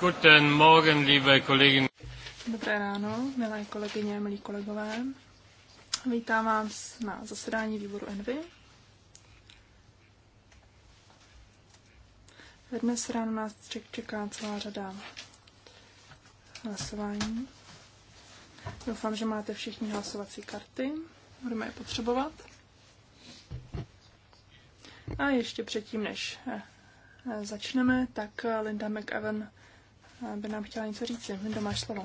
Guten Morgen, liebe Kollegin. Dobré ráno, milé kolegyně, milí kolegové. Vítám vás na zasedání výboru Envy. Dnes ráno nás čeká celá řada hlasování. Doufám, že máte všichni hlasovací karty. Budeme je potřebovat. A ještě předtím, než eh, začneme, tak Linda McEwen by nám chtěla něco říct. Linda, máš slovo.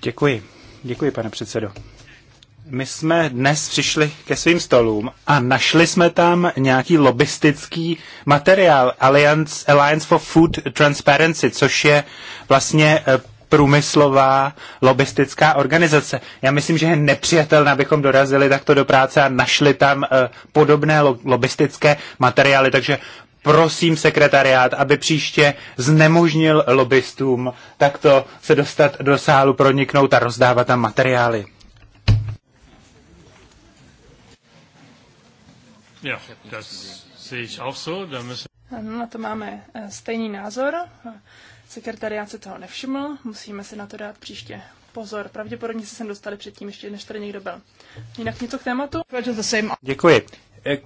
Děkuji. Děkuji, pane předsedo. My jsme dnes přišli ke svým stolům a našli jsme tam nějaký lobbystický materiál Alliance, Alliance for Food Transparency, což je vlastně eh, průmyslová lobistická organizace. Já myslím, že je nepřijatelné, abychom dorazili takto do práce a našli tam eh, podobné lobistické materiály, takže prosím sekretariát, aby příště znemožnil lobbystům takto se dostat do sálu, proniknout a rozdávat tam materiály. Ja, das auch so. Da müssen na to máme eh, stejný názor. Sekretariát se toho nevšiml, musíme si na to dát příště pozor. Pravděpodobně se sem dostali předtím, ještě než tady někdo byl. Jinak něco k tématu? Děkuji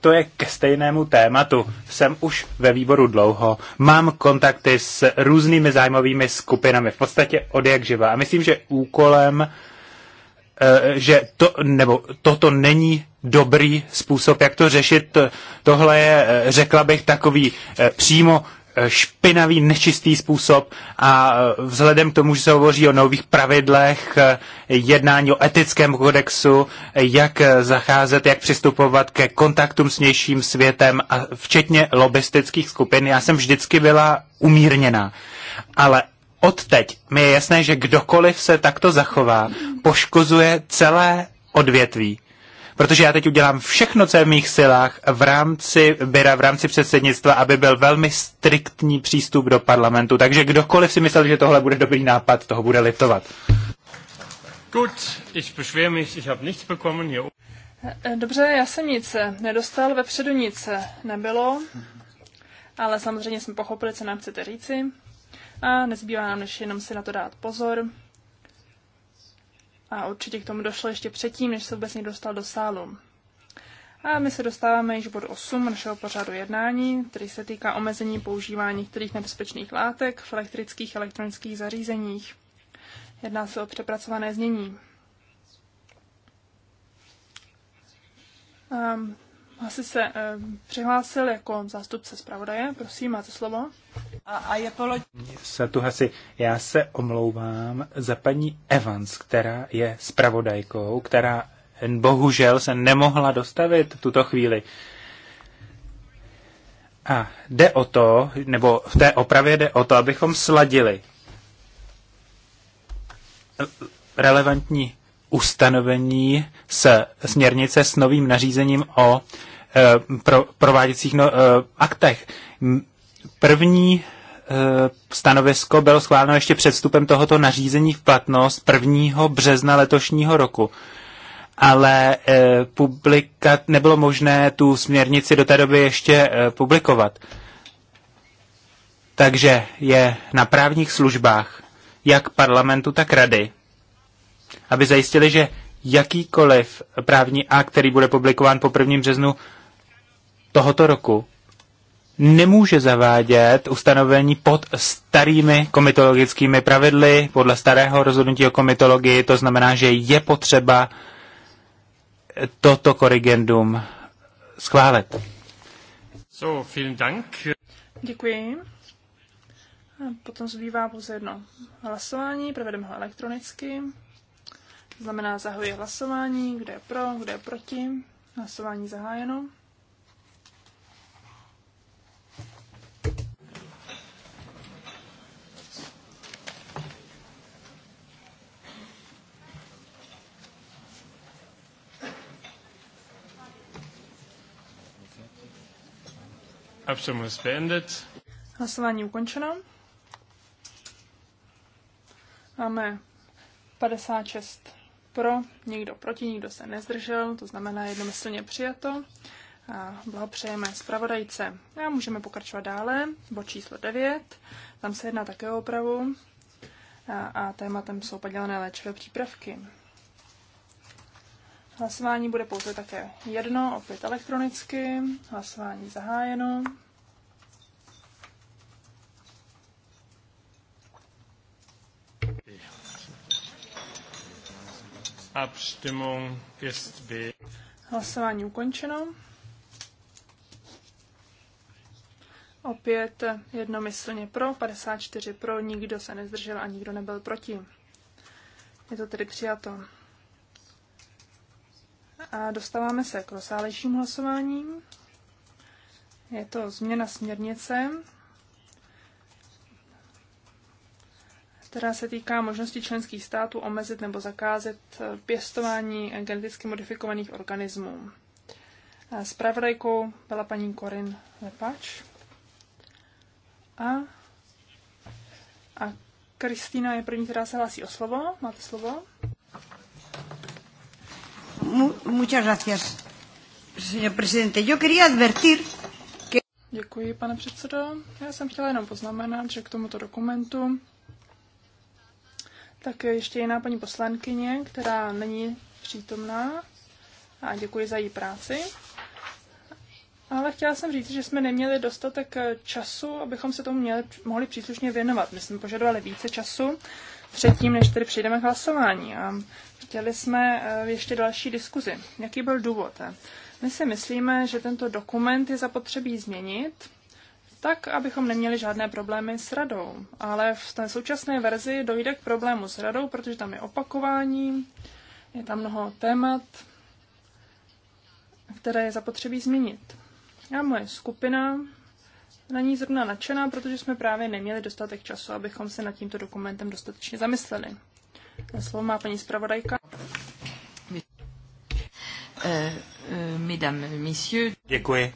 to je ke stejnému tématu. Jsem už ve výboru dlouho, mám kontakty s různými zájmovými skupinami, v podstatě od jak živa. A myslím, že úkolem, eh, že to, nebo toto není dobrý způsob, jak to řešit. Tohle je, eh, řekla bych, takový eh, přímo špinavý, nečistý způsob a vzhledem k tomu, že se hovoří o nových pravidlech, jednání o etickém kodexu, jak zacházet, jak přistupovat ke kontaktům s vnějším světem, a včetně lobistických skupin, já jsem vždycky byla umírněná. Ale odteď mi je jasné, že kdokoliv se takto zachová, poškozuje celé odvětví protože já teď udělám všechno, co je v mých silách v rámci Byra, v rámci předsednictva, aby byl velmi striktní přístup do parlamentu. Takže kdokoliv si myslel, že tohle bude dobrý nápad, toho bude litovat. Gut, ich beschwere mich, ich habe nichts bekommen hier. Dobře, já jsem nic nedostal, vepředu nic nebylo, ale samozřejmě jsme pochopili, co nám chcete říci a nezbývá nám, než jenom si na to dát pozor. A určitě k tomu došlo ještě předtím, než se vůbec někdo dostal do sálu. A my se dostáváme již bod 8 našeho pořadu jednání, který se týká omezení používání některých nebezpečných látek v elektrických a elektronických zařízeních. Jedná se o přepracované znění. Ehm, asi se eh, přihlásil jako zástupce zpravodaje. Prosím, máte slovo. A, a je polo... Satuhasi, já se omlouvám za paní Evans, která je zpravodajkou, která bohužel se nemohla dostavit v tuto chvíli. A jde o to, nebo v té opravě jde o to, abychom sladili relevantní ustanovení se směrnice s novým nařízením o Eh, pro, prováděcích no, eh, aktech. První eh, stanovisko bylo schváleno ještě před vstupem tohoto nařízení v platnost 1. března letošního roku. Ale publikat, nebylo možné tu směrnici do té doby ještě publikovat. Takže je na právních službách, jak parlamentu, tak rady, aby zajistili, že jakýkoliv právní akt, který bude publikován po 1. březnu, tohoto roku nemůže zavádět ustanovení pod starými komitologickými pravidly, podle starého rozhodnutí o komitologii, to znamená, že je potřeba toto korrigendum schválit. So, vielen Dank. Děkuji. A potom zbývá pouze jedno hlasování, provedeme ho elektronicky. To znamená, zahoji hlasování, kde je pro, kde je proti. Hlasování zahájeno. Abstimmung ist beendet. Hlasování ukončeno. Máme 56 pro, nikdo proti, nikdo se nezdržel, to znamená jednomyslně přijato. A blahopřejeme zpravodajce. A můžeme pokračovat dále, bod číslo 9. Tam se jedná také o opravu a, a tématem jsou padělané léčivé přípravky. Hlasování bude pouze také jedno, opět elektronicky. Hlasování zahájeno. Abstimmung ist B. Hlasování ukončeno. Opět jednomyslně pro, 54 pro, nikdo se nezdržel a nikdo nebyl proti. Je to tedy přijato. A dostáváme se k rozsálejším hlasováním. Je to změna směrnice, která se týká možnosti členských států omezit nebo zakázat pěstování geneticky modifikovaných organismů. Spravodajkou byla paní Korin Lepač a, a Kristýna je první, která se hlásí o slovo. Máte slovo? muchas gracias, señor presidente. Yo quería advertir que... Děkuji, pane předsedo. Já jsem chtěla jenom poznamenat, že k tomuto dokumentu tak ještě jiná paní poslankyně, která není přítomná a děkuji za její práci. Ale chtěla jsem říct, že jsme neměli dostatek času, abychom se tomu měli, mohli příslušně věnovat. My jsme požadovali více času předtím, než tedy přejdeme k hlasování. A chtěli jsme eh, ještě další diskuzi. Jaký byl důvod? My si myslíme, že tento dokument je zapotřebí změnit, tak, abychom neměli žádné problémy s radou. Ale v té současné verzi dojde k problému s radou, protože tam je opakování, je tam mnoho témat, které je zapotřebí změnit. A moje skupina na ní zrovna nadšená, protože jsme právě neměli dostatek času, abychom se nad tímto dokumentem dostatečně zamysleli. Slovo má paní zpravodajka. Eh, eh, Děkuji.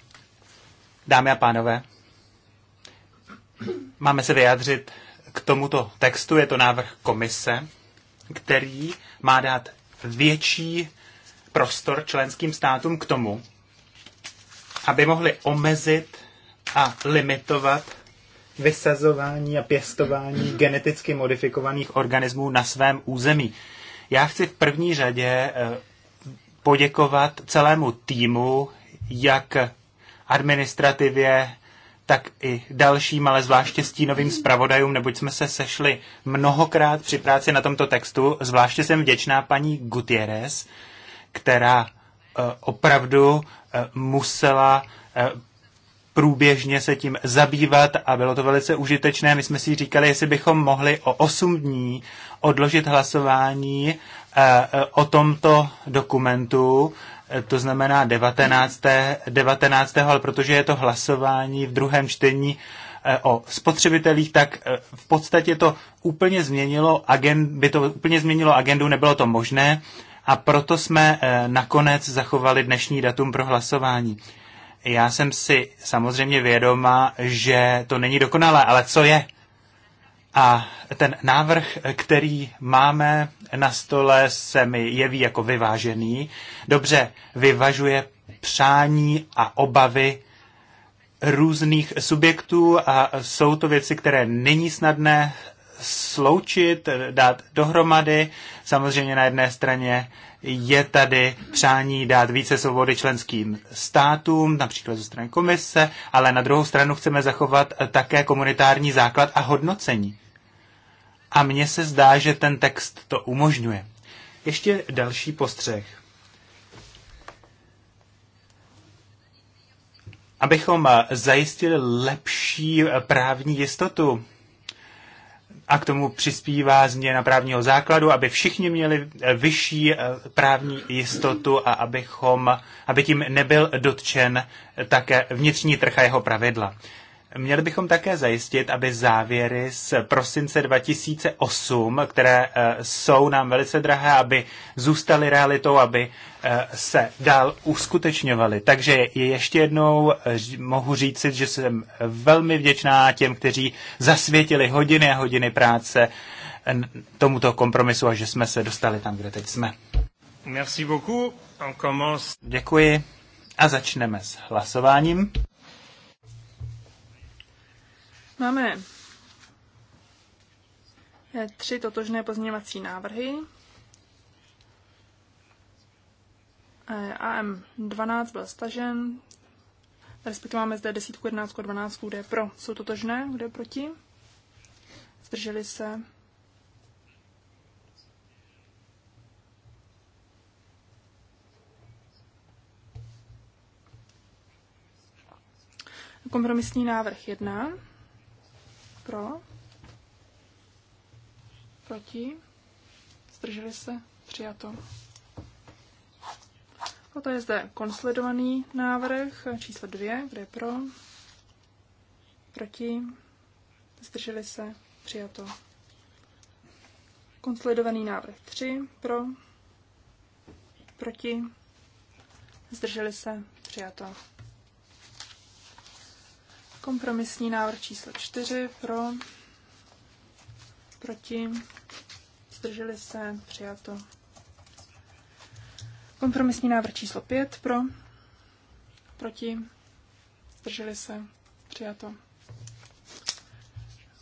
Dámy a pánové, máme se vyjádřit k tomuto textu. Je to návrh komise, který má dát větší prostor členským státům k tomu, aby mohli omezit a limitovat vysazování a pěstování geneticky modifikovaných organismů na svém území. Já chci v první řadě eh, poděkovat celému týmu, jak administrativě, tak i dalším, ale zvláště stínovým zpravodajům, neboť jsme se sešli mnohokrát při práci na tomto textu. Zvláště jsem vděčná paní Gutierrez, která eh, opravdu eh, musela průběžně se tím zabývat a bylo to velice užitečné. My jsme si říkali, jestli bychom mohli o 8 dní odložit hlasování eh, eh, o tomto dokumentu, eh, to znamená 19. 19. ale protože je to hlasování v druhém čtení o spotřebitelích, tak v podstatě to úplně změnilo agend, by to úplně změnilo agendu, nebylo to možné a proto jsme nakonec zachovali dnešní datum pro hlasování já jsem si samozřejmě vědoma, že to není dokonalé, ale co je? A ten návrh, který máme na stole, se mi jeví jako vyvážený. Dobře, vyvažuje přání a obavy různých subjektů a jsou to věci, které není snadné sloučit, dát dohromady. Samozřejmě na jedné straně je tady přání dát více svobody členským státům, například ze strany komise, ale na druhou stranu chceme zachovat také komunitární základ a hodnocení. A mně se zdá, že ten text to umožňuje. Ještě další postřeh. Abychom eh, zajistili lepší eh, právní jistotu a k tomu přispívá změna právního základu, aby všichni měli eh, vyšší eh, právní jistotu a abychom, aby tím nebyl dotčen také vnitřní trh a jeho pravidla. Měli bychom také zajistit, aby závěry z prosince 2008, které eh, jsou nám velice drahé, aby zůstaly realitou, aby eh, se dál uskutečňovaly. Takže ještě jednou eh, mohu říct, že jsem velmi vděčná těm, kteří zasvětili hodiny a hodiny práce tomuto kompromisu a že jsme se dostali tam, kde teď jsme. Merci beaucoup. On commence. Děkuji a začneme s hlasováním. Máme eh, tři totožné pozměňovací návrhy. Eh, AM12 byl stažen, respektive máme zde 10, 11, 12, kde je pro. Jsou totožné, kde je proti? Zdrželi se. Kompromisní návrh 1. Pro? Proti? Zdrželi se? Přijato. Potom je zde konsolidovaný návrh číslo 2, kde je pro, proti, zdrželi se, přijato. Konsolidovaný návrh 3, pro, proti, zdrželi se, přijato. Kompromisní návrh číslo 4 pro, proti, zdrželi se, přijato. Kompromisní návrh číslo 5 pro, proti, zdrželi se, přijato.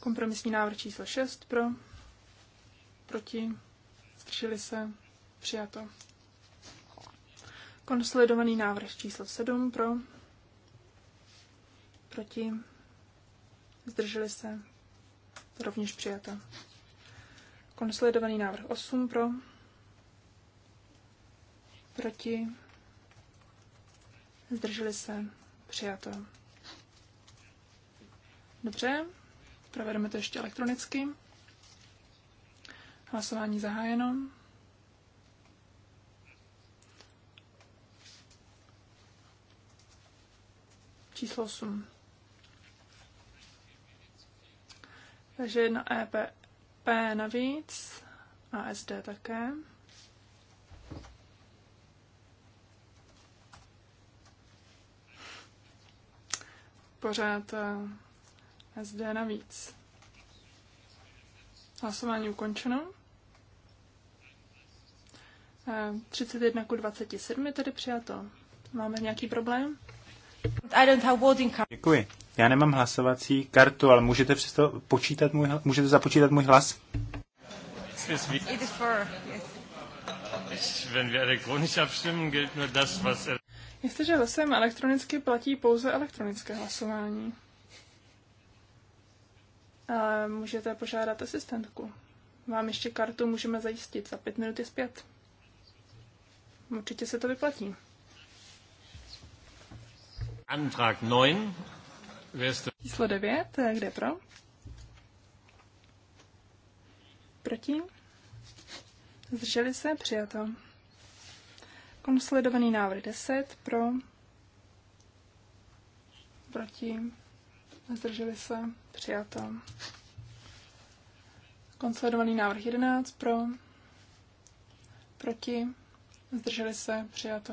Kompromisní návrh číslo 6 pro, proti, zdrželi se, přijato. Konsolidovaný návrh číslo 7 pro, proti, zdrželi se, rovněž přijata. Konsolidovaný návrh 8 pro, proti, zdrželi se, přijata. Dobře, provedeme to ještě elektronicky. Hlasování zahájeno. Číslo 8. Takže jedno EPP navíc a SD také. Pořád eh, SD navíc. Hlasování ukončeno. 31 eh, ku 27 tedy přijato. Máme nějaký problém? I don't have card. Děkuji. Já nemám hlasovací kartu, ale můžete přesto počítat můj, můžete započítat můj hlas? Jestliže er- hlasujeme elektronicky, platí pouze elektronické hlasování. Ale můžete požádat asistentku. Vám ještě kartu můžeme zajistit. Za pět minut je zpět. Určitě se to vyplatí. Antrag 9 Číslo 9, eh, kde pro? Proti? Zdrželi se, přijato. Konsolidovaný návrh 10, pro? Proti? Zdrželi se, přijato. Konsolidovaný návrh 11, pro? Proti? Zdrželi se, přijato.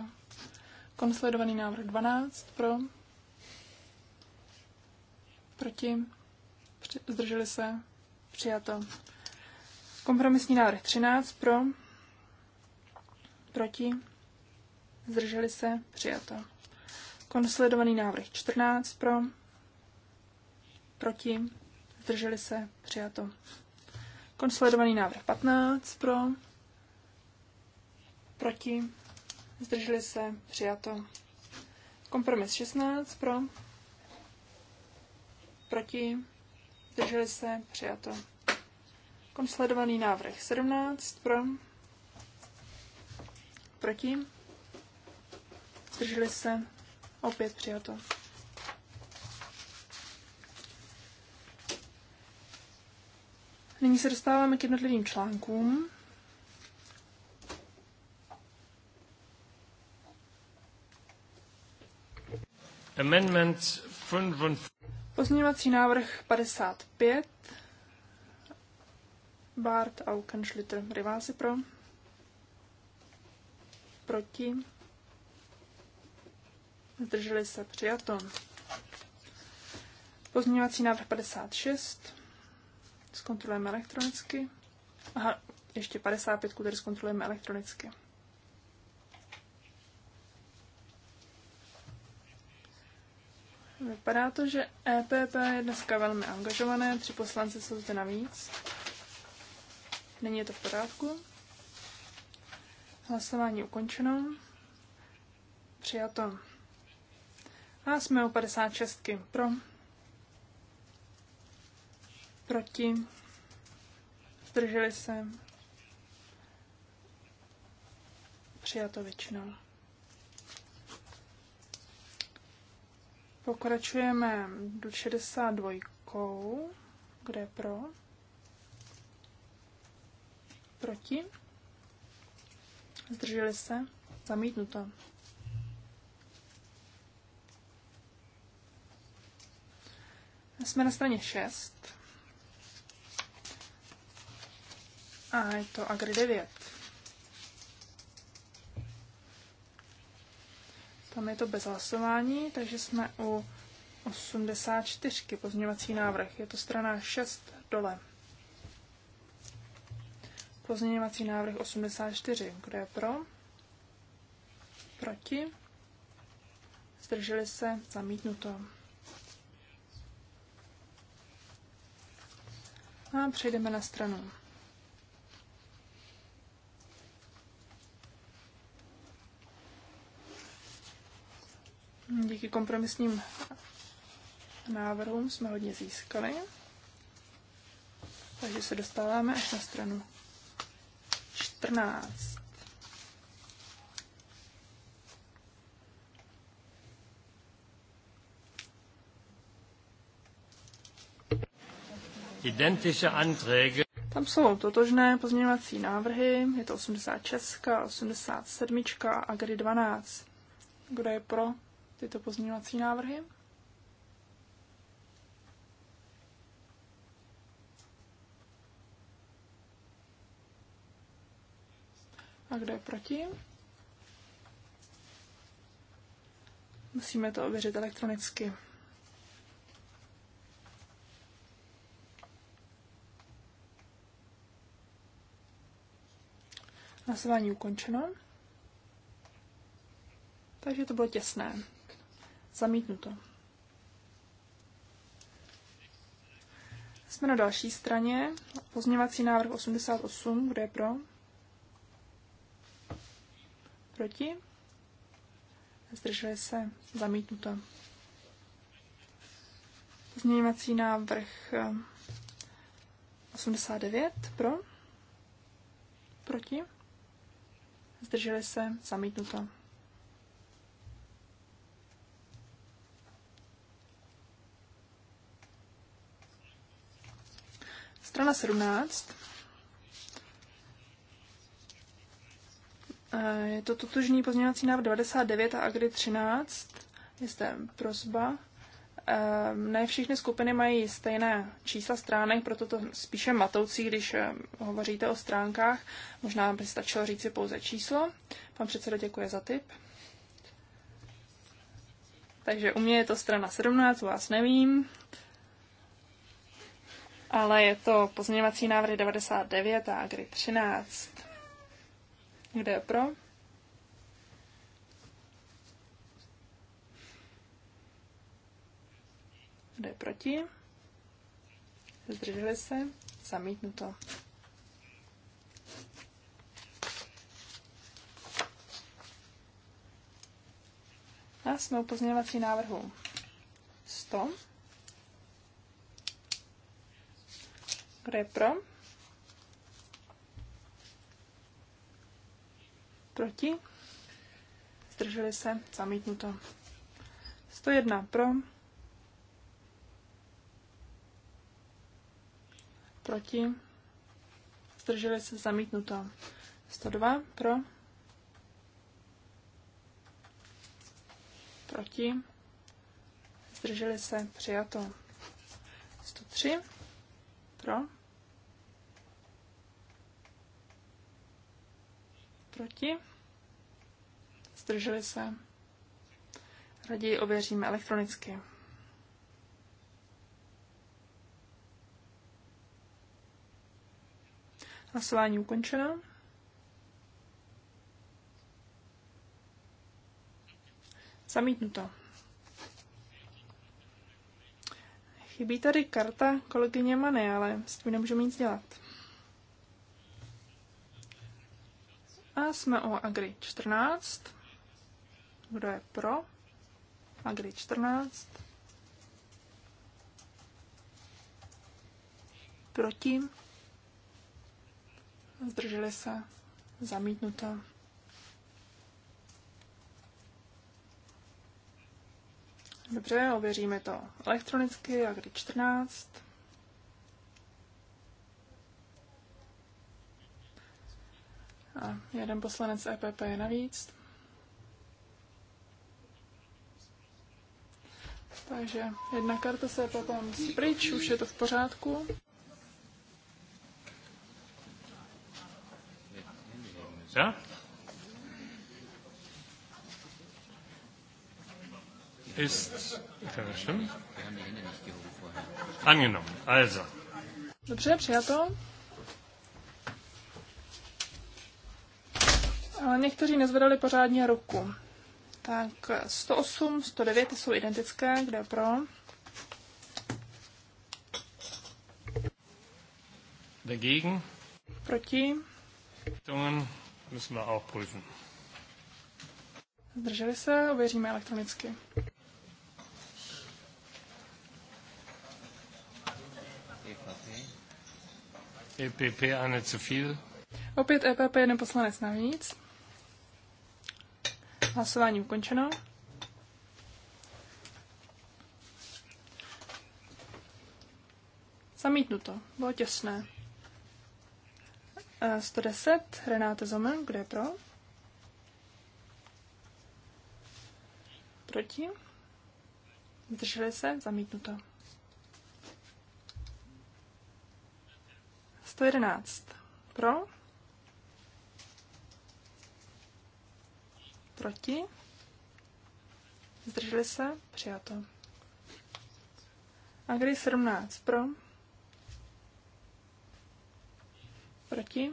Konsolidovaný návrh 12, pro? Proti? Zdrželi se? Přijato. Kompromisní návrh 13 pro, proti, zdrželi se, přijato. Konsolidovaný návrh 14 pro, proti, zdrželi se, přijato. Konsolidovaný návrh 15 pro, proti, zdrželi se, přijato. Kompromis 16 pro, proti, zdrželi se, přijato. Konsolidovaný návrh 17 pro, proti, zdrželi se, opět přijato. Nyní se dostáváme k jednotlivým článkům. Amendment 55. Pozměňovací návrh 55. Bart Aukenschlitter Rivasi pro. Proti. Zdrželi se přijato. Pozměňovací návrh 56. Zkontrolujeme elektronicky. Aha, ještě 55, který zkontrolujeme elektronicky. Vypadá to, že EPP je dneska velmi angažované, tři poslanci jsou zde navíc. Není to v pořádku. Hlasování ukončeno. Přijato. A jsme u 56. Pro. Proti. Zdrželi se. Přijato většinou. Pokračujeme do 62. Kde pro? Proti? Zdrželi se? Zamítnuto. Jsme na straně 6. A je to Agri 9. Tam je to bez hlasování, takže jsme u 84. Pozměňovací návrh. Je to strana 6 dole. Pozměňovací návrh 84. Kdo je pro? Proti? Zdrželi se? Zamítnuto. A přejdeme na stranu Díky kompromisním návrhům jsme hodně získali. Takže se dostáváme až na stranu 14. Identische Anträge. Tam jsou totožné pozměňovací návrhy, je to 86, 87 a Agri 12. Kdo je pro? tyto pozměňovací návrhy. A kdo je proti? Musíme to ověřit elektronicky. Hlasování ukončeno. Takže to bylo těsné. Zamítnuto. Jsme na další straně. Pozměvací návrh 88. Kdo je pro? Proti? Zdrželi se. Zamítnuto. Pozměňovací návrh 89. Eh, pro? Proti? Zdrželi se. Zamítnuto. Strana 17. Je to totožný pozměňovací návrh 99 a Agri 13. Je zde prozba. Ehm, ne všechny skupiny mají stejné čísla stránek, proto to spíše matoucí, když ehm, hovoříte o stránkách. Možná by stačilo si pouze číslo. Pan předseda děkuje za tip. Takže u mě je to strana 17, u vás nevím ale je to pozměňovací návrh 99 a Agri 13. Kde je pro? Kde je proti? Zdrželi se? Zamítnuto. A jsme u pozměňovací návrhu 100. Kdo je pro? Proti? Zdrželi se? Zamítnuto. 101 pro. Proti? Zdrželi se? Zamítnuto. 102 pro. Proti? Zdrželi se? Přijato. 103 pro. Proti? Zdrželi se? Raději ověříme elektronicky. Hlasování ukončeno. Zamítnuto. Chybí tady karta kolegyně Many, ale s tím nemůžeme nic dělat. A jsme u Agri 14. Kdo je pro? Agri 14. Proti? Zdrželi se. Zamítnuto. Dobře, ověříme to elektronicky, Agri 14. A jeden poslanec EPP je navíc. Takže jedna karta se potom pryč, už je to v pořádku. Ja? Ist, kann das stimmen? Angenommen, also. Dobře, přijato. ale někteří nezvedali pořádně ruku. Tak 108, 109 jsou identické, kde pro? Dagegen. Proti. Müssen wir auch prüfen. Zdrželi se, ověříme elektronicky. EPP eine zu viel. Opět EPP jeden poslanec navíc. Hlasování ukončeno. Zamítnuto. Bylo těsné. 110. E, Renáte Zomen. Kdo je pro? Proti? Zdrželi se? Zamítnuto. 111. Pro? Proti? Zdrželi se? Přijato. Agri 17 pro. Proti?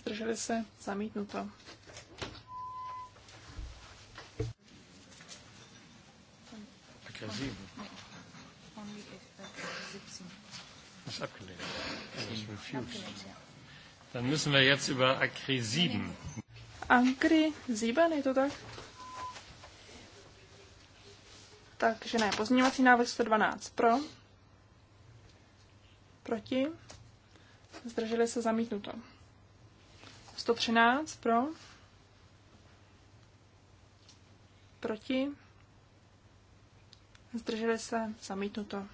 Zdrželi se? Zamítnuto. Ist Dann müssen wir jetzt über Akri 7. Ankry Zíben, je to tak? Takže ne, pozměňovací návrh 112 pro, proti, zdrželi se zamítnuto. 113 pro, proti, zdrželi se zamítnuto.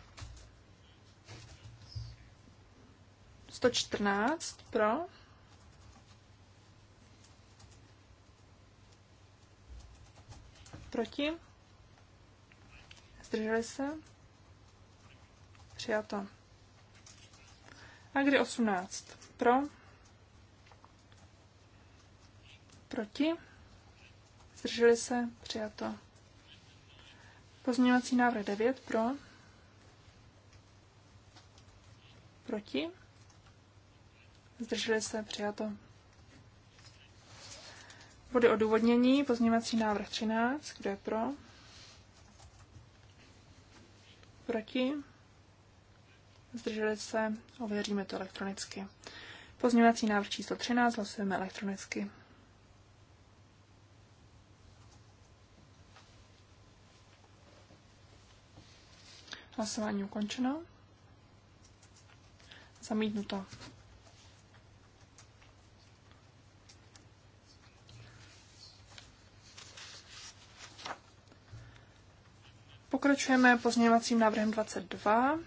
114 pro, Proti? Zdrželi se? Přijato. A kdy 18? Pro? Proti? Zdrželi se? Přijato. Pozměňovací návrh 9 pro. Proti. Zdrželi se, přijato. Body odůvodnění, pozměňovací návrh 13, kdo je pro? Proti? Zdrželi se, ověříme to elektronicky. Pozměňovací návrh číslo 13 hlasujeme elektronicky. Hlasování ukončeno. Zamítnuto. Pokračujeme pozměňovacím návrhem 22.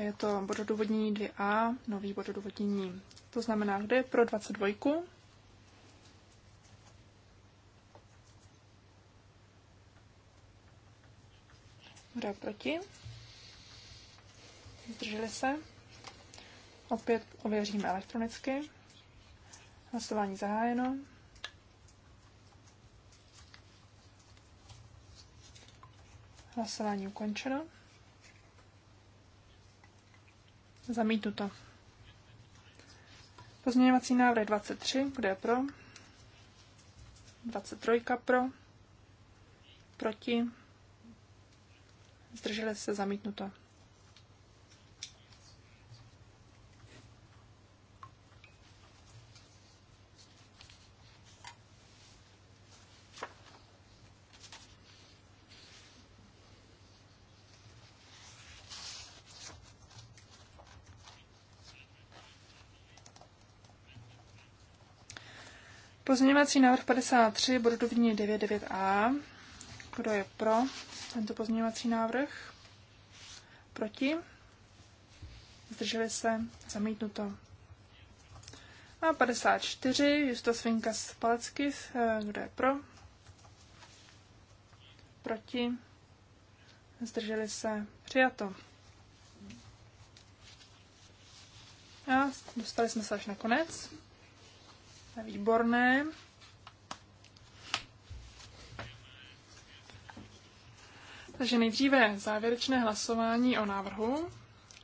Je to bododůvodnění 2a, nový bododůvodnění. To znamená, kde je pro 22. Kdo je proti? Zdrželi se? Opět ověříme elektronicky. Hlasování zahájeno. Hlasování ukončeno. Zamítnuto. Pozměňovací návrh 23. kde je pro? 23 pro. Proti. Zdrželi se zamítnuto. Pozměňovací návrh 53, bododovní 99a. Kdo je pro tento pozměňovací návrh? Proti? Zdrželi se? Zamítnuto. A 54, Justo Svinka z Palecky. Eh, kdo je pro? Proti? Zdrželi se? Přijato. A dostali jsme se až na konec. Výborné. Takže nejdříve závěrečné hlasování o návrhu.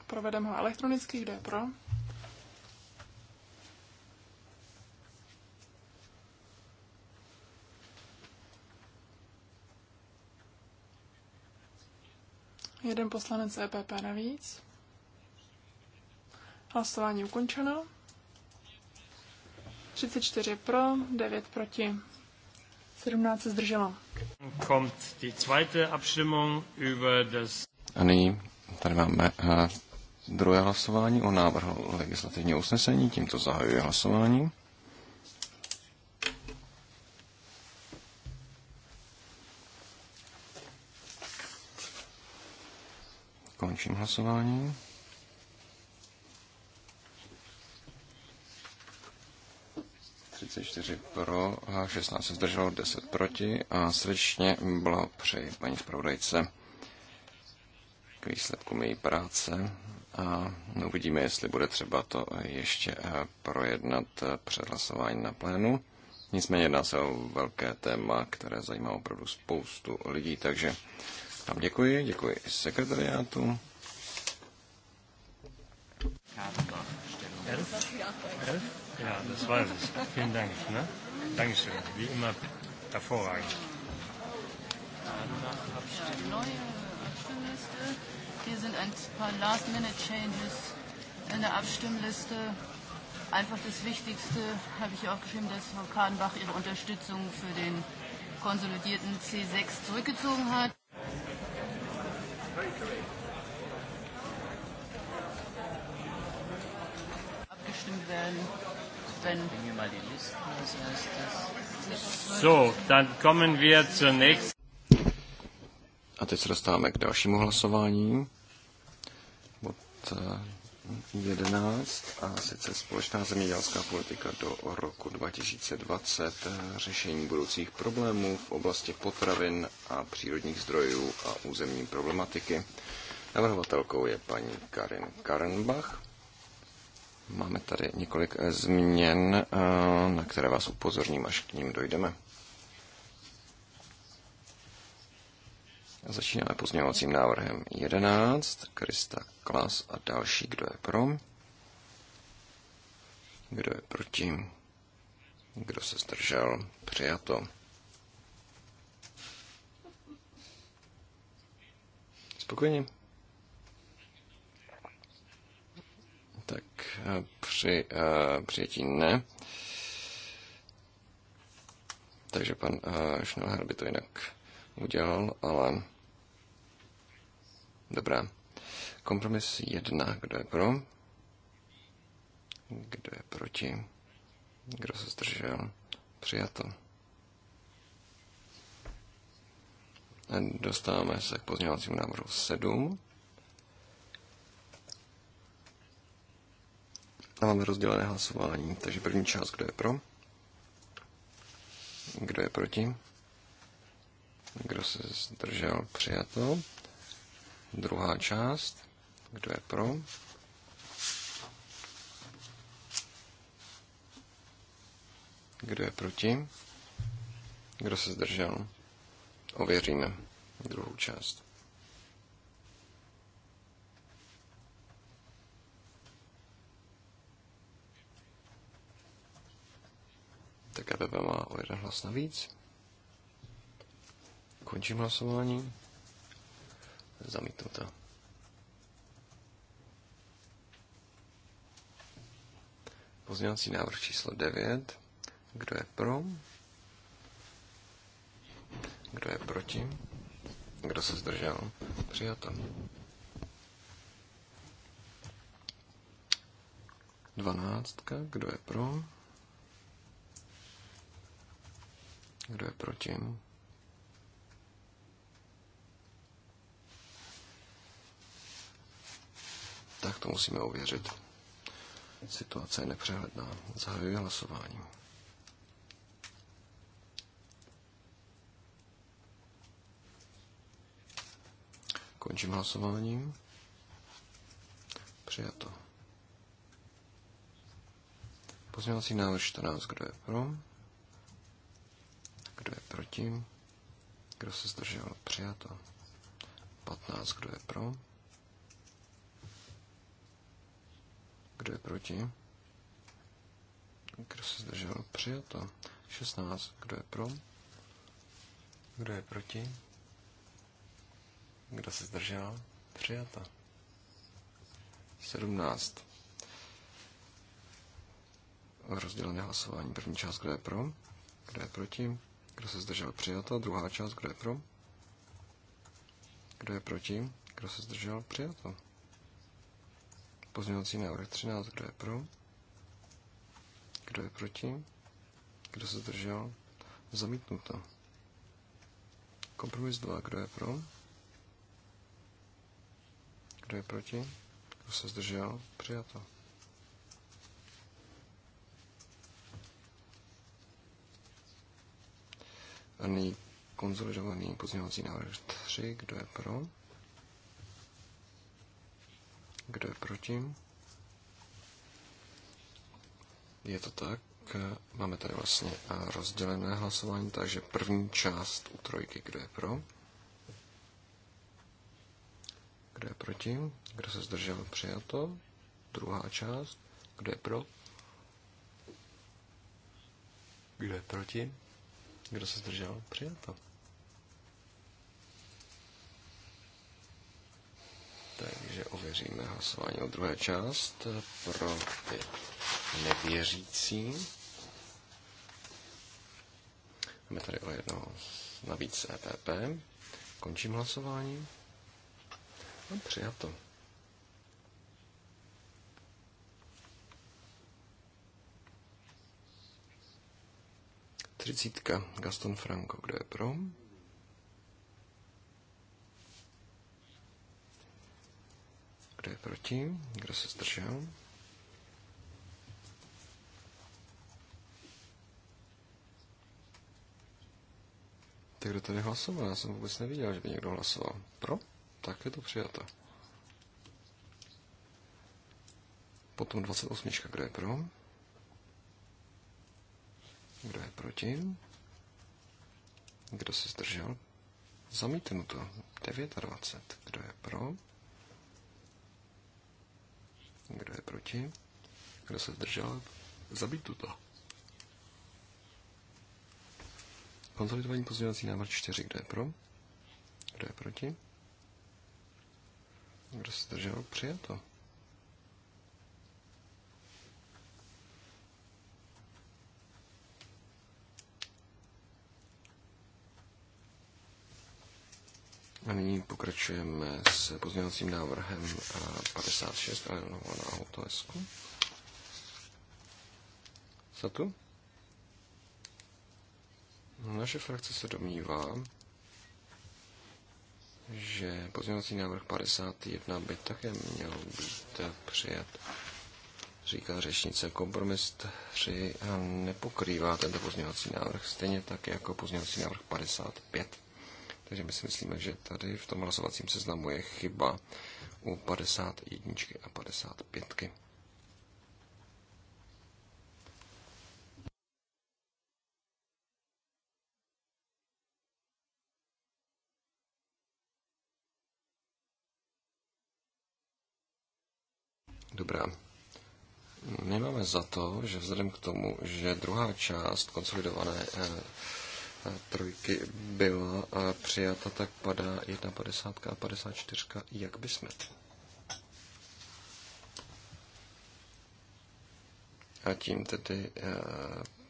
Provedeme ho elektronicky, kdo je pro. Jeden poslanec EPP navíc. Hlasování ukončeno. 34 pro, 9 proti. 17 se zdrželo. Kommt die zweite Abstimmung über das... A nyní tady máme eh, druhé hlasování o návrhu legislativního usnesení. Tímto zahajuji hlasování. Končím hlasování. 34 pro, 16 se zdrželo, 10 proti a srdečně bylo přeji paní zpravodajce k výsledkům její práce a uvidíme, jestli bude třeba to ještě eh, projednat eh, před hlasování na plénu. Nicméně jedná se o velké téma, které zajímá opravdu spoustu lidí, takže tam děkuji, děkuji i sekretariátu. Elf? Ja, das weiß ich. Vielen Dank. Ne? Dankeschön. Wie immer hervorragend. neue Abstimmliste. Hier sind ein paar Last-Minute-Changes in der Abstimmliste. Einfach das Wichtigste habe ich auch geschrieben, dass Frau Kahnbach ihre Unterstützung für den konsolidierten C6 zurückgezogen hat. Abgestimmt werden offen. So, dann kommen wir zur nächsten. A teď se dostáváme k dalšímu hlasování. Od 11 eh, a sice společná zemědělská politika do roku 2020, řešení budoucích problémů v oblasti potravin a přírodních zdrojů a územní problematiky. Navrhovatelkou je paní Karin Karnbach. Máme tady několik eh, změn, eh, na které vás upozorním, až k ním dojdeme. Začínáme pozměňovacím návrhem 11, Krista Klas a další, kdo je pro, kdo je proti, kdo se zdržel, přijato. Spokojně. tak eh, při eh, přijetí ne. Takže pan eh, Schnellhard by to jinak udělal, ale dobrá. Kompromis jedna, kdo je pro? Kdo je proti? Kdo se zdržel? Přijato. A dostáváme se k pozměňovacímu návrhu 7. A máme rozdělené hlasování. Takže první část, kdo je pro? Kdo je proti? Kdo se zdržel? Přijato. Druhá část. Kdo je pro? Kdo je proti? Kdo se zdržel? Ověříme druhou část. tak EPP má o jeden hlas navíc. Končím hlasování. Zamítnuta. Pozměňovací návrh číslo 9. Kdo je pro? Kdo je proti? Kdo se zdržel? Přijato. 12. Kdo je pro? Kdo je proti? Tak to musíme ověřit. Situace je nepřehledná. Zahajuji hlasování. Končím hlasováním. Přijato. Pozměňovací návrh 14, kdo je pro? kdo je proti? Kdo se zdržel? Přijato. 15, kdo je pro? Kdo je proti? Kdo se zdržel? Přijato. 16, kdo je pro? Kdo je proti? Kdo se zdržel? Přijato. 17. Rozdělené hlasování. První část, kdo je pro, kdo je proti, kdo se zdržel? Přijato. Druhá část. Kdo je pro? Kdo je proti? Kdo se zdržel? Přijato. Pozměňovací návrh 13. Kdo je pro? Kdo je proti? Kdo se zdržel? Zamítnuto. Kompromis 2. Kdo je pro? Kdo je proti? Kdo se zdržel? Přijato. A nyní konzolidovaný pozměňovací návrh 3. Kdo je pro? Kdo je proti? Je to tak. Máme tady vlastně rozdělené hlasování, takže první část u trojky, kdo je pro? Kdo je proti? Kdo se zdržel? Přijato. Druhá část. Kdo je pro? Kdo je proti? Kdo se zdržel? Přijato. Takže ověříme hlasování o druhé část pro ty nevěřící. Máme tady o jednoho navíc EPP. Končím hlasování. A přijato. 40. Gaston Franco, kdo je pro? Kdo je proti? Kdo se zdržel? Tak kdo tady hlasoval? Já jsem vůbec neviděl, že by někdo hlasoval. Pro? Tak je to přijato. Potom 28. Kdo je pro? Kdo je proti? Kdo se zdržel? Zamítnuto. 29. Kdo je pro? Kdo je proti? Kdo se zdržel? Zamítnuto. Konsolidovaný pozměňovací návrh 4. Kdo je pro? Kdo je proti? Kdo se zdržel? Přijato. A nyní pokračujeme s pozměňovacím návrhem 56 eh, Eleonora na Autoesku. Satu? Naše frakce se domnívá, že pozměňovací návrh 51 by také měl být přijat. Říká řečnice, kompromis 3 eh, nepokrývá tento pozměňovací návrh, stejně tak jako pozměňovací návrh 55. Takže my si myslíme, že tady v tom hlasovacím seznamu je chyba u 51 a 55. Dobrá. My máme za to, že vzhledem k tomu, že druhá část konsolidované eh, trojky byla přijata, tak padá 1,50 a 54, jak by jsme. A tím tedy e,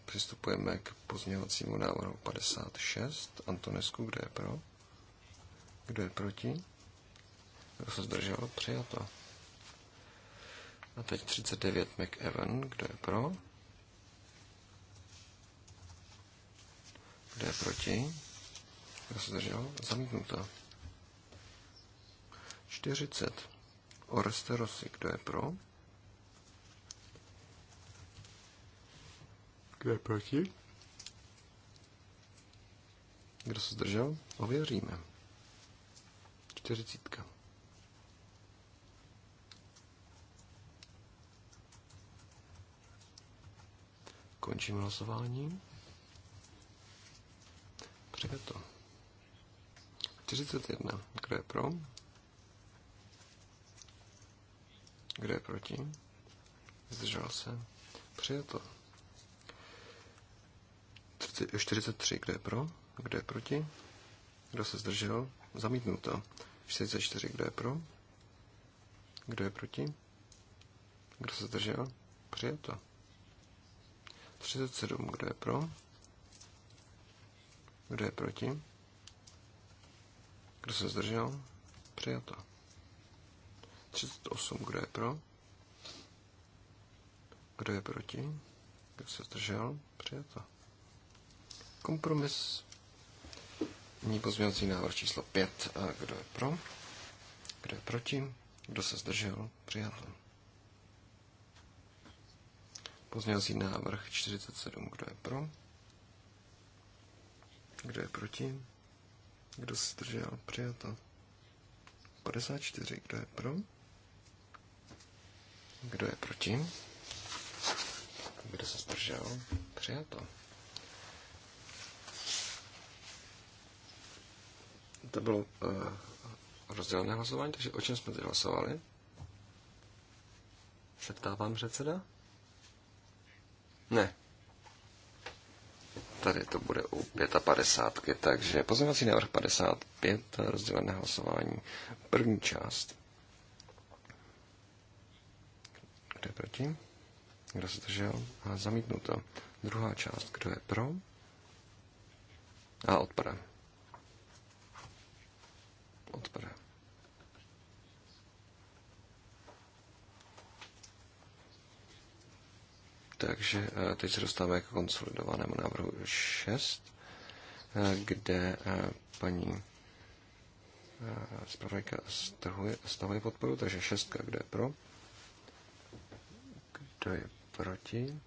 přistupujeme k pozměňovacímu návrhu 56. Antonesku, kdo je pro? Kdo je proti? Kdo se zdržel? Přijato. A teď 39 McEwan, kdo je pro? Kdo je proti? Kdo se zdržel? Zamítnuto. 40. Oreste Rossi. Kdo je pro? Kdo je proti? Kdo se zdržel? Ověříme. 40. Končím hlasování. Přijato. 41. Kdo je pro? Kdo je proti? Zdržel se. Přijato. 43. Kdo je pro? Kdo je proti? Kdo se zdržel? Zamítnuto. 44. Kdo je pro? Kdo je proti? Kdo se zdržel? Přijato. 37. Kdo je pro? Kdo je proti? Kdo se zdržel? Přijato. 38. Kdo je pro? Kdo je proti? Kdo se zdržel? Přijato. Kompromis. Nyní pozměňovací návrh číslo 5. A kdo je pro? Kdo je proti? Kdo se zdržel? Přijato. Pozměňovací návrh 47. Kdo je pro? Kdo je proti? Kdo se zdržel? Přijato. 54. Kdo je pro? Kdo je proti? Kdo se zdržel? Přijato. To bylo uh, rozdělené hlasování, takže o čem jsme teď hlasovali? Se ptá vám předseda? Ne, tady to bude u 55, takže pozměňovací návrh 55, rozdělené hlasování, první část. Kdo je proti? Kdo se držel? A zamítnuto. Druhá část, kdo je pro? A odpada. Odpada. Takže eh, teď se dostáváme k konsolidovanému návrhu 6, eh, kde eh, paní zpravodajka stahuje, podporu, takže 6, kdo je pro? Kdo je proti?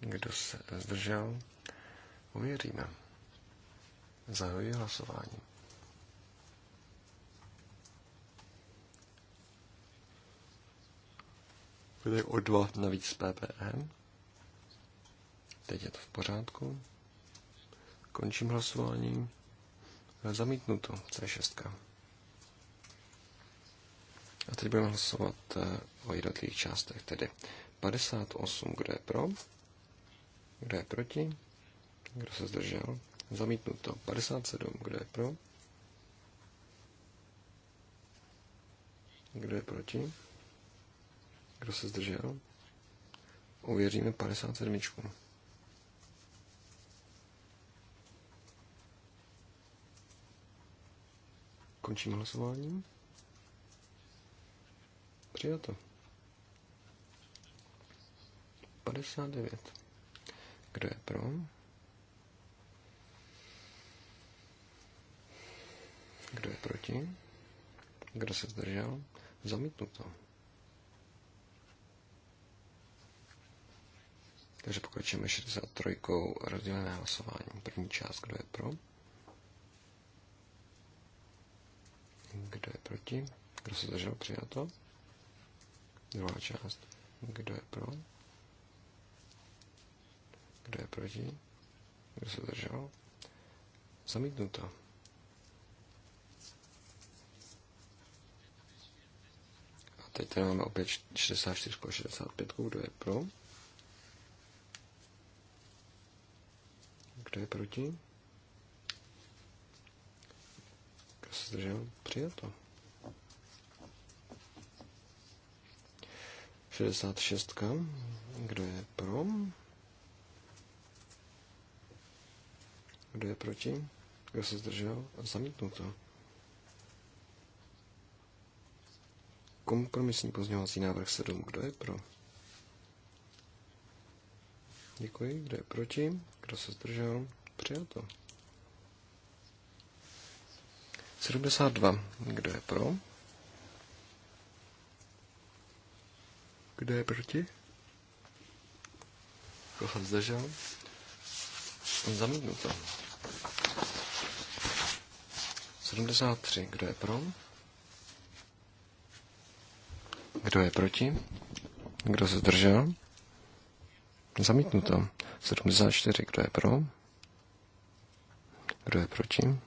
Kdo se zdržel? Uvěříme. Zahajuji hlasování. byly o 2 navíc ppm. E. Teď je to v pořádku. Končím hlasování. Zamítnuto C6. A teď budeme hlasovat eh, o jednotlivých částech, tedy 58, kdo je pro, kdo je proti, kdo se zdržel, zamítnuto 57, kdo je pro, kdo je proti, kdo se zdržel? Uvěříme 57. Končím hlasování. Přijato. 59. Kdo je pro? Kdo je proti? Kdo se zdržel? Zamítnuto. Takže pokračujeme 63. rozdělené hlasování. První část, kdo je pro? Kdo je proti? Kdo se zdržel? Přijato. Druhá část. Kdo je pro? Kdo je proti? Kdo se zdržel? Zamítnuto. A teď tady máme opět 64 a 65. Kdo je pro? Kdo je proti? Kdo se zdržel? Přijel to. 66. Kdo je pro? Kdo je proti? Kdo se zdržel? Zamítnuto. Kompromisní pozměňovací návrh 7. Kdo je pro? Děkuji. Kdo je proti? Kdo se zdržel? to. 72. Kdo je pro? Kdo je proti? Kdo se zdržel? Zamítnuto. 73. Kdo je pro? Kdo je proti? Kdo se zdržel? Zamítnuto. 74. Kdo je pro? Kdo je proti?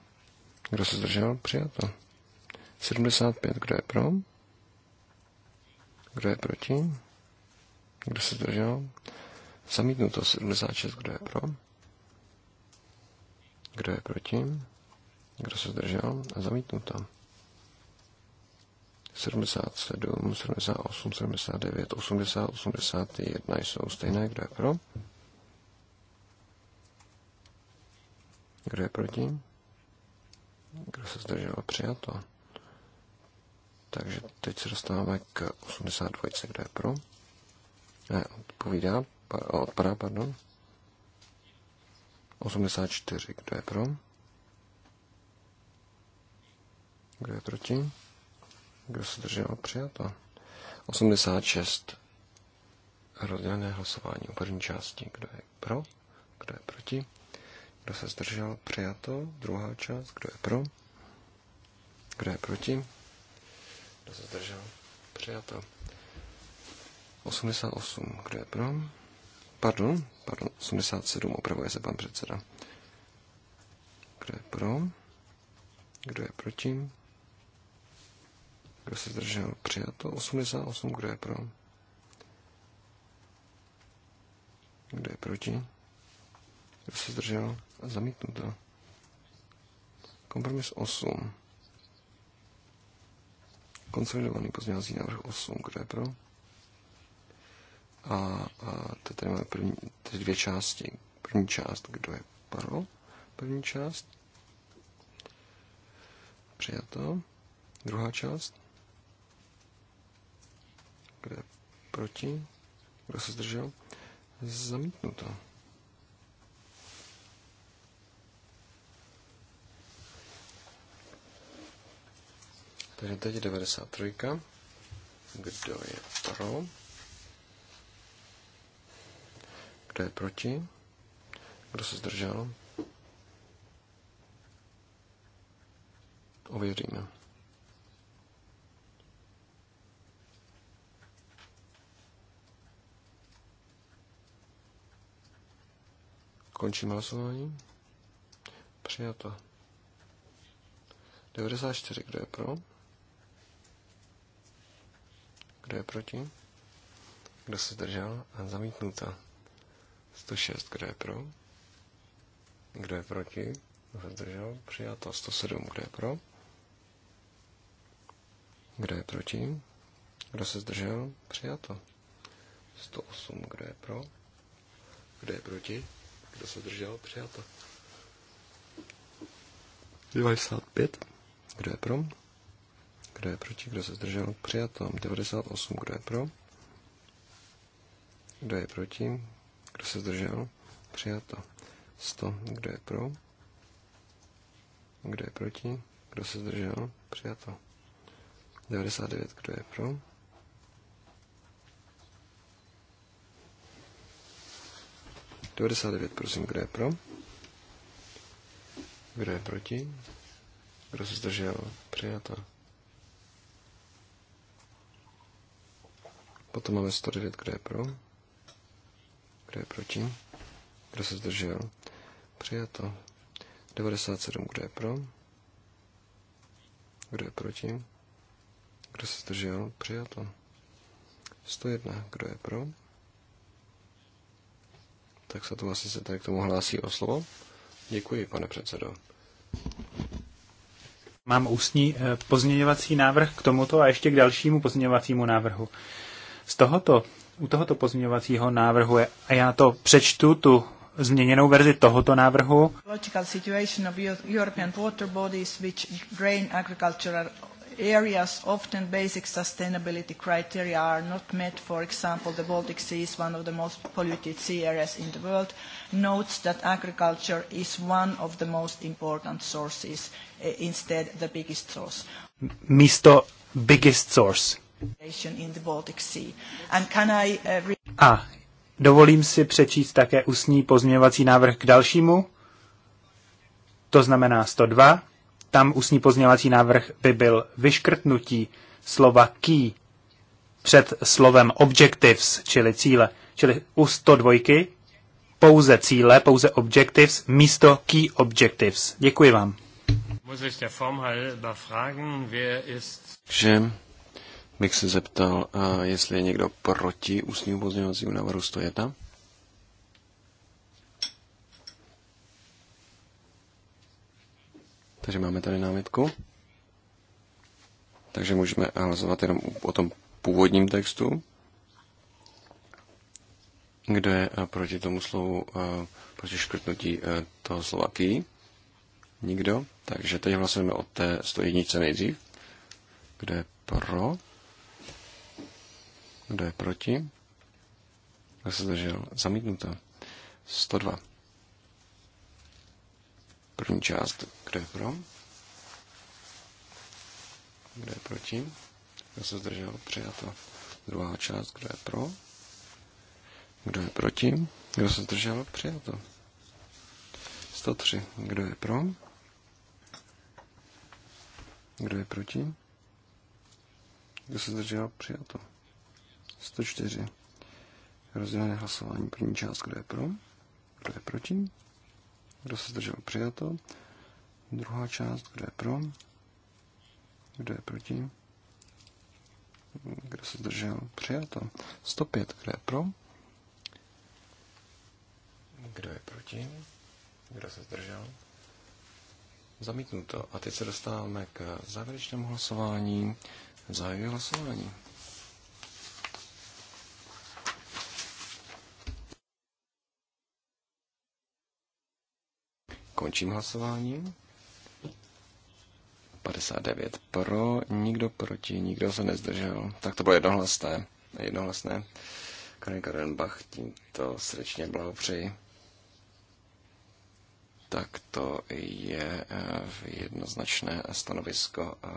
Kdo se zdržel? Přijato. 75. Kdo je pro? Kdo je proti? Kdo se zdržel? Zamítnuto. 76. Kdo je pro? Kdo je proti? Kdo se zdržel? A zamítnuto. 77, 78, 79, 80, 81 jsou stejné. Kdo je pro? Kdo je proti? Kdo se zdržel? Přijato. Takže teď se dostáváme k 82, kdo je pro? Ne, odpovídá, odpadá, pardon. 84, kdo je pro? Kdo je proti? Kdo se držel? Přijato. 86. Rozdělené hlasování o první části. Kdo je pro? Kdo je proti? Kdo se zdržel? Přijato. Druhá část. Kdo je pro? Kdo je proti? Kdo se zdržel? Přijato. 88. Kdo je pro? Pardon, pardon, 87. Opravuje se pan předseda. Kdo je pro? Kdo je proti? Kdo se zdržel? Přijato. 88. Kdo je pro? Kdo je proti? Kdo se zdržel? Zamítnuto. Kompromis 8. Konsolidovaný pozměňovací návrh 8. Kdo je pro? A, a teď tady máme první, tedy dvě části. První část, kdo je pro? První část. Přijato. Druhá část. Kdo je proti? Kdo se zdržel? Zamítnuto. Takže teď je 93. Kdo je pro? Kdo je proti? Kdo se zdržel? Ověříme. Končím hlasování. Přijato. 94, kdo je pro? Kdo je proti? Kdo se zdržel? A zamítnuta. 106, kdo je pro? Kdo je proti? Kdo se zdržel? Přijato. 107, kdo je pro? Kdo je proti? Kdo se zdržel? Přijato. 108, kdo je pro? Kdo je proti? Kdo se držel? Přijato. 95. Kdo je pro? Kdo je proti? Kdo se zdržel? Přijato. 98. Kdo je pro? Kdo je proti? Kdo se zdržel? Přijato. 100. Kdo je pro? Kdo je proti? Kdo se zdržel? Přijato. 99. Kdo je pro? 99, prosím, kdo je pro? Kdo je proti? Kdo se zdržel? Přijato. Potom máme 109, kdo je pro? Kdo je proti? Kdo se zdržel? Přijato. 97, kdo je pro? Kdo je proti? Kdo se zdržel? Přijato. 101, kdo je pro? tak se to asi se tady k tomu hlásí o slovo. Děkuji, pane předsedo. Mám ústní eh, pozměňovací návrh k tomuto a ještě k dalšímu pozměňovacímu návrhu. Z tohoto, u tohoto pozměňovacího návrhu, je, a já to přečtu, tu změněnou verzi tohoto návrhu. Logical situation of European water bodies which drain agricultural areas, often basic sustainability criteria are not met. For example, the Baltic Sea is one of the most polluted sea areas in the world. Notes that agriculture is one of the most important sources, eh, instead the biggest source. Misto biggest source. In the Baltic sea. And can I, uh, A dovolím si přečíst také usní pozměňovací návrh k dalšímu, to znamená 102 tam ústní pozměňovací návrh by byl vyškrtnutí slova key před slovem objectives, čili cíle. Čili u 102 pouze cíle, pouze objectives, místo key objectives. Děkuji vám. Všem bych se zeptal, jestli je někdo proti ústnímu pozměňovacímu návrhu 101. Takže máme tady námitku. Takže můžeme hlasovat jenom o tom původním textu. Kdo je eh, proti tomu slovu, eh, proti škrtnutí eh, toho slova key? Nikdo. Takže teď hlasujeme o té 101 nejdřív. Kdo je pro? Kdo je proti? Kdo se zdržel? Zamítnuto. 102. První část. Kdo je pro? Kdo je proti? Kdo se zdržel? Přijato. Druhá část. Kdo je pro? Kdo je proti? Kdo se zdržel? Přijato. 103. Kdo je pro? Kdo je proti? Kdo se zdržel? Přijato. 104. Rozdělené hlasování. První část. Kdo je pro? Kdo je proti? Kdo se zdržel? Přijato. Druhá část, kdo je pro, kdo je proti, kdo se zdržel, přijato. 105, kdo je pro, kdo je proti, kdo se zdržel, zamítnuto. A teď se dostáváme k závěrečnému hlasování. závěrečnému hlasování. Končím hlasování. 59 pro, nikdo proti, nikdo se nezdržel. Tak to bylo jednohlasné. Jednohlasné. Karin Karenbach, tímto srdečně blahopřeji. Tak to je eh, jednoznačné stanovisko eh,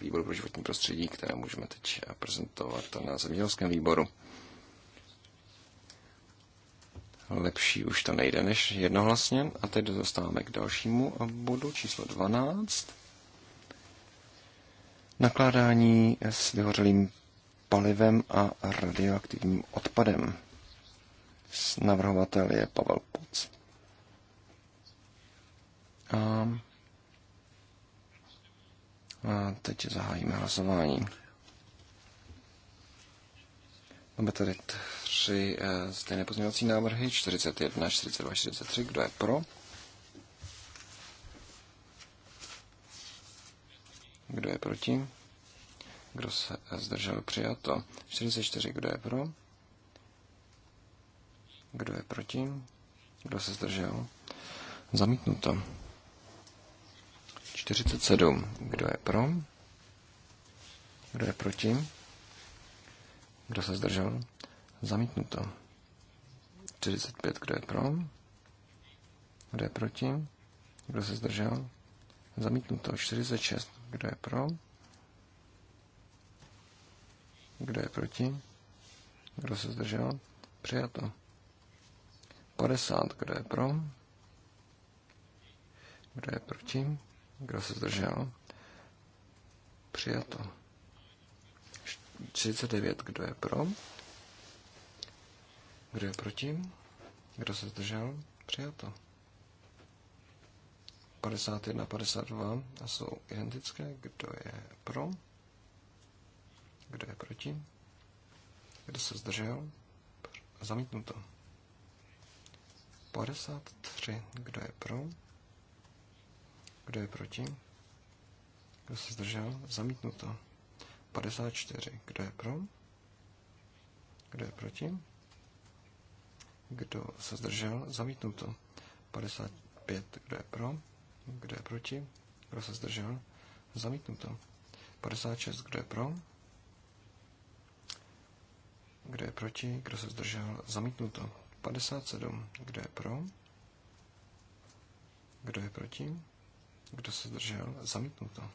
výboru pro životní prostředí, které můžeme teď eh, prezentovat na zemědělském výboru. Lepší už to nejde než jednohlasně. A teď dostáváme k dalšímu bodu číslo 12 nakládání s vyhořelým palivem a radioaktivním odpadem. Navrhovatel je Pavel Puc. A, a teď zahájíme hlasování. Máme tady tři eh, stejné pozměňovací návrhy, 41, 42, 43. Kdo je pro? Kdo je proti? Kdo se zdržel? Přijato. 44. Kdo je pro? Kdo je proti? Kdo se zdržel? Zamítnuto. 47. Kdo je pro? Kdo je proti? Kdo se zdržel? Zamítnuto. 45. Kdo je pro? Kdo je proti? Kdo se zdržel? Zamítnuto. 46. Kdo je pro? Kdo je proti? Kdo se zdržel? Přijato. 50. Kdo je pro? Kdo je proti? Kdo se zdržel? Přijato. 39. Kdo je pro? Kdo je proti? Kdo se zdržel? Přijato. 51 a 52 a jsou identické. Kdo je pro? Kdo je proti? Kdo se zdržel? Zamítnuto. 53. Kdo je pro? Kdo je proti? Kdo se zdržel? Zamítnuto. 54. Kdo je pro? Kdo je proti? Kdo se zdržel? Zamítnuto. 55. Kdo je pro? Kdo je proti? Kdo se zdržel? Zamítnuto. 56. Kdo je pro? Kdo je proti? Kdo se zdržel? Zamítnuto. 57. Kdo je pro? Kdo je proti? Kdo se zdržel? Zamítnuto.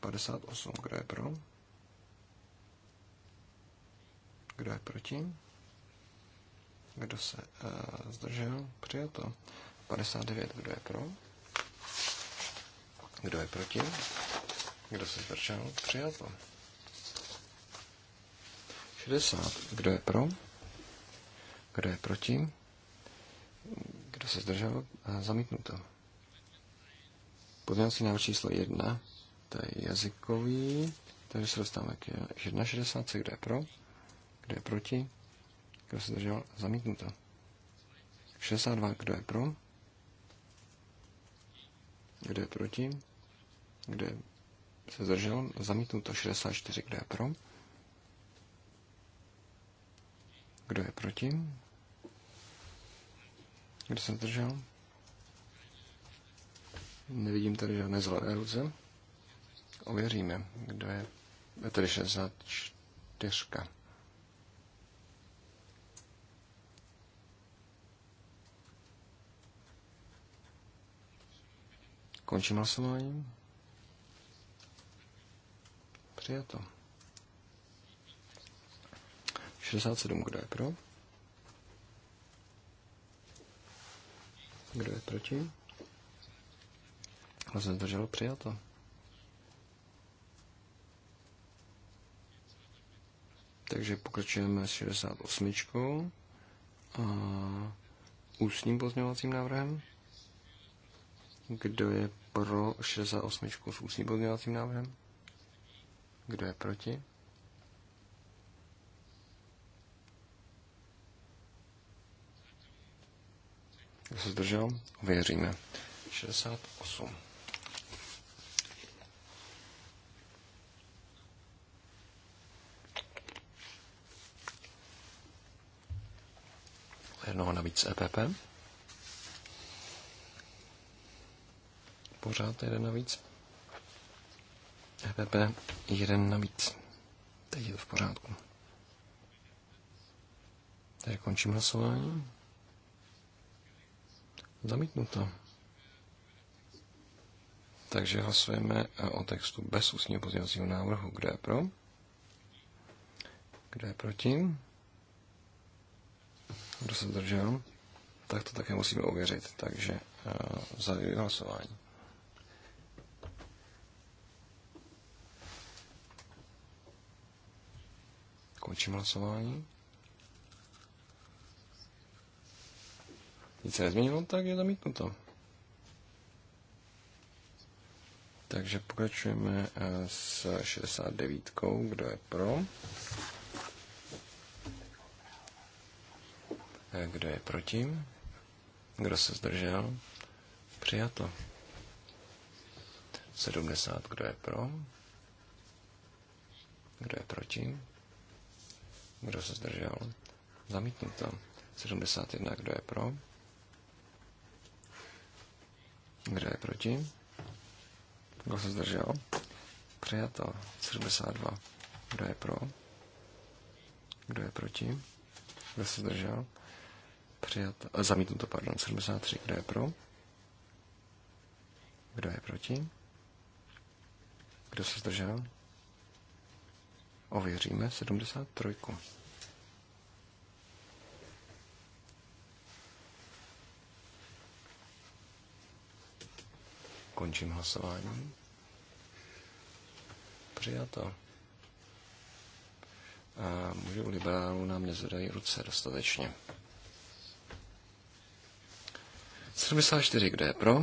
58. Kdo je pro? Kdo je proti? Kdo se uh, zdržel? Přijato. 59. Kdo je pro? Kdo je proti? Kdo se zdržel? Přijal to. 60. Kdo je pro? Kdo je proti? Kdo se zdržel? Zamítnuto. Pozměňovací návrh číslo 1, to je jazykový, takže se dostáváme k 61, kdo je pro, kdo je proti, kdo se zdržel, zamítnuto. 62, kdo je pro, kdo je proti, kde se zdržel, zamítnuto 64, kdo je pro, kdo je proti, kdo se zdržel, nevidím tady žádné zlaté ruce, ověříme, kdo je, je tady 64. Končím hlasování. Přijato. 67, kdo je pro? Kdo je proti? Kdo se zdržel? Přijato. Takže pokračujeme s 68 a ústním pozměňovacím návrhem. Kdo je pro 68 s ústním pozměňovacím návrhem? Kdo je proti? Kdo se zdržel? Věříme. 68. Jednoho navíc EPP. Pořád jeden navíc. EPP jeden navíc. Teď je to v pořádku. Tady končím hlasování. Zamítnuto. Takže hlasujeme eh, o textu bez ústního pozdělacího návrhu. Kdo je pro? Kdo je proti? Kdo se zdržel? Tak to také musíme ověřit. Takže uh, zahajuji hlasování. Končím hlasování. Nic se nezměnilo, tak je zamítnuto. Takže pokračujeme eh, s 69. Kdo je pro? Eh, kdo je proti? Kdo se zdržel? Přijato. 70. Kdo je pro? Kdo je proti? Kdo se zdržel? Zamítnuto. 71. Kdo je pro? Kdo je proti? Kdo se zdržel? Přijato. 72. Kdo je pro? Kdo je proti? Kdo se zdržel? Přijato. Eh, zamítnuto, pardon. 73. Kdo je pro? Kdo je proti? Kdo se zdržel? Ověříme 73. Končím hlasování. Přijato. A u liberálů nám nezvedají ruce dostatečně. 74, kdo je pro?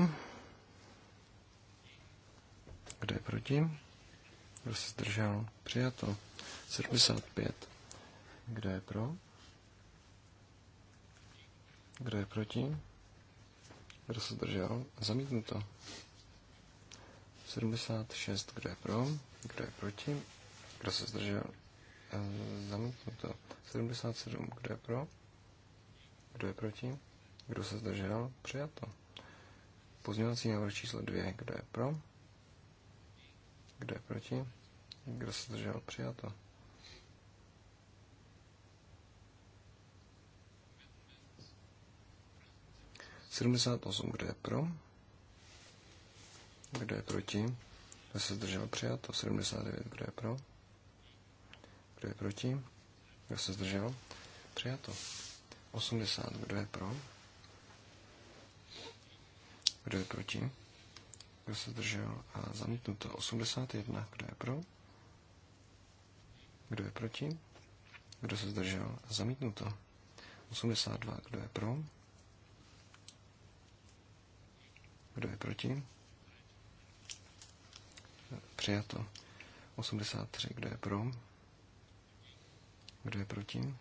Kdo je proti? Kdo se zdržel? Přijato. 75. Kdo je pro? Kdo je proti? Kdo se zdržel? Zamítnuto. 76. Kdo je pro? Kdo je proti? Kdo se zdržel? Eh, zamítnuto. 77. Kdo je pro? Kdo je proti? Kdo se zdržel? Přijato. Pozměňovací návrh číslo 2. Kdo je pro? Kdo je proti? Kdo se zdržel? Přijato. 78, kdo je pro? Kdo je proti? Kdo se zdržel přijato? 79, kdo je pro? Kdo je proti? Kdo se zdržel? Přijato. 80, kdo je pro? Kdo je proti? Kdo se zdržel? A zamítnuto. 81, kdo je pro? Kdo je proti? Kdo se zdržel? A zamítnuto. 82, kdo je pro? Kdo je proti? Přijato. 83. Kdo je pro? Kdo je proti?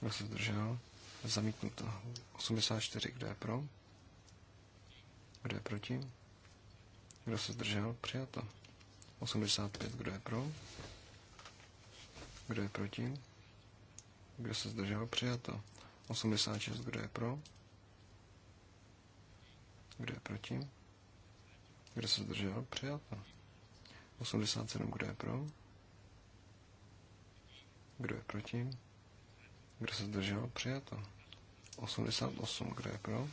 Kdo se zdržel? Zamítnuto. 84. Kdo je pro? Kdo je proti? Kdo se zdržel? Přijato. 85. Kdo je pro? Kdo je proti? Kdo se zdržel? Přijato. 86. Kdo je pro? Kdo je proti? Kdo se zdržel? Přijato. 87. Kdo je pro? Kdo je proti? Kdo se zdržel? Přijato. 88. Kdo je pro?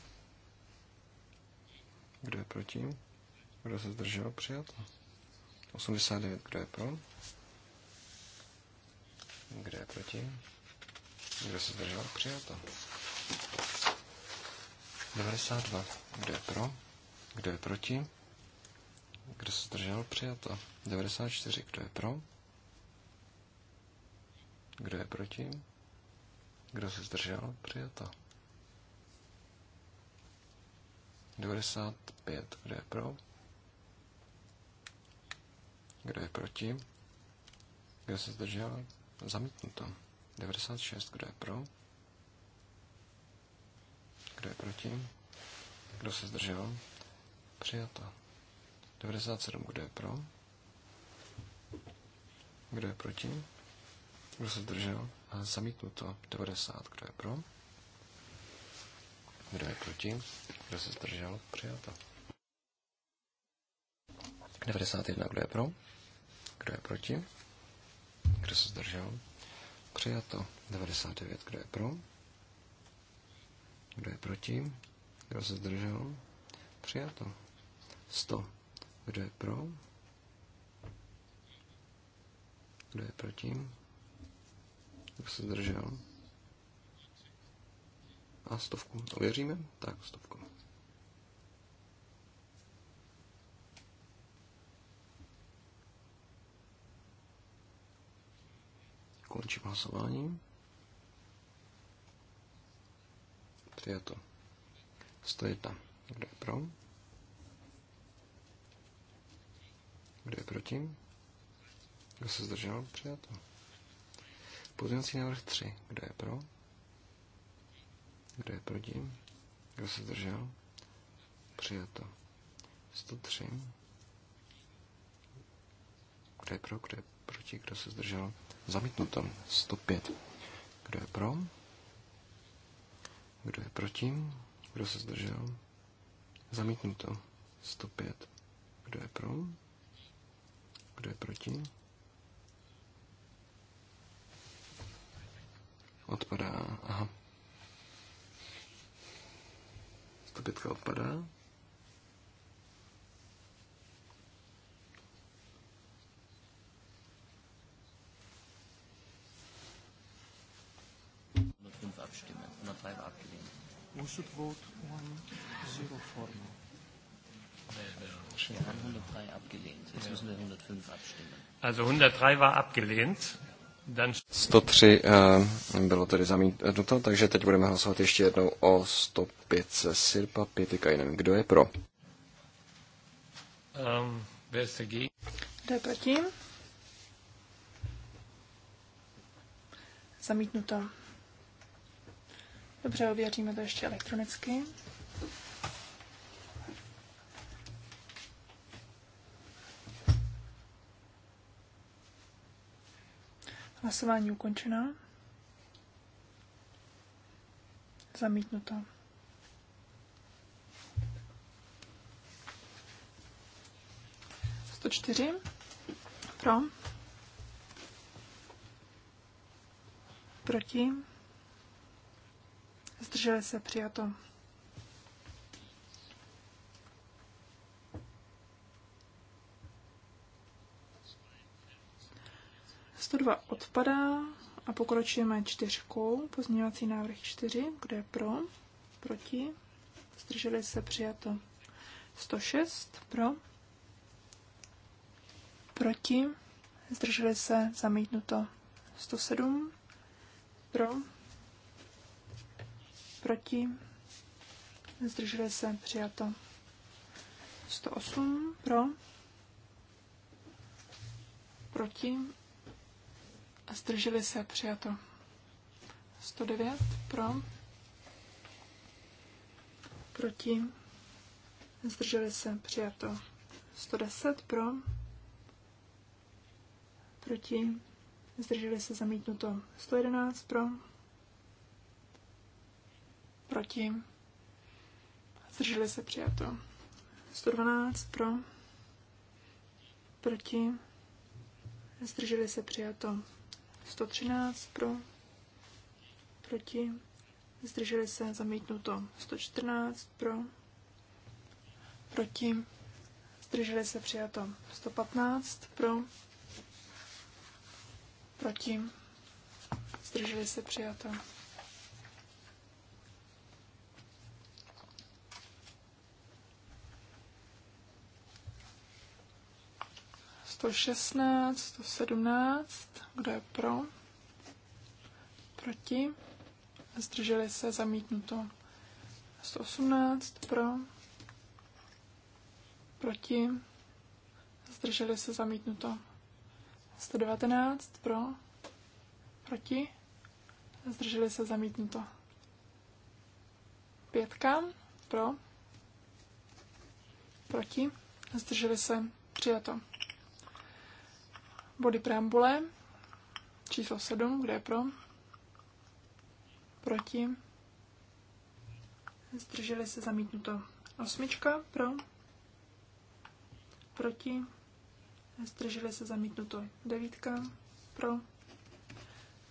Kdo je proti? Kdo se zdržel? Přijato. 89. Kdo je pro? Kdo je proti? Kdo se zdržel? Přijato. 92. Kdo je pro? Kdo je proti? Kdo se zdržel? Přijato. 94. Kdo je pro? Kdo je proti? Kdo se zdržel? Přijato. 95. Kdo je pro? Kdo je proti? Kdo se zdržel? Zamítnuto. 96. Kdo je pro? Kdo je proti? Kdo se zdržel? Přijato. 97. Kdo je pro? Kdo je proti? Kdo se zdržel? A zamítnuto. 90. Kdo je pro? Kdo je proti? Kdo se zdržel? Přijato. 91. Kdo je pro? Kdo je proti? Kdo se zdržel? Přijato. 99. Kdo je pro? Kdo je proti? Kdo se zdržel? Přijato. 100. Kdo je pro? Kdo je proti? Kdo se zdržel? A stovku. Ověříme? Tak, stovku. Končím hlasování. Přijato. 101. Kdo je pro? Kdo je proti? Kdo se zdržel? Přijato. Pozměňovací návrh 3. Kdo je pro? Kdo je proti? Kdo se zdržel? Přijato. 103. Kdo je pro? Kdo je proti? Kdo se zdržel? Zamítnuto. 105. Kdo je pro? Kdo je proti? Kdo se zdržel? Zamítnuto. 105. Kdo je pro? Kdo je proti? Odpadá. Aha. 105 odpadá. abstimmen. 103 war abgestimmt. We should vote zero Wir haben 103 abgelehnt. Jetzt müssen wir 105 abstimmen. Also 103 war abgelehnt. 103 bylo tedy zamítnuto, takže teď budeme hlasovat ještě jednou o 105 se Sirpa jenom Kdo je pro? Kdo je proti? Zamítnuto. Dobře, ověříme to ještě elektronicky. Hlasování ukončená. Zamítnuto. Sto čtyři. Pro. Proti zdrželi se přijato. dva odpadá a pokročíme čtyřkou, pozměňovací návrh čtyři, kde je pro, proti, zdrželi se přijato 106, pro, proti, zdrželi se zamítnuto 107, pro, Proti? Zdržuje se. Přijato. 108. Pro? Proti? A zdrželi se. Přijato. 109. Pro? Proti? Zdrželi se. Přijato. 110. Pro? Proti? Zdrželi se. Zamítnuto. 111. Pro? proti, zdrželi se přijato. 112 pro, proti, zdrželi se přijato. 113 pro, proti, zdrželi se zamítnuto. 114 pro, proti, zdrželi se přijato. 115 pro, proti, zdrželi se přijato. 116, 117. Kdo je pro? Proti? Zdrželi se zamítnuto. 118 pro. Proti? Zdrželi se zamítnuto. 119 pro. Proti? Zdrželi se zamítnuto. Pětka pro. Proti? Zdrželi se přijato. Body preambule. Číslo 7, kde je pro? Proti. Zdrželi se zamítnuto. Osmička pro. Proti. Zdrželi se zamítnuto. Devítka pro.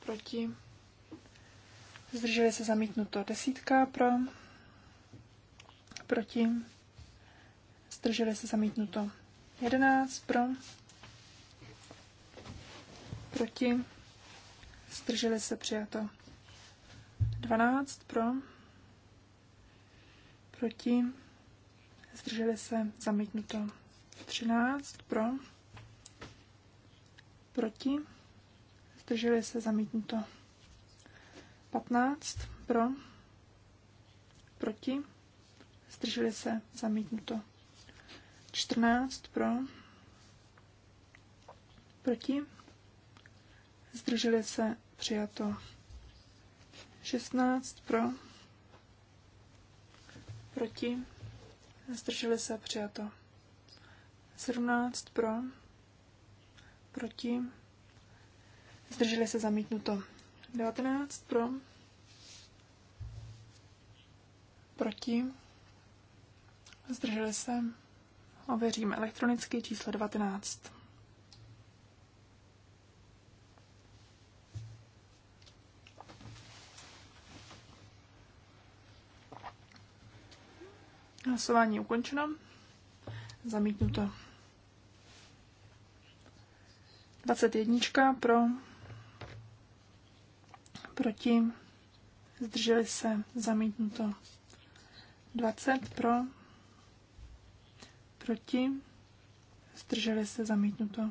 Proti. Zdrželi se zamítnuto. Desítka pro. Proti. Zdrželi se zamítnuto. Jedenáct pro proti, zdrželi se přijato. 12 pro, proti, zdrželi se zamítnuto. 13 pro, proti, zdrželi se zamítnuto. 15 pro, proti, zdrželi se zamítnuto. 14 pro, proti, zdrželi se, přijato. 16 pro, proti, zdrželi se, přijato. 17 pro, proti, zdrželi se, zamítnuto. 19 pro, proti, zdrželi se, ověříme elektronicky číslo 19. Hlasování ukončeno. Zamítnuto. 21 pro, proti, zdrželi se, zamítnuto. 20 pro, proti, zdrželi se, zamítnuto.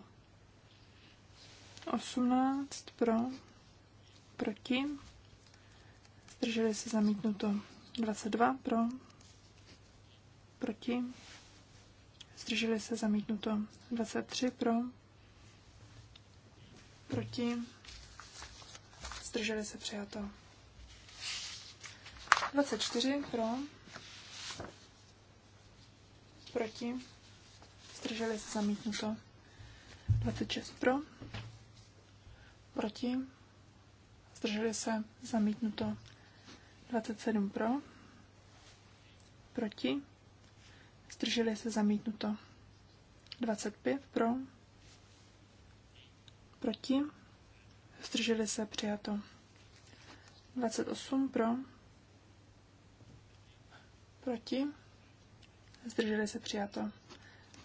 18 pro, proti, zdrželi se, zamítnuto. 22 pro, proti, zdrželi se zamítnuto 23 pro, proti, zdrželi se přijato 24 pro, proti, zdrželi se zamítnuto 26 pro, proti, zdrželi se zamítnuto 27 pro, proti, Zdrželi se zamítnuto. 25 pro. Proti. Zdrželi se přijato. 28 pro. Proti. Zdrželi se přijato.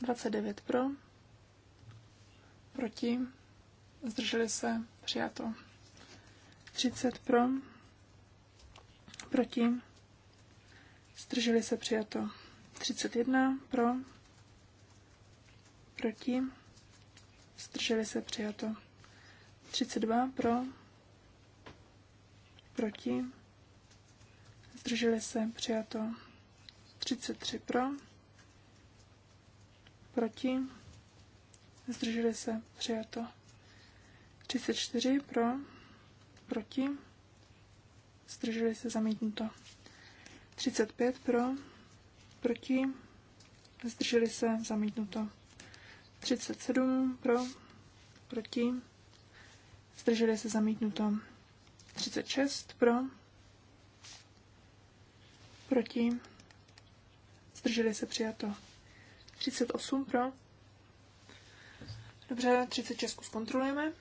29 pro. Proti. Zdrželi se přijato. 30 pro. Proti. Zdrželi se přijato. 31 pro, proti, zdrželi se přijato. 32 pro, proti, zdrželi se přijato. 33 pro, proti, zdrželi se přijato. 34 pro, proti, zdrželi se zamítnuto. 35 pro, proti, zdrželi se, zamítnuto. 37 pro, proti, zdrželi se, zamítnuto. 36 pro, proti, zdrželi se, přijato. 38 pro. Dobře, 36 zkontrolujeme.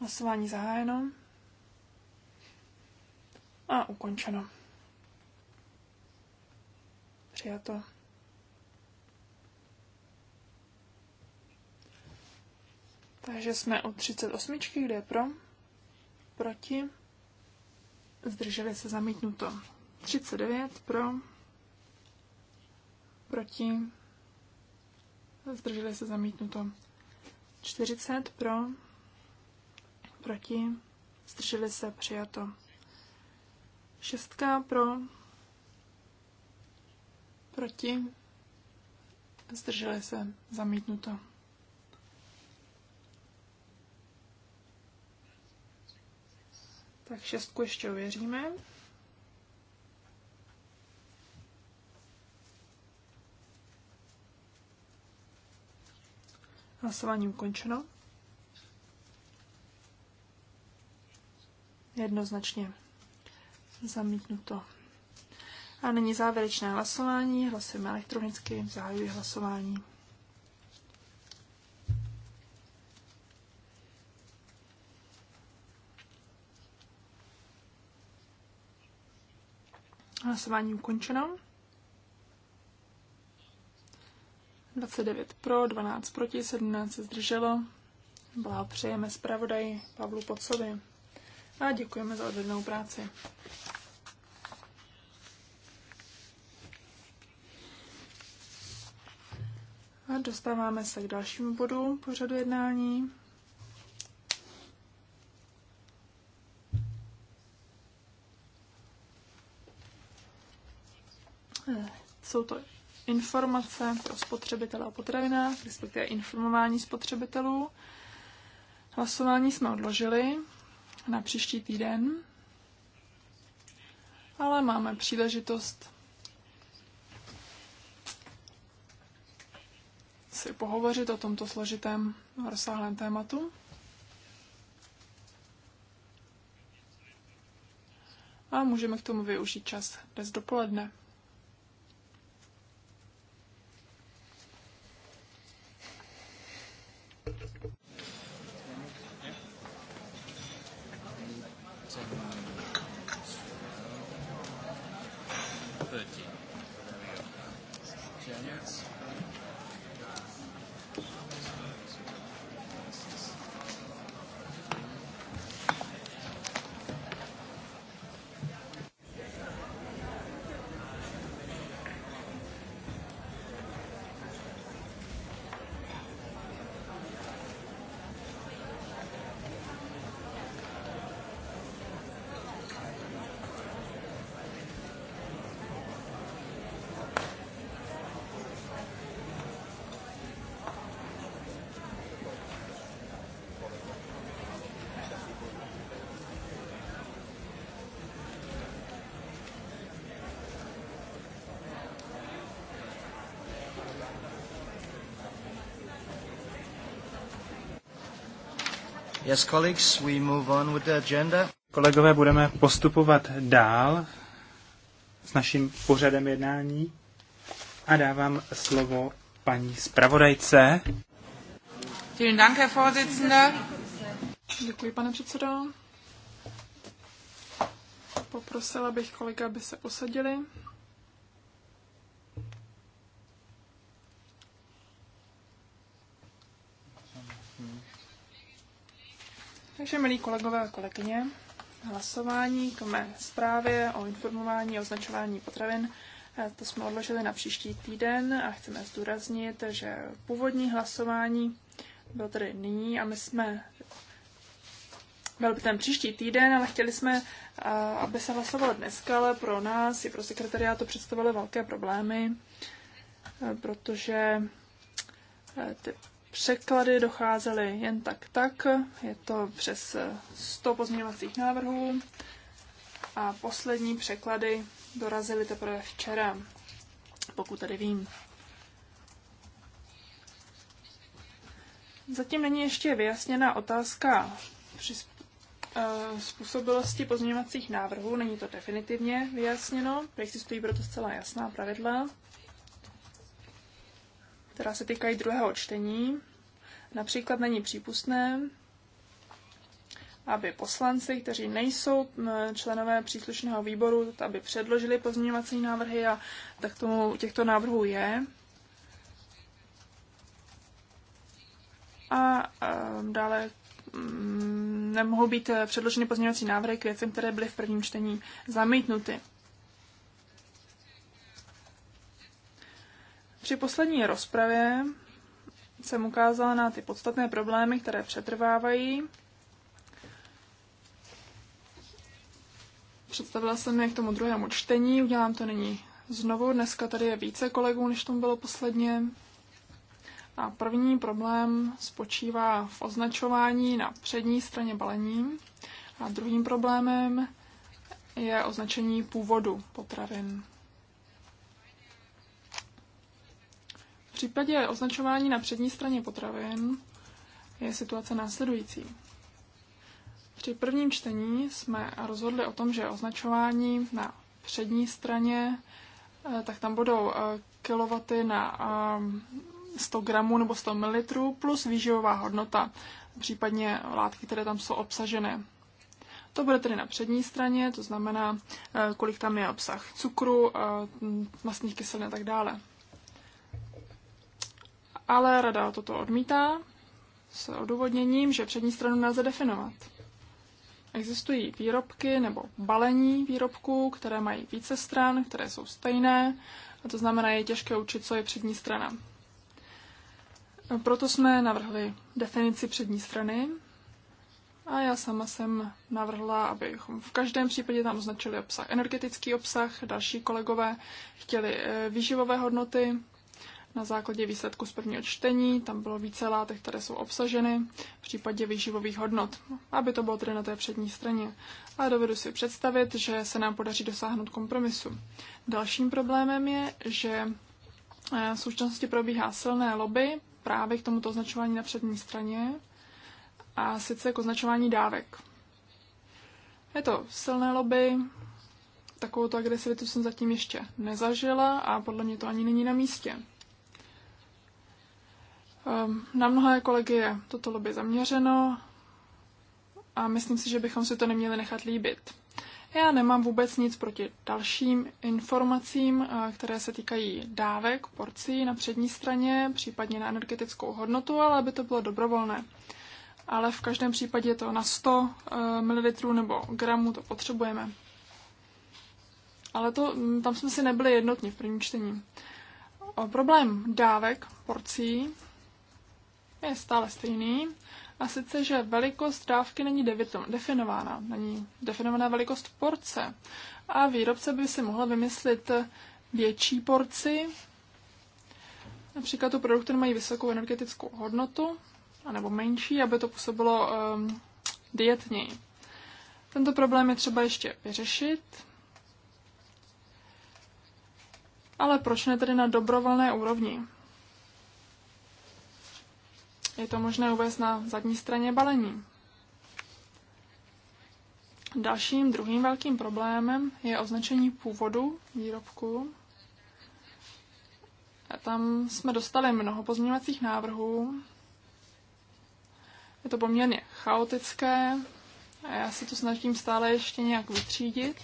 Hlasování zahájeno. A ukončeno. Přijato. Takže jsme u 38, kde je pro, proti, zdrželi se zamítnuto. 39 pro, proti, zdrželi se zamítnuto. 40 pro, proti, zdrželi se přijato. 6 pro, Proti? Zdrželi se. Zamítnuto. Tak šestku ještě ověříme. Hlasování ukončeno. Jednoznačně zamítnuto. A nyní závěrečné hlasování. Hlasujeme elektronicky. Zahajuji hlasování. Hlasování ukončeno. 29 pro, 12 proti, 17 se zdrželo. přejeme zpravodaji Pavlu Pocovi a děkujeme za odvednou práci. A dostáváme se k dalšímu bodu pořadu jednání. Jsou to informace pro spotřebitele o potravinách, respektive informování spotřebitelů. Hlasování jsme odložili na příští týden, ale máme příležitost si pohovořit o tomto složitém rozsáhlém tématu. A můžeme k tomu využít čas dnes dopoledne. Yes, colleagues, we move on with the agenda. Kolegové, budeme postupovat dál s naším pořadem jednání a dávám slovo paní zpravodajce. Děkuji, pane předsedo. Poprosila bych kolega, aby se usadili. Takže, milí kolegové a kolegyně, hlasování k mé zprávě o informování a označování potravin. Eh, to jsme odložili na příští týden a chceme zdůraznit, že původní hlasování bylo tedy nyní a my jsme byl by ten příští týden, ale chtěli jsme, eh, aby se hlasovalo dneska, ale pro nás i pro sekretariát to představovalo velké problémy, eh, protože ty překlady docházely jen tak tak. Je to přes 100 pozměňovacích návrhů a poslední překlady dorazily teprve včera, pokud tady vím. Zatím není ještě vyjasněná otázka při eh, způsobilosti pozměňovacích návrhů. Není to definitivně vyjasněno, existují proto zcela jasná pravidla, která se týkají druhého čtení. Například není přípustné, aby poslanci, kteří nejsou členové příslušného výboru, aby předložili pozměňovací návrhy a tak tomu těchto návrhů je. A dále mm, nemohou být eh, předloženy pozměňovací návrhy k věcem, které byly v prvním čtení zamítnuty. Při poslední rozpravě jsem ukázala na ty podstatné problémy, které přetrvávají. Představila jsem je k tomu druhému čtení, udělám to nyní znovu. Dneska tady je více kolegů, než tomu bylo posledně. A první problém spočívá v označování na přední straně balení. A druhým problémem je označení původu potravin. případě označování na přední straně potravin je situace následující. Při prvním čtení jsme rozhodli o tom, že označování na přední straně, eh, tak tam budou eh, kilovaty na 100 eh, gramů nebo 100 ml plus výživová hodnota, případně látky, které tam jsou obsažené. To bude tedy na přední straně, to znamená, kolik tam je obsah cukru, masných kyselin a tak dále ale rada toto odmítá s odůvodněním, že přední stranu nelze definovat. Existují výrobky nebo balení výrobků, které mají více stran, které jsou stejné, a to znamená, je těžké učit, co je přední strana. Proto jsme navrhli definici přední strany a já sama jsem navrhla, abychom v každém případě tam označili obsah, energetický obsah, další kolegové chtěli eh, výživové hodnoty, na základě výsledku z prvního čtení. Tam bylo více látek, které jsou obsaženy v případě výživových hodnot, aby to bylo tedy na té přední straně. A dovedu si představit, že se nám podaří dosáhnout kompromisu. Dalším problémem je, že eh, v současnosti probíhá silné lobby právě k tomuto označování na přední straně a sice k označování dávek. Je to silné lobby, takovou agresivitu jsem zatím ještě nezažila a podle mě to ani není na místě. Ehm, na mnohé kolegy je toto lobby zaměřeno a myslím si, že bychom si to neměli nechat líbit. Já nemám vůbec nic proti dalším informacím, eh, které se týkají dávek, porcí na přední straně, případně na energetickou hodnotu, ale aby to bylo dobrovolné. Ale v každém případě to na 100 eh, ml nebo gramů to potřebujeme. Ale to, hm, tam jsme si nebyli jednotní v prvním čtení. O problém dávek, porcí, je stále stejný. A sice, že velikost dávky není definována, není definovaná velikost porce. A výrobce by si mohl vymyslet větší porci, například tu produkty mají vysokou energetickou hodnotu, anebo menší, aby to působilo um, dietněji. Tento problém je třeba ještě vyřešit. Ale proč ne tedy na dobrovolné úrovni? Je to možné uvést na zadní straně balení. Dalším druhým velkým problémem je označení původu výrobku. A tam jsme dostali mnoho pozměňovacích návrhů. Je to poměrně chaotické a já se to snažím stále ještě nějak vytřídit.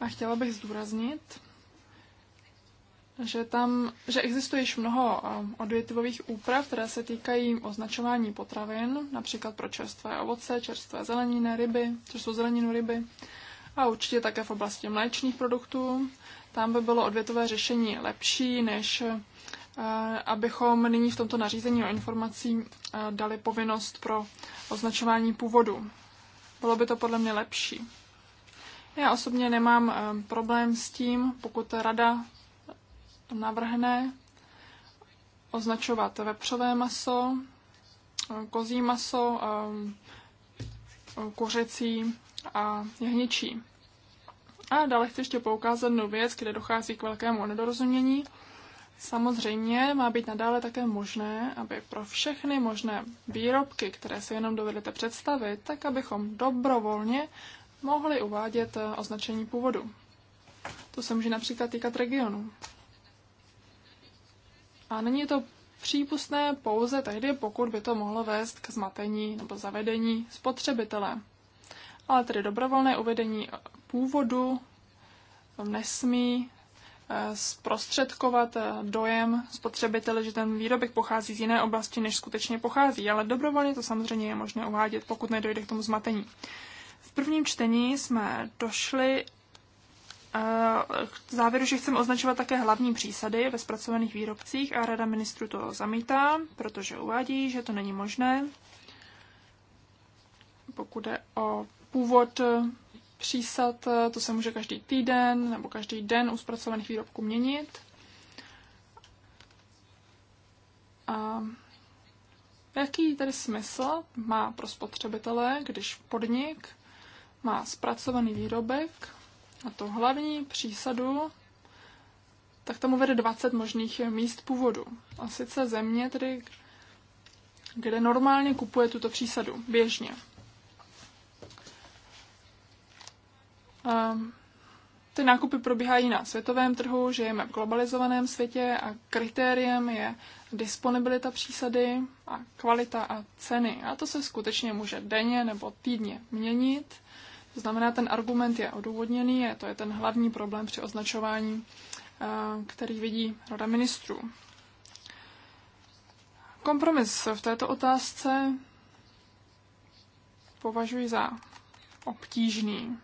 A chtěla bych zdůraznit, že, tam, že existuje již mnoho um, odvětvových úprav, které se týkají označování potravin, například pro čerstvé ovoce, čerstvé zeleniny, ryby, čerstvou zeleninu, ryby. A určitě také v oblasti mléčných produktů. Tam by bylo odvětové řešení lepší, než uh, abychom nyní v tomto nařízení o informací uh, dali povinnost pro označování původu. Bylo by to podle mě lepší. Já osobně nemám um, problém s tím, pokud rada navrhne označovat vepřové maso, kozí maso, eh, kuřecí a jehničí. A dále chci ještě poukázat jednu věc, kde dochází k velkému nedorozumění. Samozřejmě má být nadále také možné, aby pro všechny možné výrobky, které si jenom dovedete představit, tak abychom dobrovolně mohli uvádět eh, označení původu. To se může například týkat regionu. A není to přípustné pouze tehdy, pokud by to mohlo vést k zmatení nebo zavedení spotřebitele. Ale tedy dobrovolné uvedení původu nesmí eh, zprostředkovat eh, dojem spotřebitele, že ten výrobek pochází z jiné oblasti, než skutečně pochází, ale dobrovolně to samozřejmě je možné uvádět, pokud nedojde k tomu zmatení. V prvním čtení jsme došli k závěru, že chceme označovat také hlavní přísady ve zpracovaných výrobcích a Rada ministru to zamítá, protože uvádí, že to není možné, pokud je o původ přísad, to se může každý týden nebo každý den u zpracovaných výrobků měnit. A jaký tedy smysl má pro spotřebitele, když podnik má zpracovaný výrobek, na tu hlavní přísadu, tak tam uvede 20 možných míst původu. A sice země, tedy, kde normálně kupuje tuto přísadu, běžně. ty nákupy probíhají na světovém trhu, žijeme v globalizovaném světě a kritériem je disponibilita přísady a kvalita a ceny. A to se skutečně může denně nebo týdně měnit. To znamená, ten argument je odůvodněný, je to je ten hlavní problém při označování, eh, který vidí Rada ministrů. Kompromis v této otázce považuji za obtížný.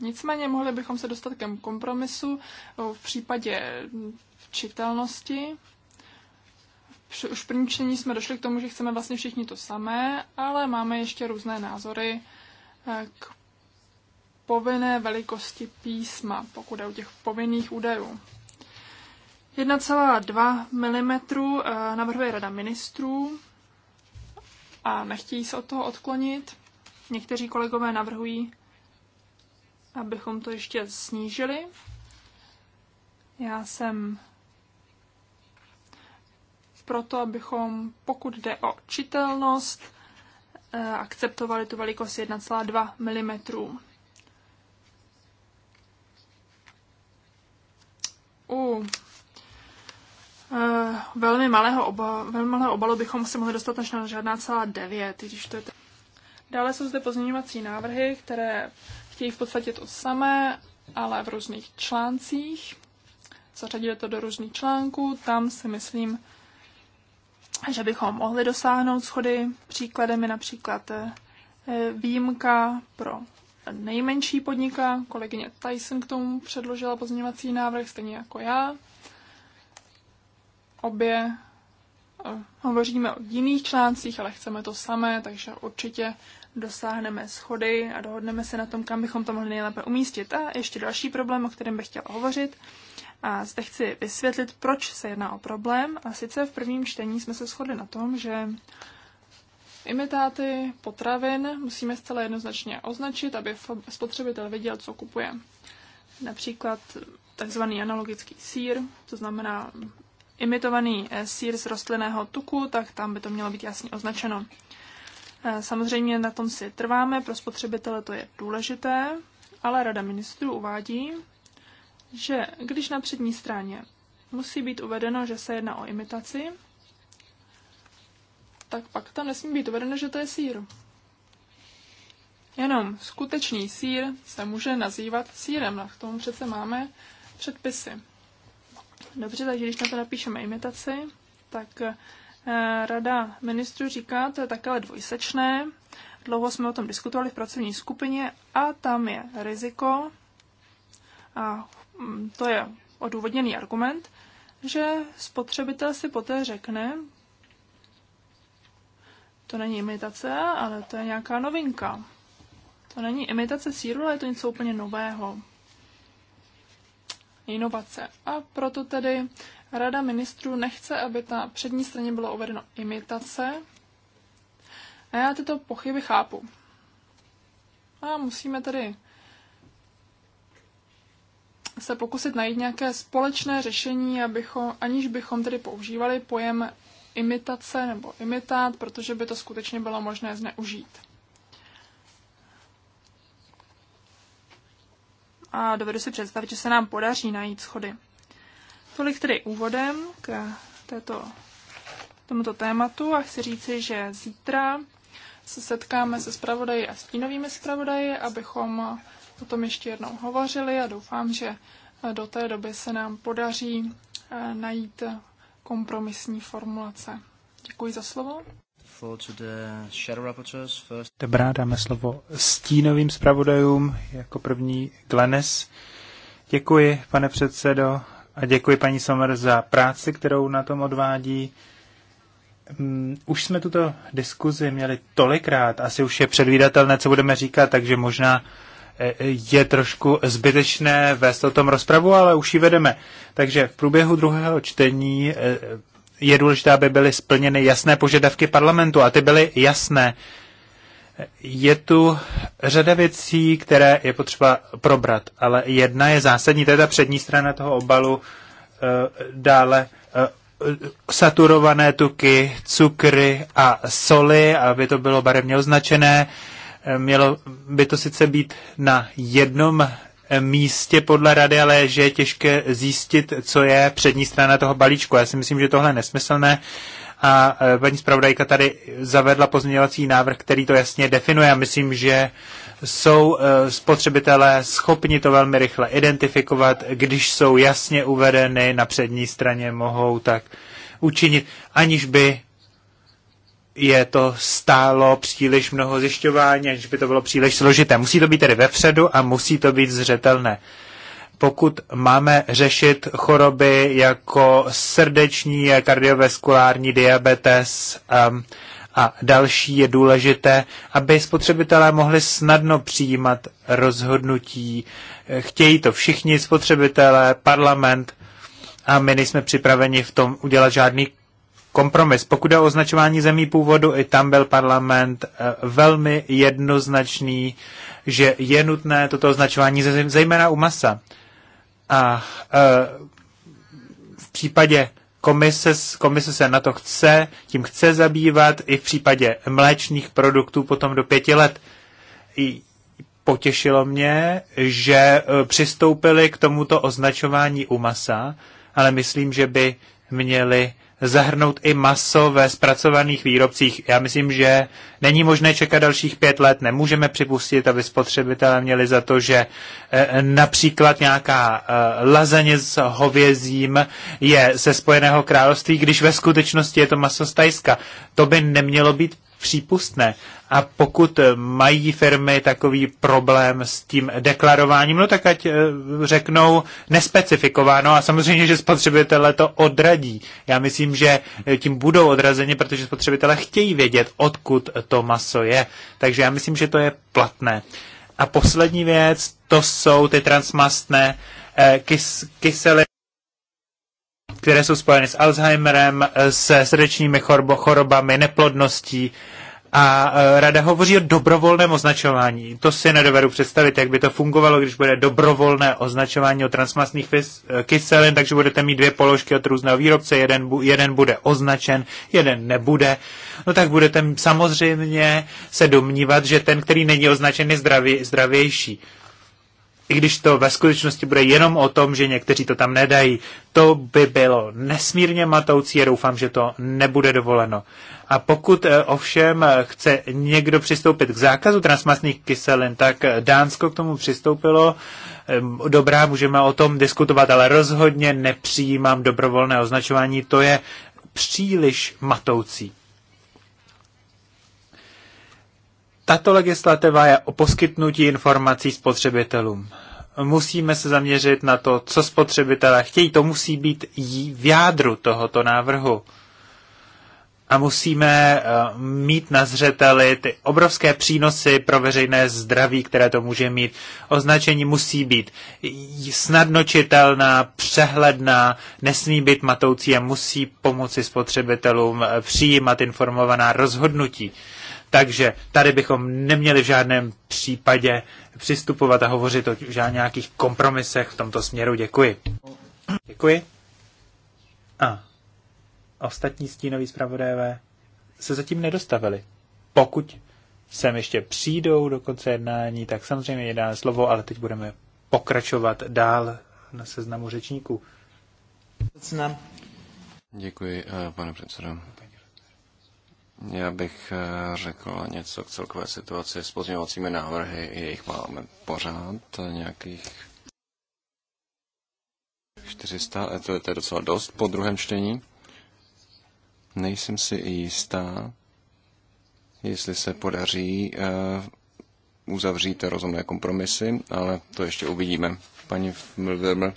Nicméně mohli bychom se dostat ke kompromisu v případě čitelnosti. Už v prvním čtení jsme došli k tomu, že chceme vlastně všichni to samé, ale máme ještě různé názory eh, k povinné velikosti písma, pokud je u těch povinných údajů. 1,2 mm eh, navrhuje Rada ministrů a nechtějí se od toho odklonit. Někteří kolegové navrhují, abychom to ještě snížili. Já jsem proto, abychom, pokud jde o čitelnost, eh, akceptovali tu velikost 1,2 mm. u eh, velmi malého, oba, velmi malého obalu bychom se mohli dostat až na žádná celá 9, když to je t- Dále jsou zde pozměňovací návrhy, které chtějí v podstatě to samé, ale v různých článcích. Zařadili to do různých článků, tam si myslím, že bychom mohli dosáhnout schody. Příkladem je například eh, výjimka pro nejmenší podniká. Kolegyně Tyson k tomu předložila pozměňovací návrh, stejně jako já. Obě eh, hovoříme o jiných článcích, ale chceme to samé, takže určitě dosáhneme schody a dohodneme se na tom, kam bychom to mohli nejlépe umístit. A ještě další problém, o kterém bych chtěla hovořit, a zde chci vysvětlit, proč se jedná o problém. A sice v prvním čtení jsme se shodli na tom, že imitáty potravin musíme zcela jednoznačně označit, aby spotřebitel věděl, co kupuje. Například takzvaný analogický sír, to znamená imitovaný eh, sír z rostlinného tuku, tak tam by to mělo být jasně označeno. Eh, samozřejmě na tom si trváme, pro spotřebitele to je důležité, ale Rada ministrů uvádí, že když na přední straně musí být uvedeno, že se jedná o imitaci, tak pak tam nesmí být uvedeno, že to je sír. Jenom skutečný sír se může nazývat sírem, a k tomu přece máme předpisy. Dobře, takže když na to napíšeme imitaci, tak eh, Rada ministru říká, to je takhle dvojsečné. Dlouho jsme o tom diskutovali v pracovní skupině a tam je riziko, a hm, to je odůvodněný argument, že spotřebitel si poté řekne, to není imitace, ale to je nějaká novinka. To není imitace síru, ale je to něco úplně nového. Inovace. A proto tedy Rada ministrů nechce, aby na přední straně bylo uvedeno imitace. A já tyto pochyby chápu. A musíme tedy se pokusit najít nějaké společné řešení, abychom, aniž bychom tedy používali pojem imitace nebo imitát, protože by to skutečně bylo možné zneužít. A dovedu si představit, že se nám podaří najít schody. Tolik tedy úvodem k této, tomuto tématu a chci říci, že zítra se setkáme se zpravodaji a stínovými zpravodaji, abychom o tom ještě jednou hovořili a doufám, že do té doby se nám podaří eh, najít kompromisní formulace. Děkuji za slovo. Dobrá, dáme slovo stínovým zpravodajům, jako první Glenes. Děkuji, pane předsedo, a děkuji paní Somer za práci, kterou na tom odvádí. Mm, už jsme tuto diskuzi měli tolikrát, asi už je předvídatelné, co budeme říkat, takže možná je trošku zbytečné vést o tom rozpravu, ale už ji vedeme. Takže v průběhu druhého čtení eh, je důležité, aby byly splněny jasné požadavky parlamentu a ty byly jasné. Je tu řada věcí, které je potřeba probrat, ale jedna je zásadní, to je ta přední strana toho obalu, eh, dále eh, saturované tuky, cukry a soli, aby to bylo barevně označené, Eh, mělo by to sice být na jednom eh, místě podle rady, ale že je těžké zjistit, co je přední strana toho balíčku. Já si myslím, že tohle je nesmyslné a eh, paní zpravodajka tady zavedla pozměňovací návrh, který to jasně definuje Já myslím, že jsou spotřebitelé schopni to velmi rychle identifikovat, když jsou jasně uvedeny na přední straně, mohou tak učinit, aniž by je to stálo příliš mnoho zjišťování, až by to bylo příliš složité. Musí to být tedy vepředu a musí to být zřetelné. Pokud máme řešit choroby jako srdeční, kardiovaskulární diabetes um, a další, je důležité, aby spotřebitelé mohli snadno přijímat rozhodnutí. Chtějí to všichni spotřebitelé, parlament, a my nejsme připraveni v tom udělat žádný kompromis. Pokud je o označování zemí původu, i tam byl parlament eh, velmi jednoznačný, že je nutné toto označování zejména u masa. A eh, v případě komise, komise se na to chce, tím chce zabývat, i v případě mléčných produktů potom do pěti let. I potěšilo mě, že eh, přistoupili k tomuto označování u masa, ale myslím, že by měli zahrnout i maso ve zpracovaných výrobcích. Já myslím, že není možné čekat dalších pět let. Nemůžeme připustit, aby spotřebitelé měli za to, že eh, například nějaká eh, lazaně s hovězím je ze Spojeného království, když ve skutečnosti je to maso z Tajska. To by nemělo být přípustné. A pokud mají firmy takový problém s tím deklarováním, no tak ať eh, řeknou nespecifikováno a samozřejmě, že spotřebitele to odradí. Já myslím, že eh, tím budou odrazeni, protože spotřebitele chtějí vědět, odkud to maso je. Takže já myslím, že to je platné. A poslední věc, to jsou ty transmastné eh, kys, kyseliny které jsou spojeny s Alzheimerem, se srdečními chorobami, neplodností a e, rada hovoří o dobrovolném označování. To si nedovedu představit, jak by to fungovalo, když bude dobrovolné označování o transmastných e, kyselin, takže budete mít dvě položky od různého výrobce, jeden, jeden bude označen, jeden nebude. No tak budete samozřejmě se domnívat, že ten, který není označen, je zdravě, zdravější. I když to ve skutečnosti bude jenom o tom, že někteří to tam nedají, to by bylo nesmírně matoucí a doufám, že to nebude dovoleno. A pokud eh, ovšem eh, chce někdo přistoupit k zákazu transmastných kyselin, tak Dánsko k tomu přistoupilo. Ehm, dobrá, můžeme o tom diskutovat, ale rozhodně nepřijímám dobrovolné označování. To je příliš matoucí. Tato legislativa je o poskytnutí informací spotřebitelům. Musíme se zaměřit na to, co spotřebitelé chtějí. To musí být v jádru tohoto návrhu a musíme eh, mít na zřeteli ty obrovské přínosy pro veřejné zdraví, které to může mít. Označení musí být snadno čitelná, přehledná, nesmí být matoucí a musí pomoci spotřebitelům eh, přijímat informovaná rozhodnutí. Takže tady bychom neměli v žádném případě přistupovat a hovořit o nějakých kompromisech v tomto směru. Děkuji. Děkuji. A ostatní stínoví zpravodajové se zatím nedostavili. Pokud sem ještě přijdou do konce jednání, tak samozřejmě je dáme slovo, ale teď budeme pokračovat dál na seznamu řečníků. Děkuji, eh, pane předsedo. Já bych eh, řekl něco k celkové situaci s pozměňovacími návrhy. Jejich máme pořád nějakých 400, eh, to je, to je docela dost po druhém čtení. Nejsem si jistá, jestli se podaří eh, uzavřít rozumné kompromisy, ale to ještě uvidíme. Paní Mlvrml eh,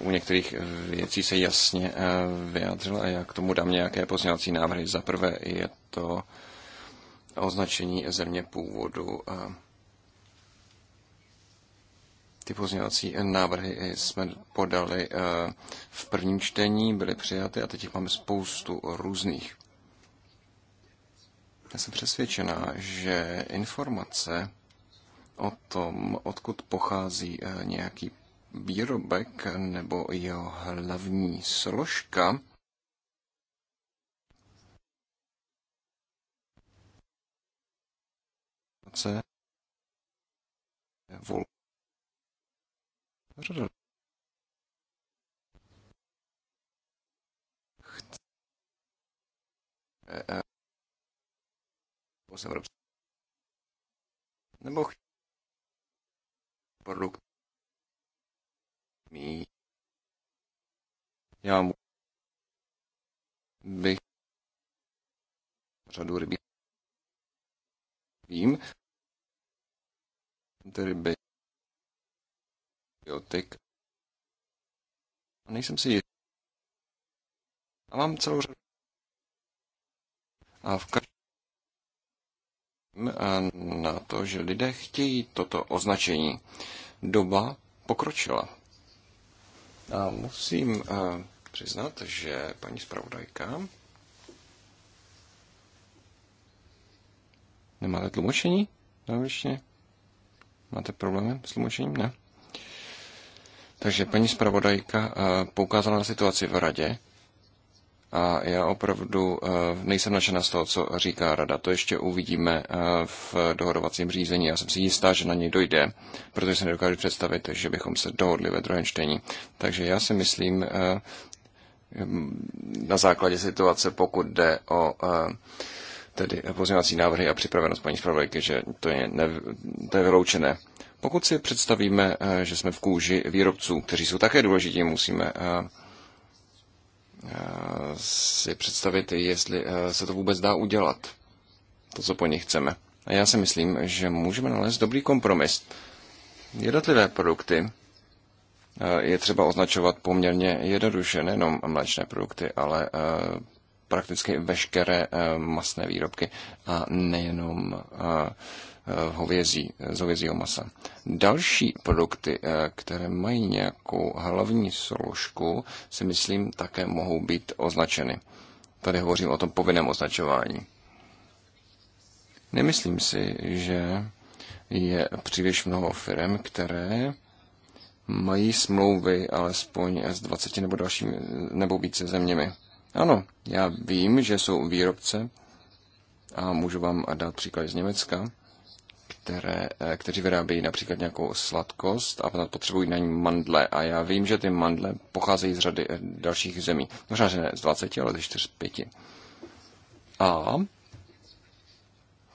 u některých věcí se jasně eh, vyjádřila a já k tomu dám nějaké pozměňovací návrhy. Za prvé je to označení země původu. Ty pozměňovací návrhy jsme podali eh, v prvním čtení, byly přijaty a teď jich máme spoustu různých. Já jsem přesvědčená, že informace o tom, odkud pochází eh, nějaký výrobek nebo jeho hlavní složka, vol chce eh, eh, nebo chci produkt mí. Já mu bych řadu rybí vím, ty ryby antibiotik. A nejsem si jistý. A mám celou řadu. A v každém na to, že lidé chtějí toto označení. Doba pokročila. A musím a, eh, přiznat, že paní zpravodajka. Nemáte tlumočení? Závěrečně? Máte problémy s tlumočením? Ne? Takže paní zpravodajka eh, poukázala na situaci v radě a já opravdu eh, nejsem nadšená z toho, co říká rada. To ještě uvidíme eh, v dohodovacím řízení. Já jsem si jistá, že na něj dojde, protože se nedokážu představit, že bychom se dohodli ve druhém čtení. Takže já si myslím, na základě situace, pokud jde o tedy pozměňovací návrhy a připravenost paní zpravodajky, že to je, ne, to je vyloučené. Pokud si představíme, eh, že jsme v kůži výrobců, kteří jsou také důležití, musíme eh, eh, si představit, jestli se to vůbec dá udělat, to, co po nich chceme. A já si myslím, že můžeme nalézt dobrý kompromis. Jednotlivé produkty je třeba označovat poměrně jednoduše, nejenom mléčné produkty, ale prakticky veškeré masné výrobky a nejenom Eh, hovězí, eh, z hovězího masa. Další produkty, eh, které mají nějakou hlavní složku, si myslím, také mohou být označeny. Tady hovořím o tom povinném označování. Nemyslím si, že je příliš mnoho firm, které mají smlouvy alespoň s 20 nebo dalšími nebo více zeměmi. Ano, já vím, že jsou výrobce a můžu vám dát příklad z Německa, které, eh, kteří vyrábějí například nějakou sladkost a potřebují na ní mandle. A já vím, že ty mandle pocházejí z řady eh, dalších zemí. Možná, že ne z 20, ale ze 4 5. A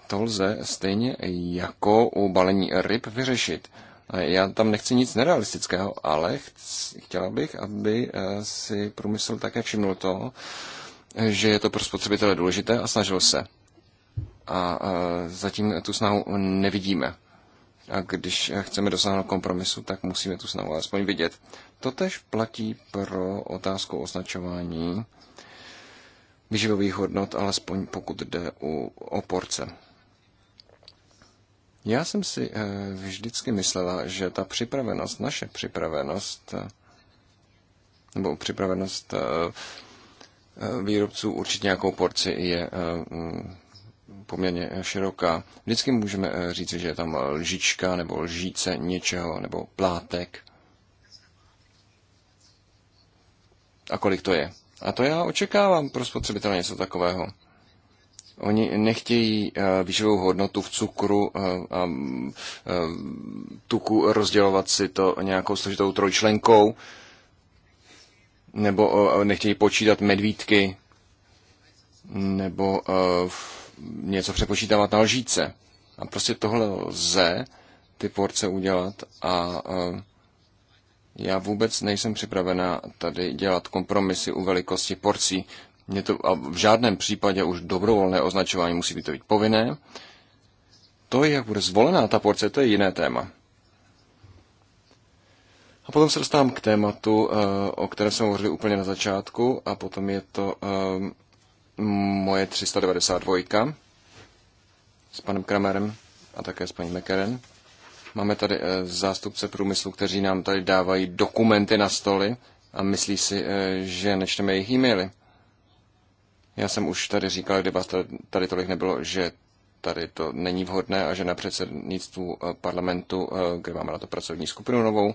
to lze stejně jako u balení ryb vyřešit. Eh, já tam nechci nic nerealistického, ale chtěla bych, aby si průmysl také všiml to, že je to pro spotřebitele důležité a snažil se a zatím tu snahu nevidíme. A když chceme dosáhnout kompromisu, tak musíme tu snahu alespoň vidět. Totež platí pro otázku označování výživových hodnot, alespoň pokud jde u, oporce. Já jsem si eh, vždycky myslela, že ta připravenost, naše připravenost, eh, nebo připravenost eh, výrobců určitě nějakou porci je poměrně široká. Vždycky můžeme eh, říct, že je tam lžička nebo lžíce něčeho nebo plátek. A kolik to je? A to já očekávám pro spotřebitele něco takového. Oni nechtějí eh, výživovou hodnotu v cukru eh, a mm, tuku rozdělovat si to nějakou složitou trojčlenkou, nebo nechtějí počítat medvídky, nebo něco přepočítávat na lžíce. A prostě tohle lze ty porce udělat a já vůbec nejsem připravená tady dělat kompromisy u velikosti porcí. Mě to a v žádném případě už dobrovolné označování musí být to být povinné. To, jak bude zvolená ta porce, to je jiné téma. A potom se dostávám k tématu, eh, o kterém jsme hovořili úplně na začátku, a potom je to eh, moje 392 s panem Kramerem a také s paní Mekeren. Máme tady eh, zástupce průmyslu, kteří nám tady dávají dokumenty na stoly a myslí si, eh, že nečteme jejich e-maily. Já jsem už tady říkal, kdyby tady tolik nebylo, že tady to není vhodné a že na předsednictvu eh, parlamentu, eh, kde máme na to pracovní skupinu novou,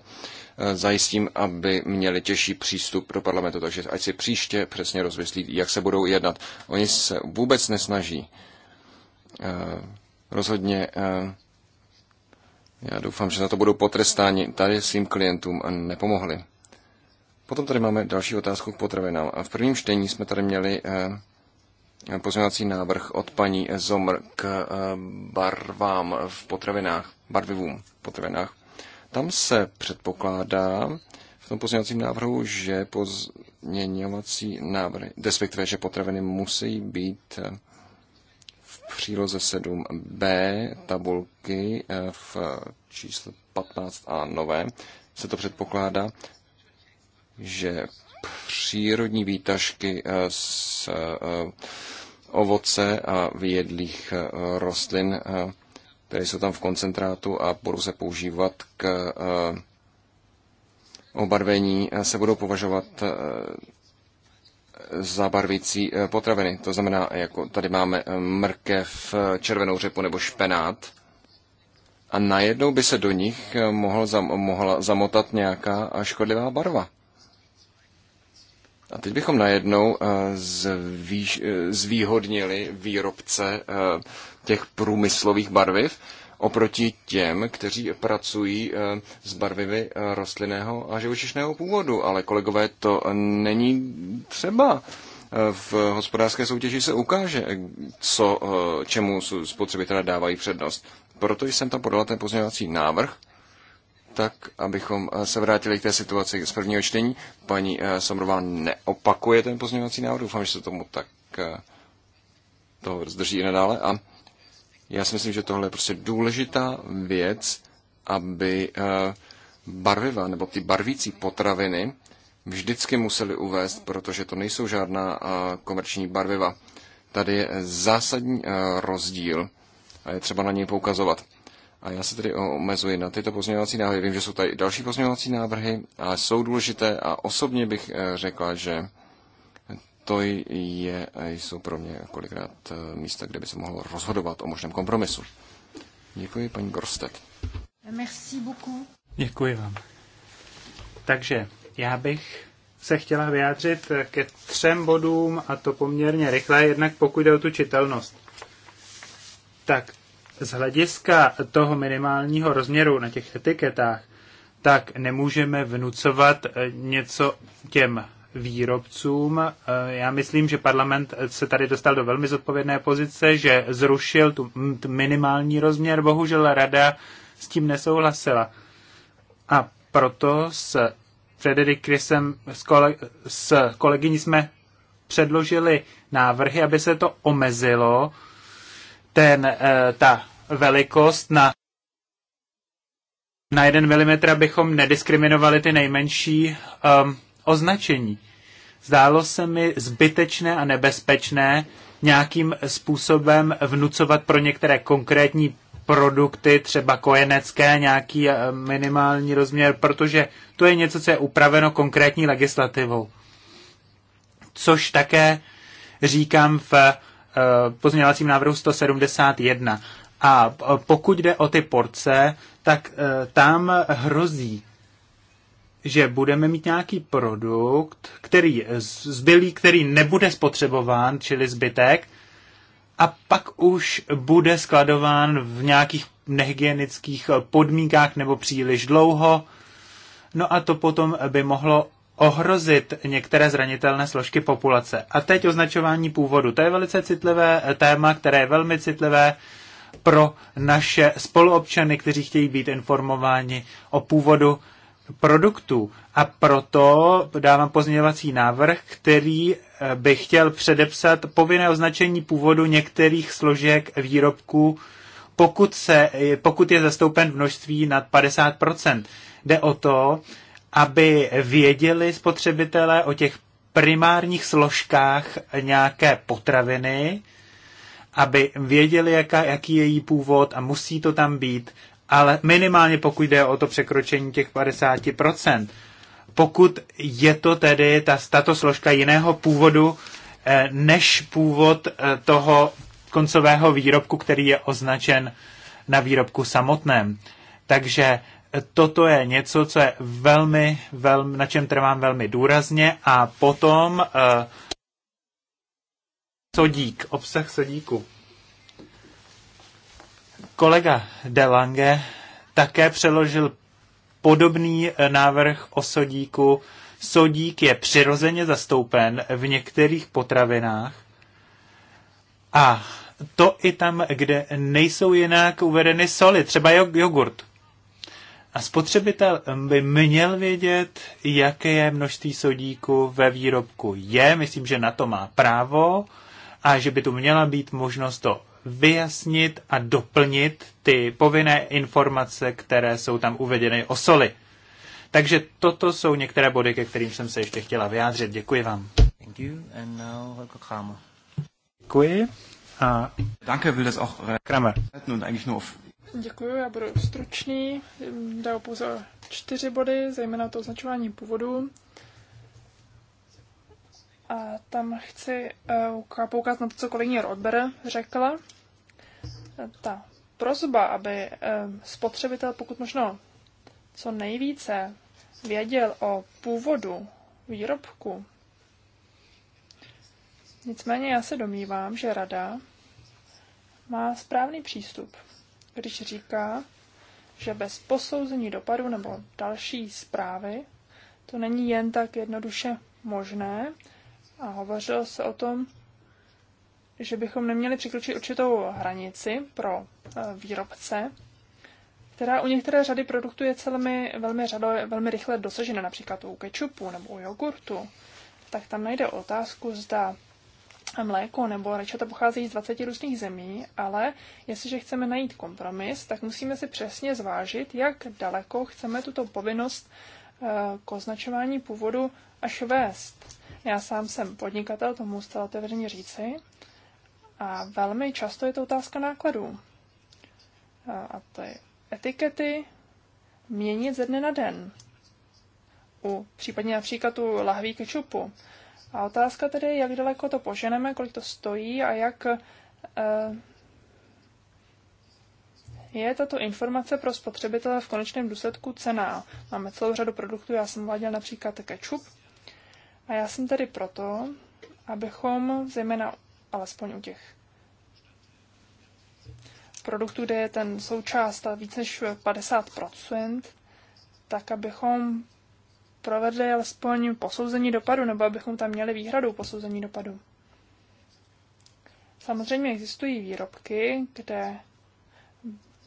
eh, zajistím, aby měli těžší přístup do parlamentu, takže ať si příště přesně rozmyslí, jak se budou jednat. Oni se vůbec nesnaží. Rozhodně já doufám, že na to budou potrestáni. Tady svým klientům nepomohli. Potom tady máme další otázku k potravinám. A v prvním čtení jsme tady měli pozměňovací návrh od paní Zomr k eh, barvám v potravinách, barvivům v potravinách. Tam se předpokládá v tom pozměňovacím návrhu, že pozměňovací návrhy, respektive, že potraviny musí být eh, v příloze 7b tabulky eh, v čísle 15 a nové, se to předpokládá, že přírodní výtažky eh, z eh, ovoce a vyjedlých eh, rostlin, které jsou tam v koncentrátu a budou se používat k obarvení, se budou považovat za barvící potraviny. To znamená, jako tady máme mrkev, červenou řepu nebo špenát. A najednou by se do nich mohl, mohla zamotat nějaká škodlivá barva. A teď bychom najednou eh, zvýš, eh, zvýhodnili výrobce eh, těch průmyslových barviv oproti těm, kteří pracují s barvivy rostlinného a živočišného původu. Ale kolegové, to není třeba. V hospodářské soutěži se ukáže, co, čemu spotřebitelé dávají přednost. Proto jsem tam podala ten pozměňovací návrh, tak, abychom eh, se vrátili k té situaci z prvního čtení. Paní eh, Somrová neopakuje ten pozměňovací návrh, doufám, že se tomu tak eh, to zdrží i nadále. A já si myslím, že tohle je prostě důležitá věc, aby barviva nebo ty barvící potraviny vždycky museli uvést, protože to nejsou žádná komerční barviva. Tady je zásadní rozdíl a je třeba na něj poukazovat. A já se tedy omezuji na tyto pozměňovací návrhy. Vím, že jsou tady další pozměňovací návrhy, ale jsou důležité a osobně bych eh, řekla, že to je, eh, jsou pro mě kolikrát eh, místa, kde by se mohlo rozhodovat o možném kompromisu. Děkuji, paní Gorstet. Merci beaucoup. Děkuji vám. Takže já bych se chtěla vyjádřit ke třem bodům a to poměrně rychle, jednak pokud jde o tu čitelnost. Tak z hlediska toho minimálního rozměru na těch etiketách, tak nemůžeme vnucovat eh, něco těm výrobcům. Eh, Já myslím, že parlament se tady dostal do velmi zodpovědné pozice, že zrušil tu minimální rozměr. Bohužel rada s tím nesouhlasila. A proto s Frederik Krysem, s, kole, s kolegyní jsme předložili návrhy, aby se to omezilo ten, eh, ta velikost na na jeden mm, abychom nediskriminovali ty nejmenší um, označení. Zdálo se mi zbytečné a nebezpečné nějakým způsobem vnucovat pro některé konkrétní produkty, třeba kojenecké, nějaký eh, minimální rozměr, protože to je něco, co je upraveno konkrétní legislativou. Což také říkám v Eh, pozměňovacím návrhu 171. A eh, pokud jde o ty porce, tak eh, tam hrozí, že budeme mít nějaký produkt, který zbylý, který nebude spotřebován, čili zbytek, a pak už bude skladován v nějakých nehygienických podmínkách nebo příliš dlouho. No a to potom by mohlo ohrozit některé zranitelné složky populace. A teď označování původu. To je velice citlivé eh, téma, které je velmi citlivé pro naše spoluobčany, kteří chtějí být informováni o původu produktů. A proto dávám pozměňovací návrh, který eh, by chtěl předepsat povinné označení původu některých složek výrobků, pokud, se, eh, pokud je zastoupen v množství nad 50 Jde o to, aby věděli spotřebitelé o těch primárních složkách nějaké potraviny, aby věděli, jaká, jaký je její původ a musí to tam být, ale minimálně pokud jde o to překročení těch 50%. Pokud je to tedy ta, tato složka jiného původu, eh, než původ eh, toho koncového výrobku, který je označen na výrobku samotném. Takže toto je něco, co je velmi, velmi na čem trvám velmi důrazně a potom uh, sodík, obsah sodíku. Kolega Delange také přeložil podobný eh, návrh o sodíku. Sodík je přirozeně zastoupen v některých potravinách a to i tam, kde nejsou jinak uvedeny soli, třeba jogurt a spotřebitel by měl vědět, jaké je množství sodíku ve výrobku je. Myslím, že na to má právo a že by tu měla být možnost to vyjasnit a doplnit ty povinné informace, které jsou tam uvedeny o soli. Takže toto jsou některé body, ke kterým jsem se ještě chtěla vyjádřit. Děkuji vám. Thank you. And now Děkuji. A Danke, will das auch äh, Kramer. Und eigentlich nur auf Děkuji, já budu stručný. Jde pouze čtyři body, zejména to označování původu. A tam chci eh, poukázat na to, co kolegyně Rodber řekla. Ta prozba, aby eh, spotřebitel pokud možno co nejvíce věděl o původu výrobku. Nicméně já se domnívám, že rada má správný přístup když říká, že bez posouzení dopadu nebo další zprávy to není jen tak jednoduše možné. A hovořilo se o tom, že bychom neměli překročit určitou hranici pro e, výrobce, která u některé řady produktů je celmi, velmi, řado, velmi rychle dosažena, například u kečupu nebo u jogurtu, tak tam najde otázku, zda mléko nebo rajčata pocházejí z 20 různých zemí, ale jestliže chceme najít kompromis, tak musíme si přesně zvážit, jak daleko chceme tuto povinnost eh, k označování původu až vést. Já sám jsem podnikatel, tomu zcela otevřeně říci, a velmi často je to otázka nákladů. Eh, a to je etikety měnit ze dne na den. U případně například u lahví kečupu. A otázka tedy je, jak daleko to poženeme, kolik to stojí a jak eh, je tato informace pro spotřebitele v konečném důsledku cená. Máme celou řadu produktů, já jsem uváděl například ketchup. A já jsem tedy proto, abychom zejména alespoň u těch produktů, kde je ten součást víc než 50%, tak abychom provedli alespoň posouzení dopadu, nebo abychom tam měli výhradu posouzení dopadu. Samozřejmě existují výrobky, kde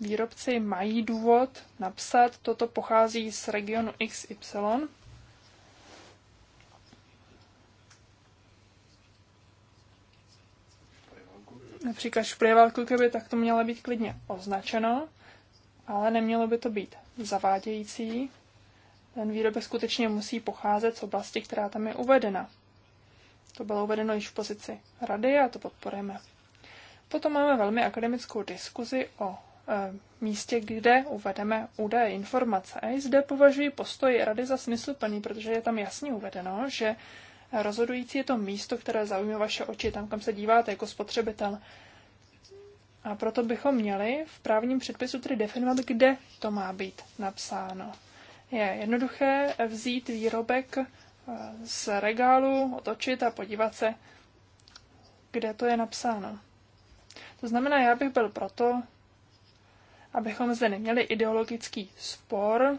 výrobci mají důvod napsat, toto pochází z regionu XY. Například šplivalku, kdyby tak to mělo být klidně označeno, ale nemělo by to být zavádějící ten výrobek skutečně musí pocházet z oblasti, která tam je uvedena. To bylo uvedeno již v pozici rady a to podporujeme. Potom máme velmi akademickou diskuzi o e, místě, kde uvedeme údaje, informace. A zde považuji postoj rady za smysluplný, protože je tam jasně uvedeno, že rozhodující je to místo, které zaujme vaše oči, tam, kam se díváte jako spotřebitel. A proto bychom měli v právním předpisu tedy definovat, kde to má být napsáno. Je jednoduché vzít výrobek eh, z regálu, otočit a podívat se, kde to je napsáno. To znamená, já bych byl proto, abychom zde neměli ideologický spor,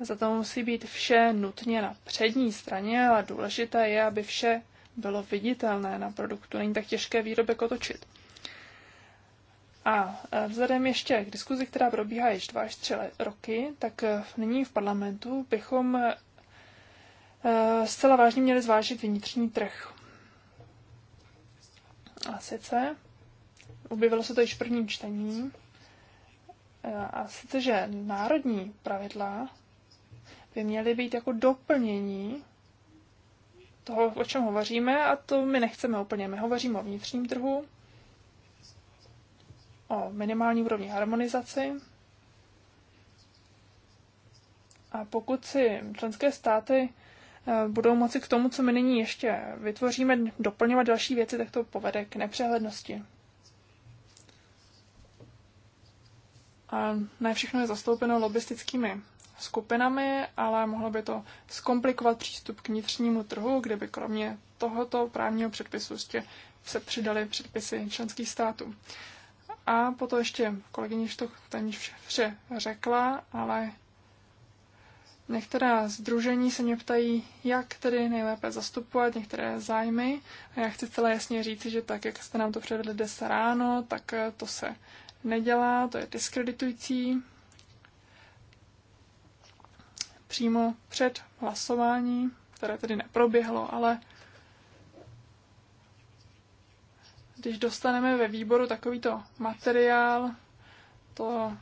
za to musí být vše nutně na přední straně, ale důležité je, aby vše bylo viditelné na produktu. Není tak těžké výrobek otočit. A e, vzhledem ještě k diskuzi, která probíhá již dva až tři roky, tak e, nyní v parlamentu bychom e, zcela vážně měli zvážit vnitřní trh. A sice objevilo se to již v prvním čtení, a sice, že národní pravidla by měly být jako doplnění toho, o čem hovoříme, a to my nechceme úplně. My hovoříme o vnitřním trhu, o minimální úrovni harmonizaci. A pokud si členské státy eh, budou moci k tomu, co my nyní ještě vytvoříme, doplňovat další věci, tak to povede k nepřehlednosti. A ne všechno je zastoupeno lobbystickými skupinami, ale mohlo by to zkomplikovat přístup k vnitřnímu trhu, kdyby kromě tohoto právního předpisu se přidaly předpisy členských států. A potom ještě kolegyně to již vše řekla, ale některá združení se mě ptají, jak tedy nejlépe zastupovat některé zájmy. A já chci celé jasně říci, že tak, jak jste nám to předvedli dnes ráno, tak eh, to se nedělá, to je diskreditující. Přímo před hlasování, které tedy neproběhlo, ale když dostaneme ve výboru takovýto materiál, to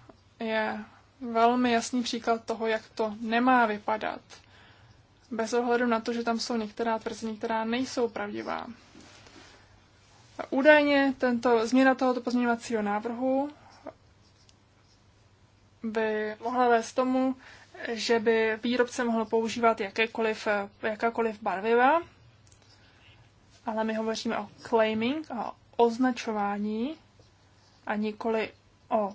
je velmi jasný příklad toho, jak to nemá vypadat. Bez ohledu na to, že tam jsou některá tvrzení, která nejsou pravdivá. A údajně tento, změna tohoto pozměňovacího návrhu by mohla vést tomu, že by výrobce mohl používat jakékoliv, jakákoliv barviva, ale my hovoříme o claiming o označování a nikoli o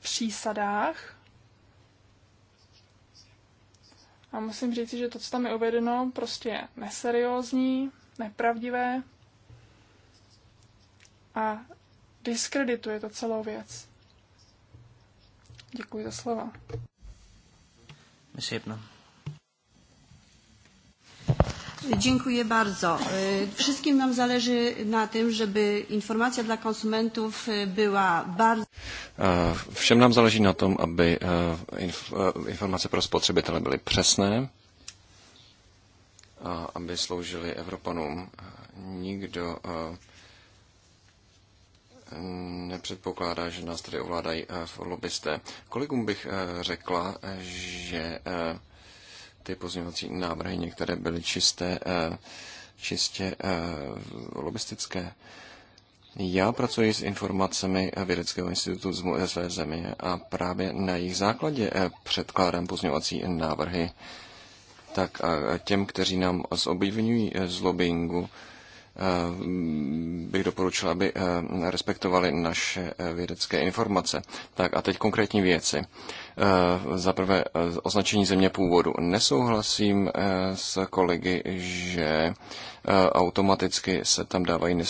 přísadách. A musím říct, že to, co tam je uvedeno, prostě je neseriózní, nepravdivé a diskredituje to celou věc. Děkuji za slova. Myslím. Dziękuję bardzo. E, wszystkim nam zależy na tym, żeby informacja dla konsumentów e, była bardzo. E, všem nám záleží na tom, aby informace pro spotřebitele byly přesné a aby sloužily Evropanům. Nikdo nepředpokládá, že nás tady ovládají lobbysté. Kolegům bych řekla, že ty pozměňovací návrhy, některé byly čisté, eh, čistě eh, lobistické. Já pracuji s informacemi Vědeckého institutu z své země a právě na jejich základě eh, předkládám pozměňovací návrhy. Tak a těm, kteří nám zobývňují z lobbyingu, bych doporučil, aby respektovali naše vědecké informace. Tak a teď konkrétní věci. Eh, za prvé eh, označení země původu. Nesouhlasím eh, s kolegy, že automaticky se tam dávají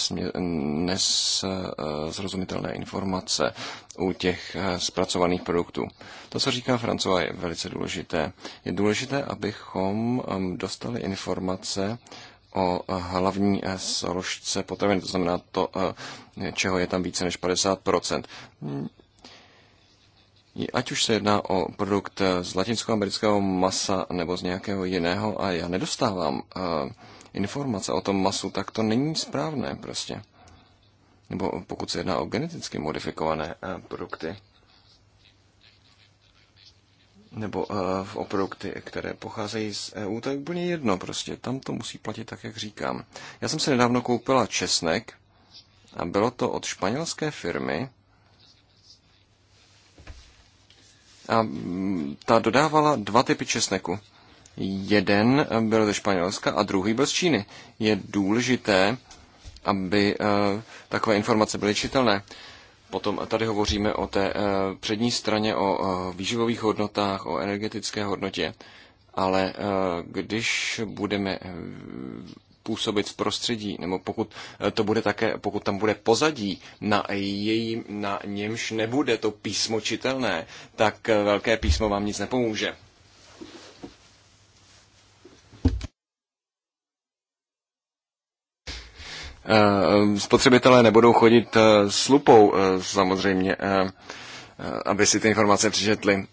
nesrozumitelné informace u těch zpracovaných produktů. To, co říká Francova, je velice důležité. Je důležité, abychom dostali informace o hlavní složce potravin, to znamená to, čeho je tam více než 50%. Ať už se jedná o produkt z latinskoamerického masa nebo z nějakého jiného a já nedostávám uh, informace o tom masu, tak to není správné prostě. Nebo pokud se jedná o geneticky modifikované uh, produkty. Nebo uh, o produkty, které pocházejí z EU, to je úplně jedno prostě. Tam to musí platit tak, jak říkám. Já jsem se nedávno koupila česnek a bylo to od španělské firmy, a mm, ta dodávala dva typy česneku. Jeden eh, byl ze Španělska a druhý byl z Číny. Je důležité, aby eh, takové informace byly čitelné. Potom tady hovoříme o té eh, přední straně, o výživových hodnotách, o energetické hodnotě, ale když budeme působit v prostředí, nebo pokud eh, to bude také, pokud tam bude pozadí, na, jejím, na němž nebude to písmo čitelné, tak eh, velké písmo vám nic nepomůže. Eh, spotřebitelé nebudou chodit s lupou, samozřejmě, aby si ty informace přečetli,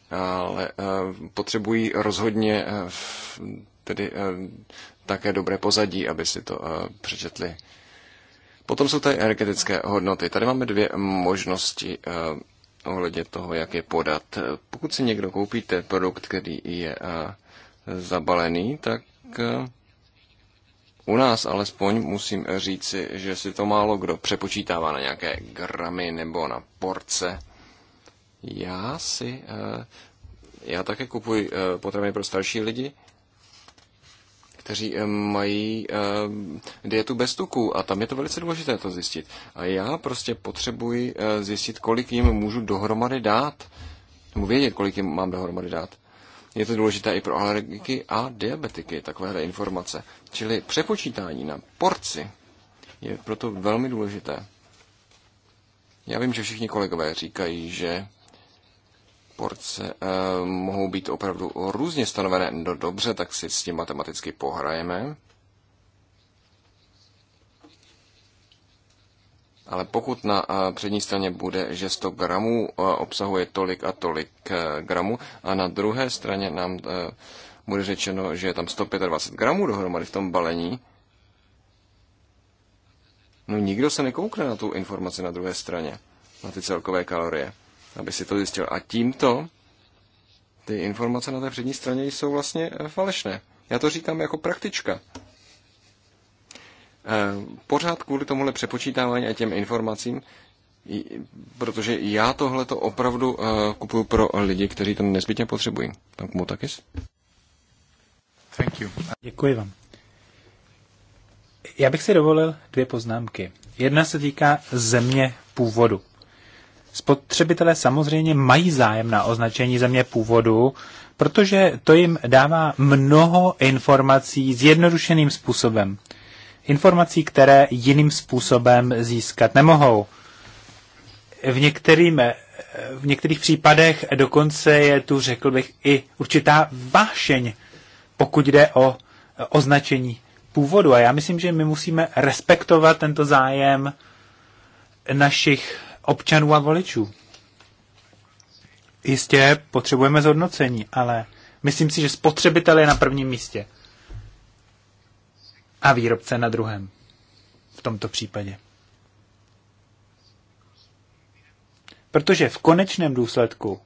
ale potřebují rozhodně tedy také dobré pozadí, aby si to eh, přečetli. Potom jsou tady energetické hodnoty. Tady máme dvě možnosti eh, ohledně toho, jak je podat. Pokud si někdo koupíte produkt, který je eh, zabalený, tak u nás alespoň musím říci, že si to málo kdo přepočítává na nějaké gramy nebo na porce. Já si, já také kupuji potraviny pro starší lidi kteří eh, mají eh, dietu bez tuku a tam je to velice důležité to zjistit. A já prostě potřebuji eh, zjistit, kolik jim můžu dohromady dát, nebo vědět, kolik jim mám dohromady dát. Je to důležité i pro alergiky a diabetiky, takovéhle informace. Čili přepočítání na porci je proto velmi důležité. Já vím, že všichni kolegové říkají, že proporce eh, mohou být opravdu různě stanovené. No dobře, tak si s tím matematicky pohrajeme. Ale pokud na eh, přední straně bude, že 100 gramů eh, obsahuje tolik a tolik gramů a na druhé straně nám bude řečeno, že je tam 125 gramů dohromady v tom balení, no nikdo se nekoukne na tu informaci na druhé straně, na ty celkové kalorie aby si to zjistil. A tímto ty informace na té přední straně jsou vlastně eh, falešné. Já to říkám jako praktička. Eh, pořád kvůli tomuhle přepočítávání a těm informacím, protože já tohle to opravdu eh, kupuju pro lidi, kteří to nezbytně potřebují. Pan Kmutakis? Thank you. Děkuji vám. Já bych si dovolil dvě poznámky. Jedna se týká země původu. Spotřebitelé samozřejmě mají zájem na označení země původu, protože to jim dává mnoho informací zjednodušeným způsobem. Informací, které jiným způsobem získat nemohou. V, některým, eh, v některých případech dokonce je tu, řekl bych, i určitá vášeň, pokud jde o eh, označení původu. A já myslím, že my musíme respektovat tento zájem našich občanů a voličů. Jistě potřebujeme zhodnocení, ale myslím si, že spotřebitel je na prvním místě a výrobce na druhém v tomto případě. Protože v konečném důsledku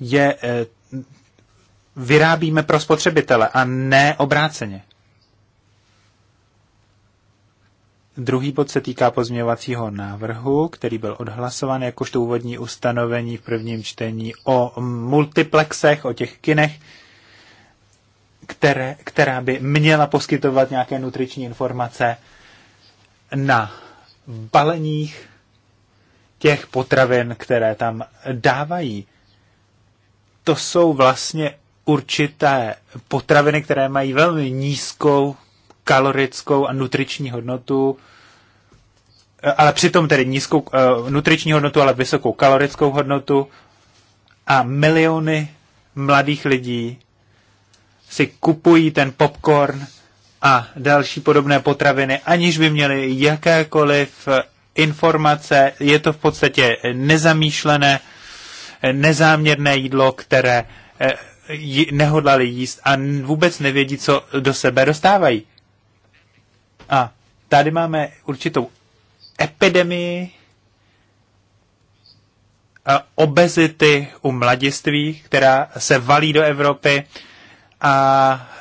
je eh, vyrábíme pro spotřebitele a ne obráceně. Druhý bod se týká pozměňovacího návrhu, který byl odhlasován jakožto úvodní ustanovení v prvním čtení o multiplexech, o těch kinech, které, která by měla poskytovat nějaké nutriční informace na baleních těch potravin, které tam dávají. To jsou vlastně určité potraviny, které mají velmi nízkou kalorickou a nutriční hodnotu, eh, ale přitom tedy nízkou uh, nutriční hodnotu, ale vysokou kalorickou hodnotu a miliony mladých lidí si kupují ten popcorn a další podobné potraviny, aniž by měli jakékoliv eh, informace. Je to v podstatě nezamýšlené, nezáměrné jídlo, které nehodlali jíst a vůbec nevědí, co do sebe dostávají. A tady máme určitou epidemii obezity u mladistvých, která se valí do Evropy a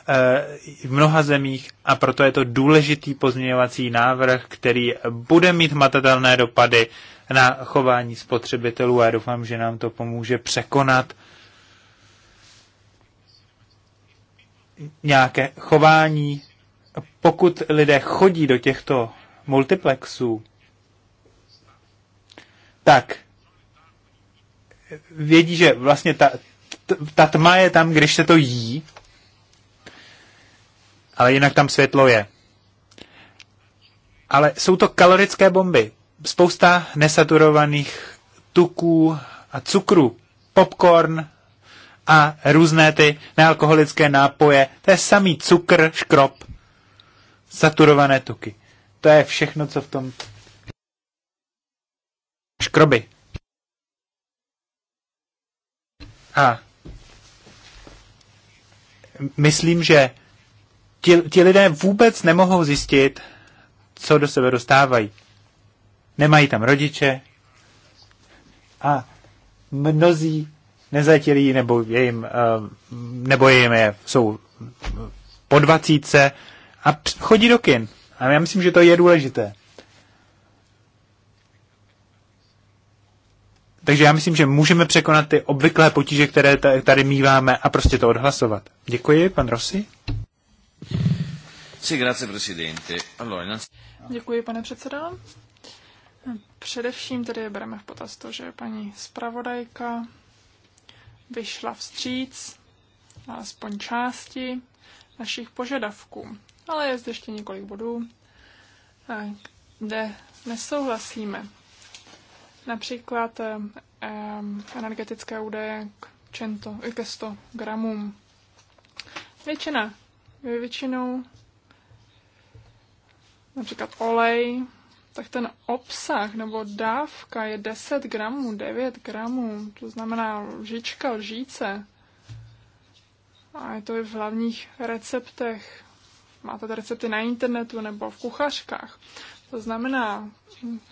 e, v mnoha zemích a proto je to důležitý pozměňovací návrh, který bude mít matatelné dopady na chování spotřebitelů a já doufám, že nám to pomůže překonat nějaké chování pokud lidé chodí do těchto multiplexů, tak vědí, že vlastně ta, ta tma je tam, když se to jí, ale jinak tam světlo je. Ale jsou to kalorické bomby. Spousta nesaturovaných tuků a cukru, popcorn a různé ty nealkoholické nápoje. To je samý cukr, škrob saturované tuky. To je všechno, co v tom škroby. A myslím, že ti, ti lidé vůbec nemohou zjistit, co do sebe dostávají. Nemají tam rodiče a mnozí nezatělí nebo, jim, eh, nebo jim je, jsou po dvacítce, a chodí do kin. A já myslím, že to je důležité. Takže já myslím, že můžeme překonat ty obvyklé potíže, které tady míváme a prostě to odhlasovat. Děkuji, pan Rossi. Děkuji, pane předseda. Především tedy bereme v potaz to, že paní zpravodajka vyšla vstříc alespoň části našich požadavků ale je zde ještě několik bodů, eh, kde nesouhlasíme. Například eh, eh, energetické údaje k, čento, ke 100 gramům. Většina, většinou například olej, tak ten obsah nebo dávka je 10 gramů, 9 gramů, to znamená lžička, lžíce. A je to i v hlavních receptech máte ty recepty na internetu nebo v kuchařkách. To znamená,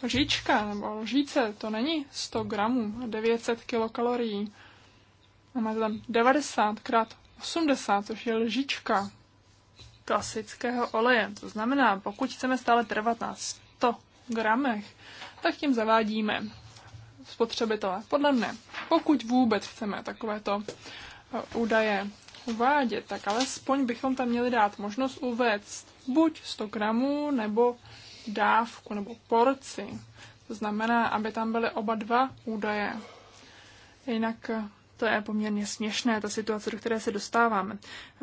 lžička nebo lžíce, to není 100 gramů, 900 kilokalorií. A máte tam 90 krát 80, což je lžička klasického oleje. To znamená, pokud chceme stále trvat na 100 gramech, tak tím zavádíme spotřebitele. Podle mne, pokud vůbec chceme takovéto eh, údaje uvádět, tak alespoň bychom tam měli dát možnost uvést buď 100 gramů nebo dávku nebo porci. To znamená, aby tam byly oba dva údaje. Jinak eh, to je poměrně směšné, ta situace, do které se dostáváme.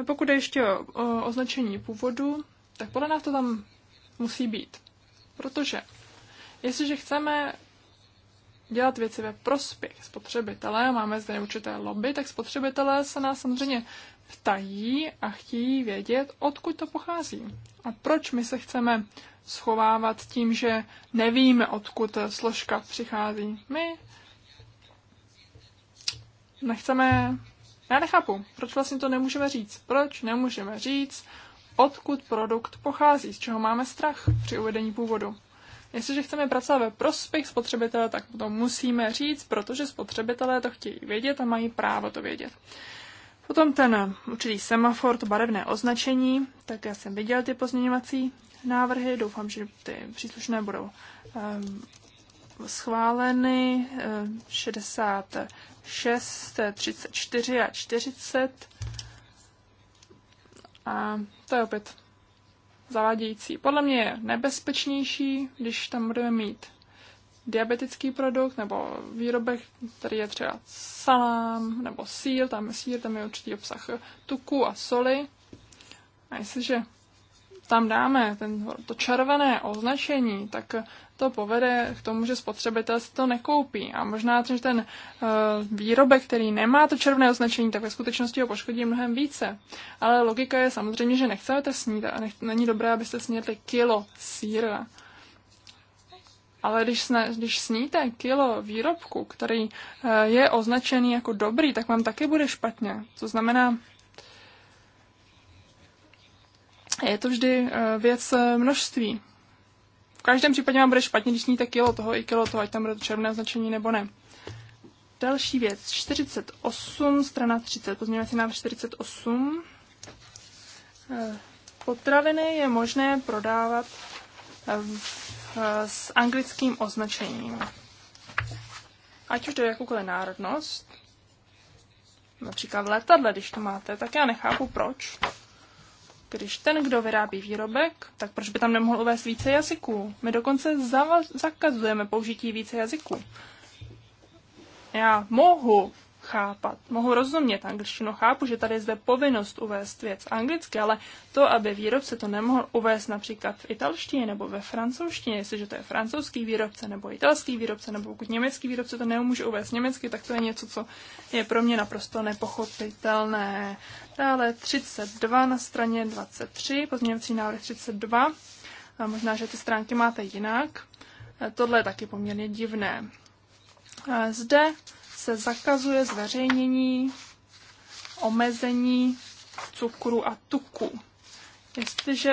Pokud je ještě o, o označení původu, tak podle nás to tam musí být. Protože jestliže chceme dělat věci ve prospěch spotřebitele, máme zde určité lobby, tak spotřebitelé se nás samozřejmě ptají a chtějí vědět, odkud to pochází. A proč my se chceme schovávat tím, že nevíme, odkud složka přichází. My nechceme... Já nechápu, proč vlastně to nemůžeme říct. Proč nemůžeme říct, odkud produkt pochází, z čeho máme strach při uvedení původu. Jestliže chceme pracovat ve prospěch spotřebitele, tak to musíme říct, protože spotřebitelé to chtějí vědět a mají právo to vědět. Potom ten určitý semafor, to barevné označení, tak já jsem viděl ty pozměňovací návrhy, doufám, že ty příslušné budou um, schváleny um, 66, 34 a 40. A to je opět zavádějící. Podle mě je nebezpečnější, když tam budeme mít diabetický produkt nebo výrobek, který je třeba salám nebo sír, tam je sír, tam je určitý obsah tuku a soli. A jestliže tam dáme ten, to červené označení, tak to povede k tomu, že spotřebitel si to nekoupí. A možná, že ten eh, výrobek, který nemá to červené označení, tak ve skutečnosti ho poškodí mnohem více. Ale logika je samozřejmě, že nechcete snít a nech, není dobré, abyste snědli kilo síra. Ale když, sna, když sníte kilo výrobku, který eh, je označený jako dobrý, tak vám taky bude špatně. To znamená, je to vždy eh, věc eh, množství. V každém případě vám bude špatně, když sníte kilo toho i kilo toho, ať tam bude to červené označení nebo ne. Další věc, 48, strana 30, pozměňovací návrh 48. Eh, potraviny je možné prodávat s anglickým označením. Ať už je jakoukoliv národnost, například v letadle, když to máte, tak já nechápu proč. Když ten, kdo vyrábí výrobek, tak proč by tam nemohl uvést více jazyků? My dokonce zakazujeme použití více jazyků. Já mohu chápat. Mohu rozumět angličtinu, chápu, že tady je zde povinnost uvést věc anglicky, ale to, aby výrobce to nemohl uvést například v italštině nebo ve francouzštině, jestliže to je francouzský výrobce nebo italský výrobce, nebo pokud německý výrobce to nemůže uvést německy, tak to je něco, co je pro mě naprosto nepochopitelné. Dále 32 na straně 23, pozměňovací návrh 32. A možná, že ty stránky máte jinak. E, tohle je taky poměrně divné. E, zde se zakazuje zveřejnění omezení cukru a tuku, jestliže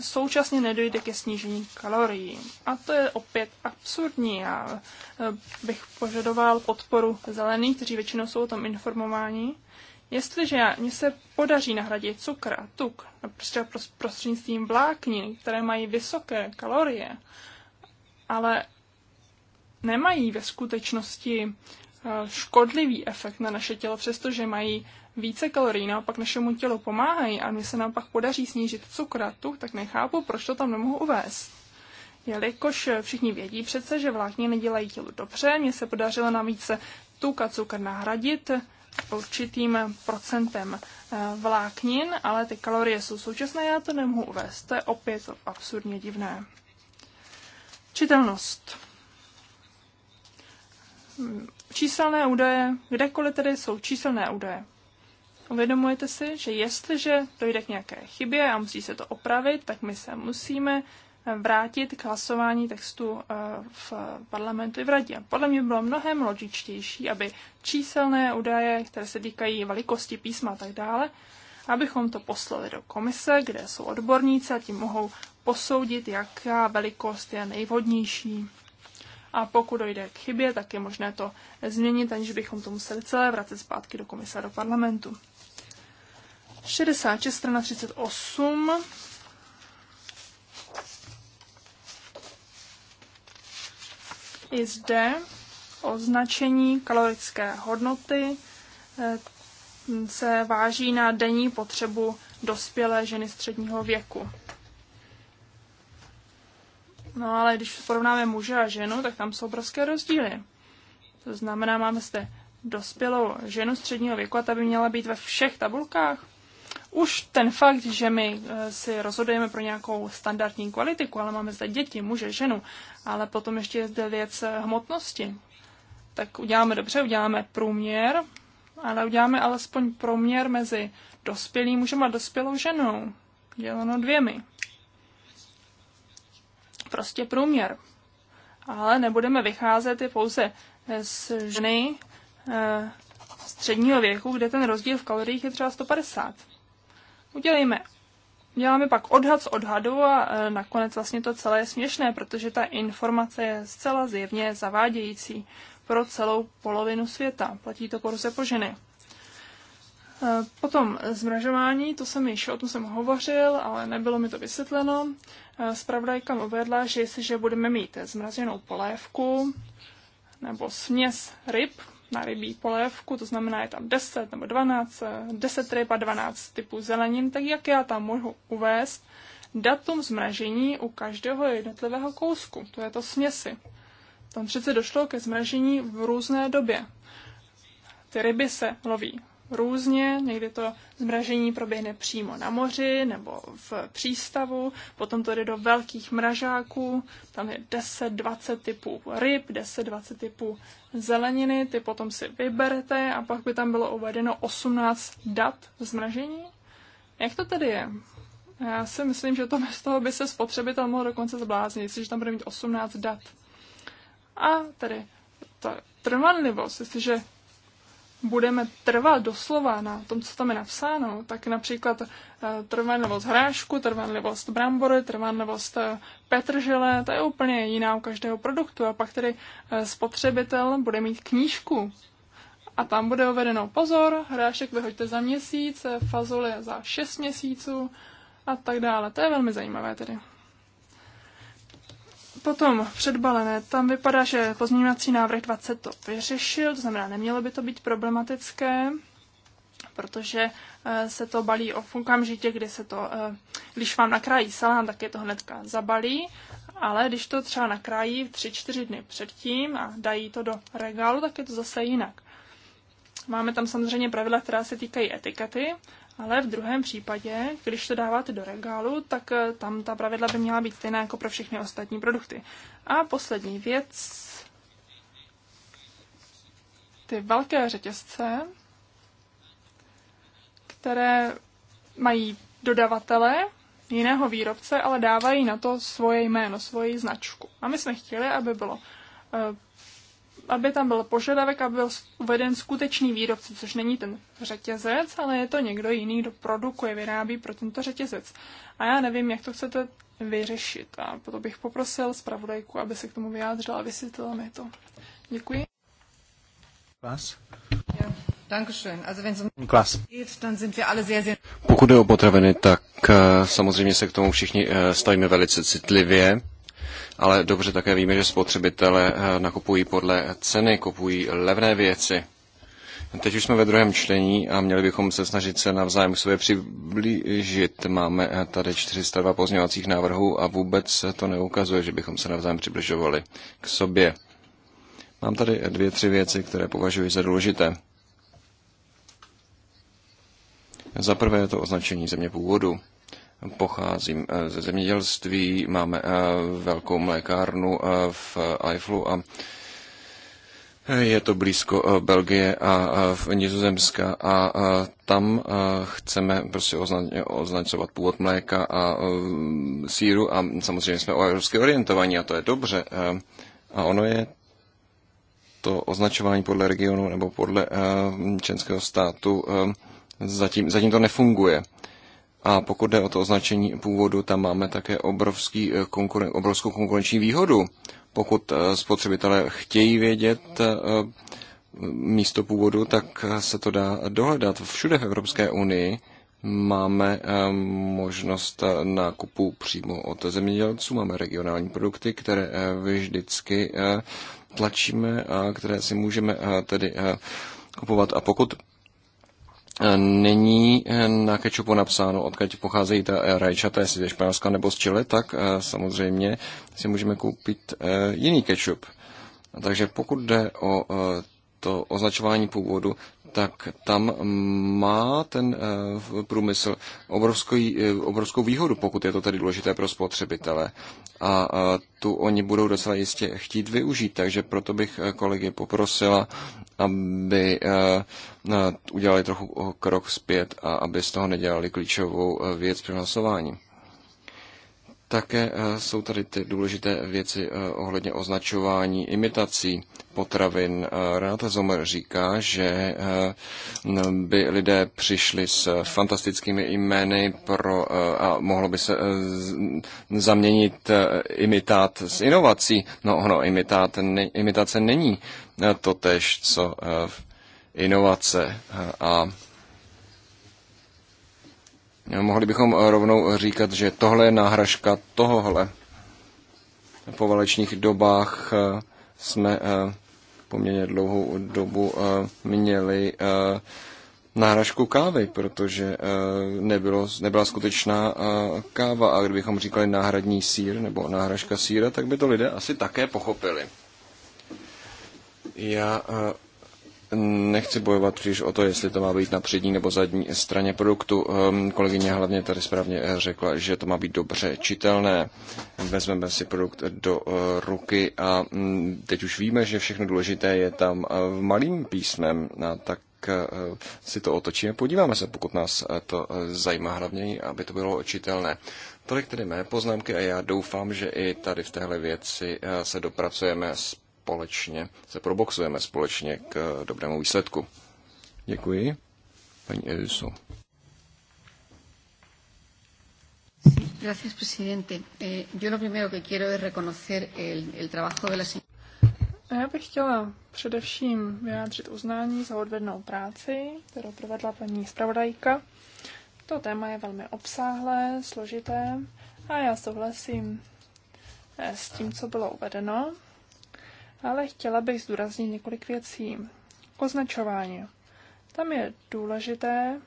současně nedojde ke snížení kalorií. A to je opět absurdní. Já e, bych požadoval podporu zelených, kteří většinou jsou o tom informováni. Jestliže mě se podaří nahradit cukr a tuk prostřednictvím vláknin, které mají vysoké kalorie, ale nemají ve skutečnosti Eh, škodlivý efekt na naše tělo, přestože mají více kalorií, naopak našemu tělu pomáhají a mně se nám pak podaří snížit cukr a tuk, tak nechápu, proč to tam nemohu uvést. Jelikož všichni vědí přece, že vlákně nedělají tělu dobře, mně se podařilo navíc tuk a cukr nahradit určitým procentem eh, vláknin, ale ty kalorie jsou současné, já to nemohu uvést. To je opět absurdně divné. Čitelnost číselné údaje, kdekoliv tedy jsou číselné údaje. Uvědomujete si, že jestliže dojde k nějaké chybě a musí se to opravit, tak my se musíme eh, vrátit k hlasování textu eh, v parlamentu i v radě. Podle mě bylo mnohem logičtější, aby číselné údaje, které se týkají velikosti písma a tak dále, abychom to poslali do komise, kde jsou odborníci a ti mohou posoudit, jaká velikost je nejvhodnější a pokud dojde k chybě, tak je možné to změnit, aniž bychom to museli celé vracet zpátky do komise do parlamentu. 66 strana 38. I zde označení kalorické hodnoty eh, se váží na denní potřebu dospělé ženy středního věku. No ale když porovnáme muže a ženu, tak tam jsou obrovské rozdíly. To znamená, máme zde dospělou ženu středního věku a ta by měla být ve všech tabulkách. Už ten fakt, že my eh, si rozhodujeme pro nějakou standardní kvalitiku, ale máme zde děti, muže, ženu, ale potom ještě je zde věc eh, hmotnosti. Tak uděláme dobře, uděláme průměr, ale uděláme alespoň průměr mezi dospělým mužem a dospělou ženou. Děláno dvěmi prostě průměr. Ale nebudeme vycházet je pouze z ženy eh, středního věku, kde ten rozdíl v kaloriích je třeba 150. Udělejme děláme pak odhad z odhadu a eh, nakonec vlastně to celé je směšné, protože ta informace je zcela zjevně zavádějící pro celou polovinu světa. Platí to pouze po ženy. Eh, potom zmražování, to jsem již o tom jsem hovořil, ale nebylo mi to vysvětleno. Spravodajka uvedla, že jestliže budeme mít zmrazenou polévku nebo směs ryb na rybí polévku, to znamená, je tam 10 nebo 12, 10 ryb a 12 typů zelenin, tak jak já tam mohu uvést datum zmražení u každého jednotlivého kousku, to je to směsi. Tam přece došlo ke zmražení v různé době. Ty ryby se loví různě. Někdy to zmražení proběhne přímo na moři nebo v přístavu, potom to jde do velkých mražáků, tam je 10-20 typů ryb, 10-20 typů zeleniny, ty potom si vyberete a pak by tam bylo uvedeno 18 dat zmražení. Jak to tedy je? Já si myslím, že to bez toho by se spotřebitel mohl dokonce zbláznit, jestliže tam bude mít 18 dat. A tedy ta trvanlivost, jestliže budeme trvat doslova na tom, co tam je napsáno, tak například eh, trvanlivost hrášku, trvanlivost brambory, trvanlivost eh, petržele, to je úplně jiná u každého produktu. A pak tedy eh, spotřebitel bude mít knížku a tam bude uvedeno pozor, hrášek vyhoďte za měsíc, fazole za šest měsíců a tak dále. To je velmi zajímavé tedy. Potom předbalené, tam vypadá, že pozměňovací návrh 20 to vyřešil, to znamená, nemělo by to být problematické, protože eh, se to balí o okamžitě, kdy se to, eh, když vám nakrájí salám, tak je to hnedka zabalí, ale když to třeba nakrájí 3-4 dny předtím a dají to do regálu, tak je to zase jinak. Máme tam samozřejmě pravidla, která se týkají etikety, ale v druhém případě, když to dáváte do regálu, tak eh, tam ta pravidla by měla být stejná jako pro všechny ostatní produkty. A poslední věc. Ty velké řetězce, které mají dodavatele jiného výrobce, ale dávají na to svoje jméno, svoji značku. A my jsme chtěli, aby bylo eh, aby tam byl požadavek, aby byl uveden skutečný výrobce, což není ten řetězec, ale je to někdo jiný, kdo produkuje, vyrábí pro tento řetězec. A já nevím, jak to chcete vyřešit. A proto bych poprosil zpravodajku, aby se k tomu vyjádřila a vysvětlila mi to. Děkuji. Vás? Klas. Um Pokud je o potraviny, tak eh, samozřejmě se k tomu všichni eh, stavíme velice citlivě ale dobře také víme, že spotřebitelé eh, nakupují podle ceny, kupují levné věci. Teď už jsme ve druhém čtení a měli bychom se snažit se navzájem k sobě přiblížit. Máme eh, tady 402 pozměňovacích návrhů a vůbec to neukazuje, že bychom se navzájem přibližovali k sobě. Mám tady dvě, tři věci, které považuji za důležité. Za prvé je to označení země původu pocházím eh, ze zemědělství, máme eh, velkou mlékárnu eh, v Eiflu a je to blízko Belgie a v Nizozemska a tam chceme prostě označovat původ mléka a síru a samozřejmě jsme o evropské orientovaní a to je dobře. A ono je to označování podle regionu nebo podle členského státu zatím, zatím to nefunguje. A pokud jde o to označení původu, tam máme také obrovský eh, konkuren- obrovskou konkurenční výhodu. Pokud eh, spotřebitelé chtějí vědět eh, místo původu, tak se to dá dohledat. Všude v Evropské unii máme možnost nákupu přímo od zemědělců, máme regionální produkty, které vždycky tlačíme a které si můžeme tedy kupovat. A pokud E, není e, na kečupu napsáno, odkud pocházejí ta e, rajčata, jestli ze Španělska nebo z Chile, tak samozřejmě si můžeme koupit jiný kečup. Takže pokud jde o to označování původu, tak tam má ten průmysl obrovskou, obrovskou výhodu, pokud je to tedy důležité pro spotřebitele. A tu oni budou docela jistě chtít využít, takže proto bych kolegy poprosila, aby Eh, udělali trochu krok zpět a aby z toho nedělali klíčovou eh, věc při hlasování. Také eh, jsou tady ty důležité věci ohledně označování imitací potravin. Renata Zomer říká, že by lidé přišli s fantastickými jmény pro, a mohlo by se zaměnit imitát s inovací. No ono, imitát, imitace není to tež, co v inovace a mohli bychom rovnou říkat, že tohle je náhražka tohohle. Po válečných dobách eh, jsme eh, poměrně dlouhou dobu eh, měli náhražku kávy, protože nebylo, nebyla skutečná káva. A kdybychom říkali náhradní sír nebo náhražka síra, tak by to lidé asi také pochopili. Já nechci bojovat příliš o to, jestli to má být na přední nebo zadní straně produktu. Ehm, kolegyně hlavně tady správně eh, řekla, že to má být dobře čitelné. Vezmeme si produkt do eh, ruky a mm, teď už víme, že všechno důležité je tam eh, v malým písmem, a tak si to otočíme, podíváme se, pokud nás to zajímá hlavně, aby to bylo čitelné. Tolik tedy mé poznámky a já doufám, že i tady v téhle věci se dopracujeme s společně, se proboxujeme společně k dobrému výsledku. Děkuji. Paní Elisu. Gracias, presidente. Eh, yo lo primero que quiero es reconocer el, el trabajo de la señora. Já bych chtěla především vyjádřit uznání za odvednou práci, kterou provedla paní zpravodajka. To téma je velmi obsáhlé, složité a já souhlasím eh, s tím, co bylo uvedeno ale chtěla bych zdůraznit několik věcí. Označování. Tam je důležité,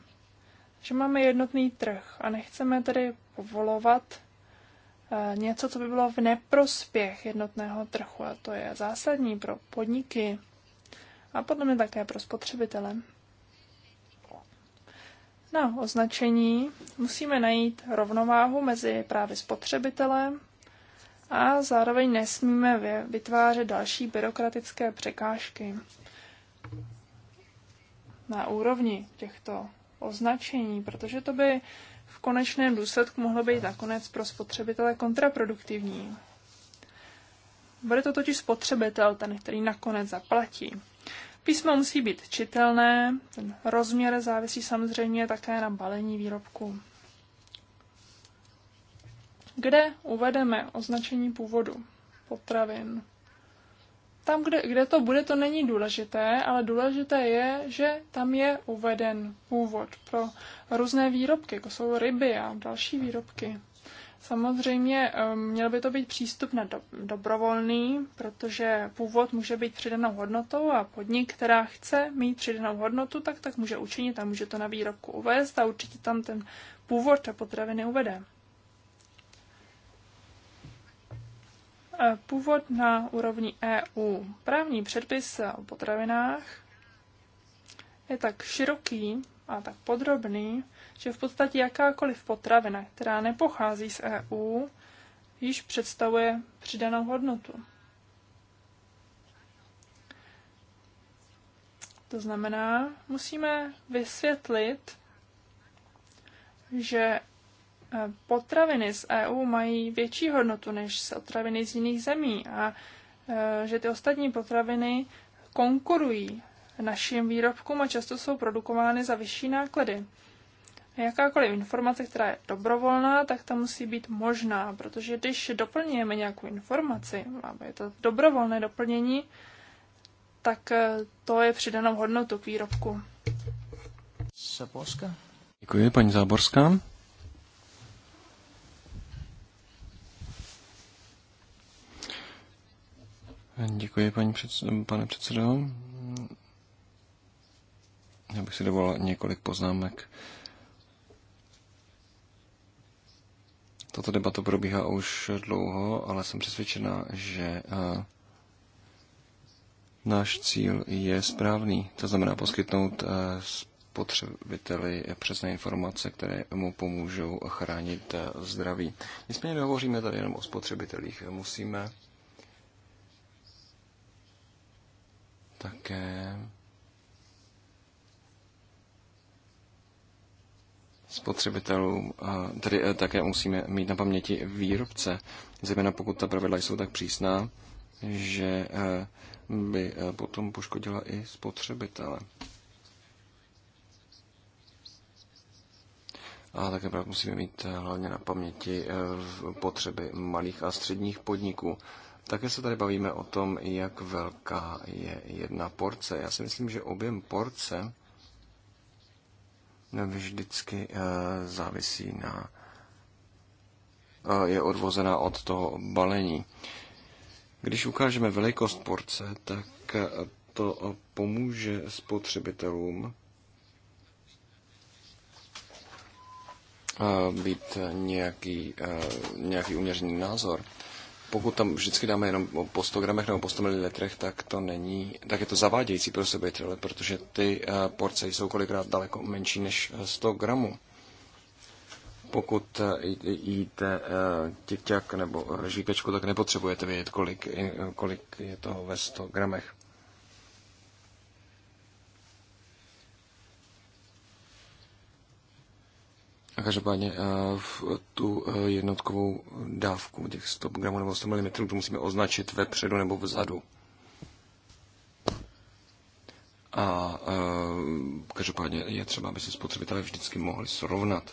že máme jednotný trh a nechceme tedy povolovat eh, něco, co by bylo v neprospěch jednotného trhu. A to je zásadní pro podniky a podle mě také pro spotřebitele. Na označení musíme najít rovnováhu mezi právě spotřebitelem a zároveň nesmíme vytvářet další byrokratické překážky na úrovni těchto označení, protože to by v konečném důsledku mohlo být nakonec pro spotřebitele kontraproduktivní. Bude to totiž spotřebitel, ten, který nakonec zaplatí. Písmo musí být čitelné, ten rozměr závisí samozřejmě také na balení výrobku kde uvedeme označení původu potravin. Tam, kde, kde to bude, to není důležité, ale důležité je, že tam je uveden původ pro různé výrobky, jako jsou ryby a další výrobky. Samozřejmě ehm, měl by to být přístup na do, dobrovolný, protože původ může být přidanou hodnotou a podnik, která chce mít přidanou hodnotu, tak tak může učinit a může to na výrobku uvést a určitě tam ten původ a potraviny uvede. Původ na úrovni EU. Právní předpis o potravinách je tak široký a tak podrobný, že v podstatě jakákoliv potravina, která nepochází z EU, již představuje přidanou hodnotu. To znamená, musíme vysvětlit, že potraviny z EU mají větší hodnotu než potraviny z jiných zemí a e, že ty ostatní potraviny konkurují našim výrobkům a často jsou produkovány za vyšší náklady. Jakákoliv informace, která je dobrovolná, tak ta musí být možná, protože když doplňujeme nějakou informaci, máme je to dobrovolné doplnění, tak e, to je přidanou hodnotu k výrobku. Zaborska. Děkuji, paní Záborská. Děkuji, paní předsedo, pane předsedo. Já bych si dovolil několik poznámek. Tato debata probíhá už dlouho, ale jsem přesvědčena, že náš cíl je správný. To znamená poskytnout spotřebiteli přesné informace, které mu pomůžou chránit zdraví. Nicméně nehovoříme tady jenom o spotřebitelích. Musíme také spotřebitelům, tedy e, také musíme mít na paměti výrobce, zejména pokud ta pravidla jsou tak přísná, že e, by e, potom poškodila i spotřebitele. A také musíme mít hlavně na paměti potřeby malých a středních podniků. Také se tady bavíme o tom, jak velká je jedna porce. Já si myslím, že objem porce vždycky eh, závisí na eh, je odvozená od toho balení. Když ukážeme velikost porce, tak eh, to pomůže spotřebitelům být nějaký, nějaký uměřený názor pokud tam vždycky dáme jenom po 100 gramech nebo po 100 ml, tak to není, tak je to zavádějící pro sebe, protože ty eh, porce jsou kolikrát daleko menší než 100 eh, gramů. Pokud eh, jíte těťak nebo žíkačku, tak nepotřebujete vědět, kolik, kolik je toho ve 100 gramech. A každopádně eh, v tu eh, jednotkovou dávku těch 100 gramů nebo 100 mm to musíme označit vepředu nebo vzadu. A eh, každopádně je třeba, aby se spotřebitelé vždycky mohli srovnat.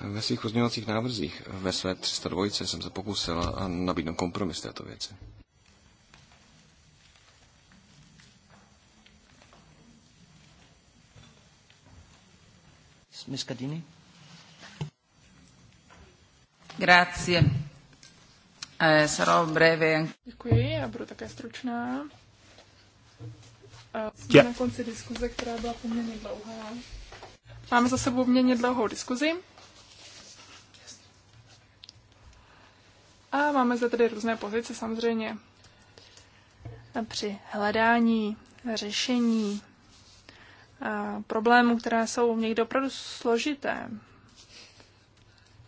Ve svých pozměňovacích návrzích ve své 302 jsem se pokusila nabídnout kompromis této věci. Ms. Grazie. Eh, sarò breve. Děkuji, já budu také stručná. jsme na konci diskuze, která byla poměrně dlouhá. Máme za sebou poměrně dlouhou diskuzi. A máme zde tedy různé pozice samozřejmě. Při hledání řešení problémů, které jsou někdy opravdu složité.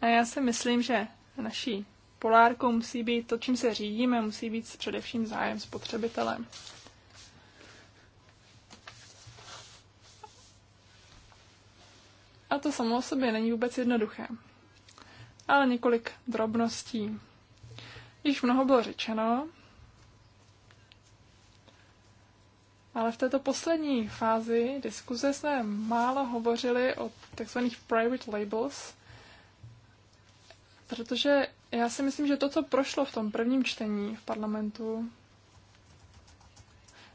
A já si myslím, že naší polárkou musí být to, čím se řídíme, musí být především zájem spotřebitele. A to samo o sobě není vůbec jednoduché. Ale několik drobností. Již mnoho bylo řečeno, ale v této poslední fázi diskuze jsme málo hovořili o takzvaných private labels, protože já si myslím, že to, co prošlo v tom prvním čtení v parlamentu,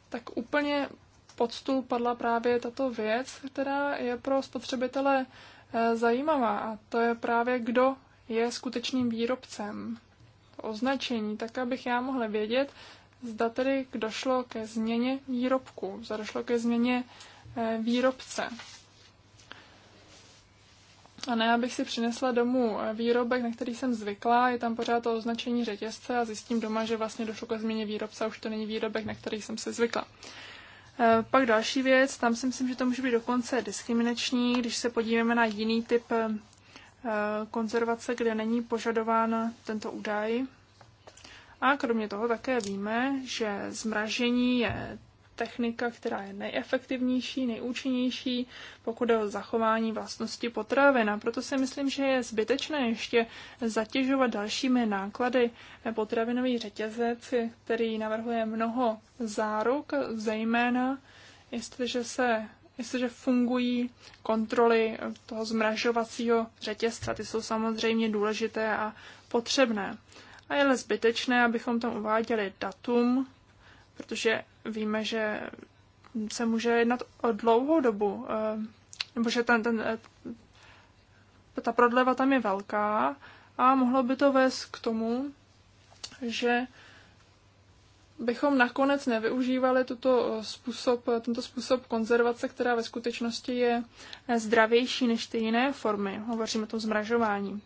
tak úplně pod stůl padla právě tato věc, která je pro spotřebitele eh, zajímavá. A to je právě, kdo je skutečným výrobcem. Označení, tak abych já mohla vědět, zda tedy došlo ke změně výrobku, zda došlo ke změně eh, výrobce. A ne, abych si přinesla domů eh, výrobek, na který jsem zvyklá, je tam pořád to označení řetězce a zjistím doma, že vlastně došlo ke změně výrobce a už to není výrobek, na který jsem se zvykla. Eh, pak další věc, tam si myslím, že to může být dokonce diskriminační, když se podíváme na jiný typ konzervace, kde není požadován tento údaj, a kromě toho také víme, že zmražení je technika, která je nejefektivnější, nejúčinnější, pokud je o zachování vlastnosti potravin. A proto si myslím, že je zbytečné ještě zatěžovat dalšími náklady potravinový řetězec, který navrhuje mnoho záruk, zejména jestliže se jestliže fungují kontroly toho zmražovacího řetězce. Ty jsou samozřejmě důležité a potřebné. A je zbytečné, abychom tam uváděli datum, protože víme, že se může jednat o dlouhou dobu, eh, nebo že ten, ten, eh, ta prodleva tam je velká a mohlo by to vést k tomu, že bychom nakonec nevyužívali tuto eh, způsob, tento způsob konzervace, která ve skutečnosti je zdravější než ty jiné formy. Hovoříme o tom zmražování.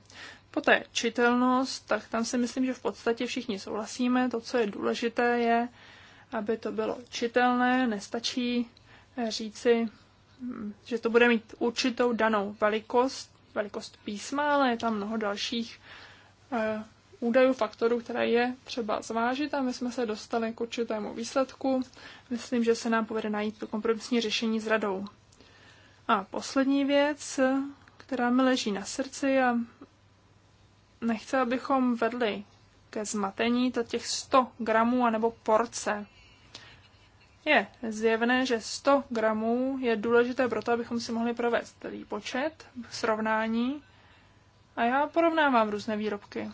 Poté čitelnost, tak tam si myslím, že v podstatě všichni souhlasíme. To, co je důležité, je, aby to bylo čitelné. Nestačí eh, říci, hm, že to bude mít určitou danou velikost, velikost písma, ale je tam mnoho dalších eh, údajů, faktorů, které je třeba zvážit a my jsme se dostali k určitému výsledku. Myslím, že se nám povede najít to kompromisní řešení s radou. A poslední věc, která mi leží na srdci a nechce, abychom vedli ke zmatení to těch 100 gramů anebo porce. Je zjevné, že 100 gramů je důležité pro to, abychom si mohli provést v srovnání a já porovnávám různé výrobky.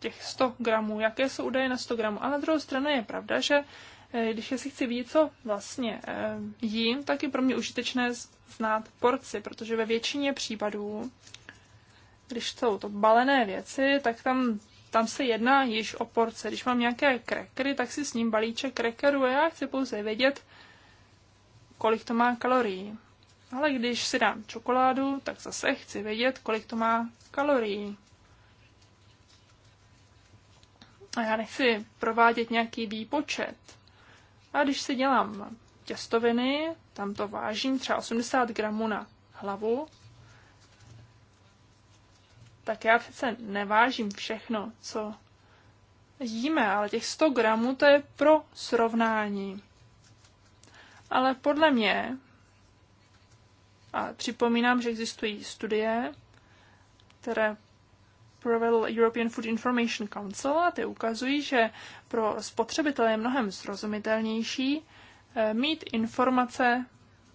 Těch 100 gramů, jaké jsou údaje na 100 gramů. A na druhou stranu je pravda, že eh, když si chci vidět, co vlastně eh, jím, tak je pro mě užitečné znát porci, protože ve většině případů když jsou to balené věci, tak tam, tam se jedná již o porce. Když mám nějaké krekery, tak si s ním balíček krekerů a já chci pouze vědět, kolik to má kalorií. Ale když si dám čokoládu, tak zase chci vědět, kolik to má kalorií. A já nechci provádět nějaký výpočet. A když si dělám těstoviny, tam to vážím třeba 80 gramů na hlavu, tak já přece nevážím všechno, co jíme, ale těch 100 gramů to je pro srovnání. Ale podle mě, a připomínám, že existují studie, které provedl European Food Information Council a ty ukazují, že pro spotřebitele je mnohem srozumitelnější eh, mít informace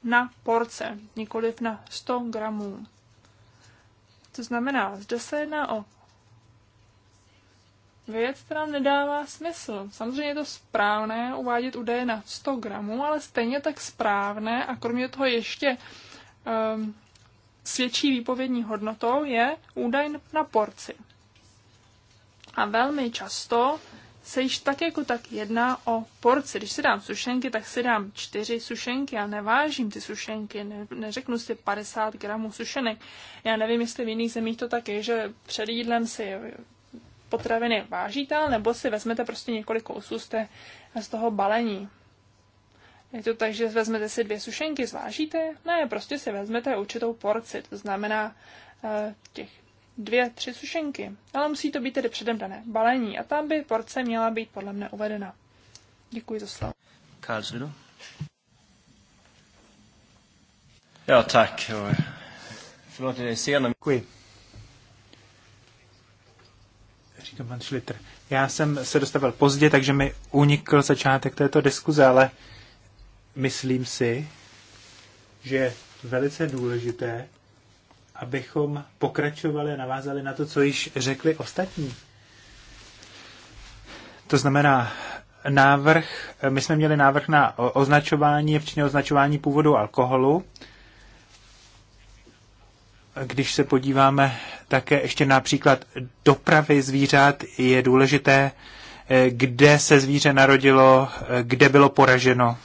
na porce, nikoliv na 100 gramů. To znamená, zde se jedná o věc, která nedává smysl. Samozřejmě je to správné uvádět údaje na 100 gramů, ale stejně tak správné a kromě toho ještě um, svědčí výpovědní hodnotou je údaj na porci. A velmi často se již tak jako tak jedná o porci. Když si dám sušenky, tak si dám čtyři sušenky. Já nevážím ty sušenky, ne, neřeknu si 50 gramů sušenek. Já nevím, jestli v jiných zemích to tak je, že před jídlem si potraviny vážíte, nebo si vezmete prostě několik kousů z, té, z toho balení. Je to tak, že vezmete si dvě sušenky, zvážíte? Ne, prostě si vezmete určitou porci, to znamená eh, těch dvě, tři sušenky. Ale musí to být tedy předem dané balení a tam by porce měla být podle mne uvedena. Děkuji za slovo. Karlsruhe. Ja, tack. Förlåt, det är sena. Děkuji. Říkám pan Schlitter. Já jsem se dostavil pozdě, takže mi unikl začátek této diskuze, ale myslím si, že je velice důležité, abychom pokračovali a navázali na to, co již řekli ostatní. To znamená, návrh, my jsme měli návrh na označování, včetně označování původu alkoholu. Když se podíváme také ještě například dopravy zvířat, je důležité, eh, kde se zvíře narodilo, eh, kde bylo poraženo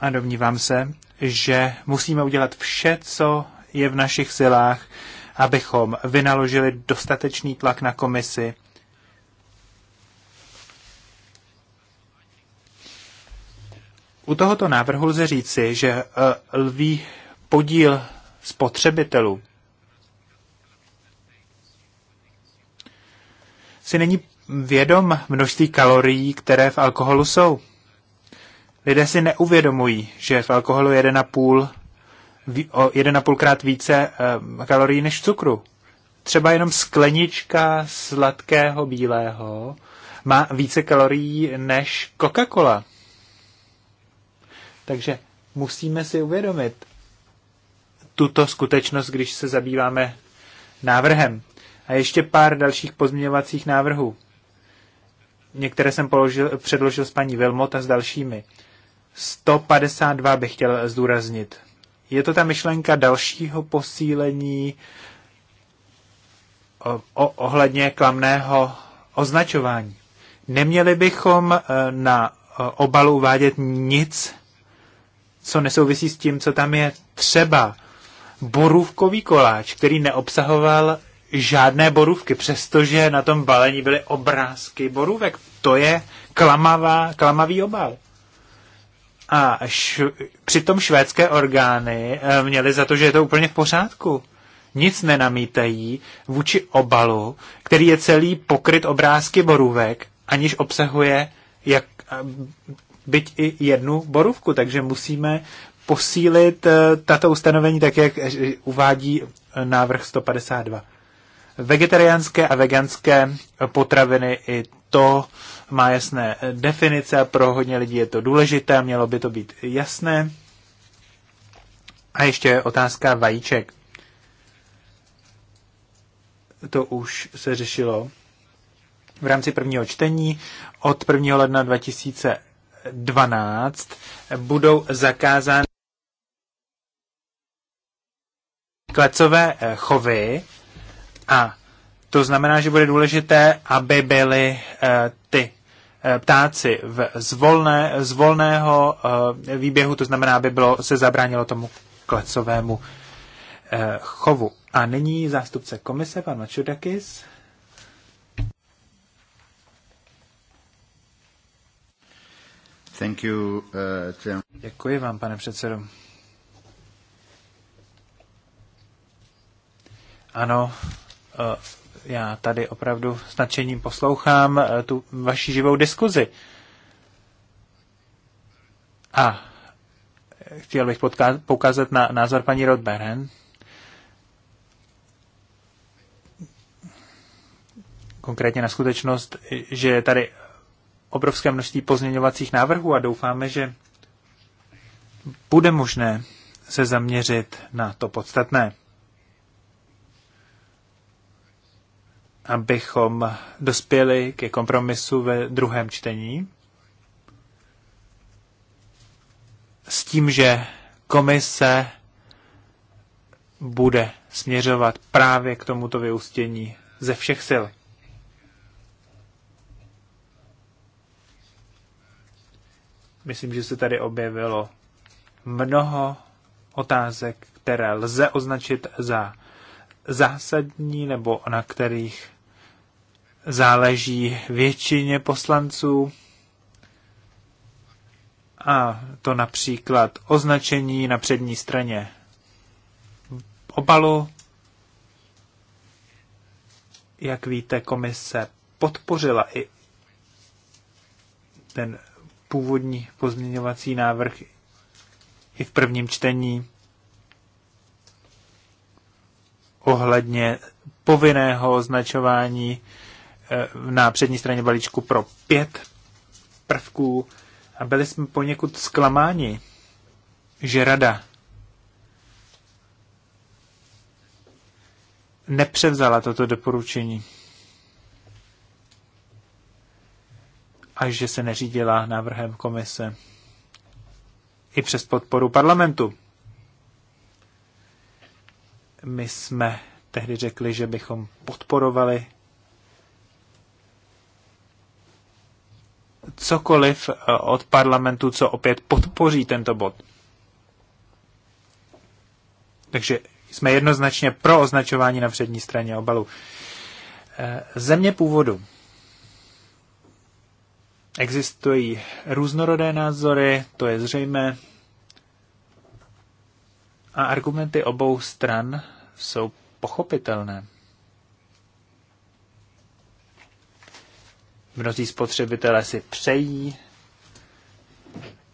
a domnívám se, že musíme udělat vše, co je v našich silách, abychom vynaložili dostatečný tlak na komisi, U tohoto návrhu lze říci, že e, lví podíl spotřebitelů si není vědom množství kalorií, které v alkoholu jsou. Lidé si neuvědomují, že v alkoholu je 1,5 krát více eh, kalorií než v cukru. Třeba jenom sklenička sladkého bílého má více kalorií než Coca-Cola. Takže musíme si uvědomit tuto skutečnost, když se zabýváme návrhem. A ještě pár dalších pozměňovacích návrhů. Některé jsem položil, předložil s paní Vilmot a s dalšími. 152 bych chtěl zdůraznit. Je to ta myšlenka dalšího posílení o, o, ohledně klamného označování. Neměli bychom e, na e, obalu uvádět nic, co nesouvisí s tím, co tam je třeba. Borůvkový koláč, který neobsahoval žádné borůvky, přestože na tom balení byly obrázky borůvek. To je klamavá, klamavý obal. A š- přitom švédské orgány eh, měly za to, že je to úplně v pořádku. Nic nenamítají vůči obalu, který je celý pokryt obrázky borůvek, aniž obsahuje jak, eh, byť i jednu borůvku. Takže musíme posílit eh, tato ustanovení tak, jak uvádí návrh 152. Vegetariánské a veganské potraviny i to má jasné definice a pro hodně lidí je to důležité, mělo by to být jasné. A ještě otázka vajíček. To už se řešilo v rámci prvního čtení. Od 1. ledna 2012 budou zakázány klecové eh, chovy a to znamená, že bude důležité, aby byly eh, Eh, ptáci v, zvolné, z volného eh, výběhu, to znamená, aby bylo, se zabránilo tomu klecovému eh, chovu. A nyní zástupce komise, pan Mačudakis. Thank you, uh, Děkuji vám, pane předsedo. Ano, uh, já tady opravdu s nadšením poslouchám eh, tu vaši živou diskuzi. A chtěl bych poukázat na názor paní Rodberen. Konkrétně na skutečnost, že je tady obrovské množství pozměňovacích návrhů a doufáme, že bude možné se zaměřit na to podstatné. abychom dospěli ke kompromisu ve druhém čtení s tím, že komise bude směřovat právě k tomuto vyústění ze všech sil. Myslím, že se tady objevilo mnoho otázek, které lze označit za zásadní nebo na kterých záleží většině poslanců. A to například označení na přední straně obalu. Jak víte, komise podpořila i ten původní pozměňovací návrh i v prvním čtení ohledně povinného označování eh, na přední straně balíčku pro pět prvků a byli jsme poněkud zklamáni, že rada nepřevzala toto doporučení a že se neřídila návrhem komise i přes podporu parlamentu. My jsme tehdy řekli, že bychom podporovali cokoliv eh, od parlamentu, co opět podpoří tento bod. Takže jsme jednoznačně pro označování na přední straně obalu. Eh, země původu. Existují různorodé názory, to je zřejmé, a argumenty obou stran jsou pochopitelné. Mnozí spotřebitelé si přejí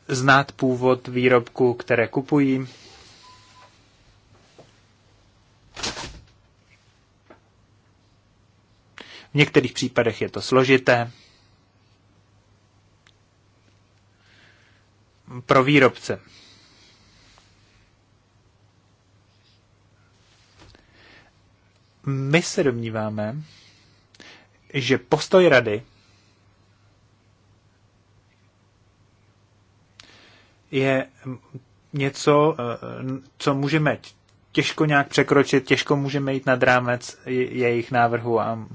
znát původ výrobku, které kupují. V některých případech je to složité. Pro výrobce My se domníváme, že postoj rady je něco, eh, co můžeme těžko nějak překročit, těžko můžeme jít nad rámec jejich návrhu a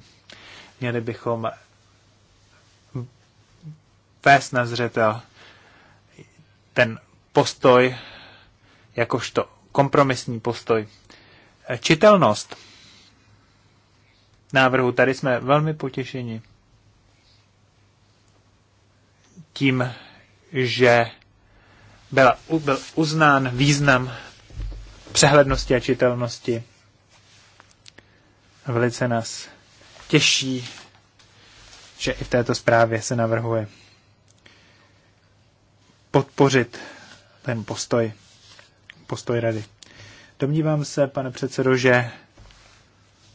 měli bychom vést na zřetel ten postoj jakožto kompromisní postoj. Eh, čitelnost návrhu. Tady jsme velmi potěšeni tím, že byla, byl uznán význam přehlednosti a čitelnosti. Velice nás těší, že i v této zprávě se navrhuje podpořit ten postoj, postoj rady. Domnívám se, pane předsedo, že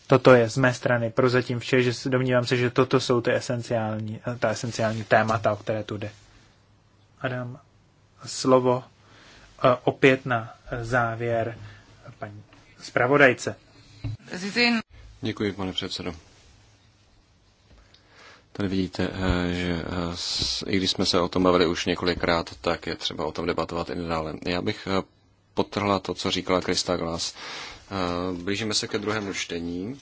toto je z mé strany prozatím vše, že domnívám se, že toto jsou ty esenciální, ta esenciální témata, o které tu jde. Adam, slovo eh, opět na závěr paní zpravodajce. Děkuji, pane předsedo. Tady vidíte, eh, že eh, i když jsme se o tom bavili už několikrát, tak je třeba o tom debatovat i dále. Já bych potrhla to, co říkala Krista Glass Eh, blížíme se ke druhému čtení.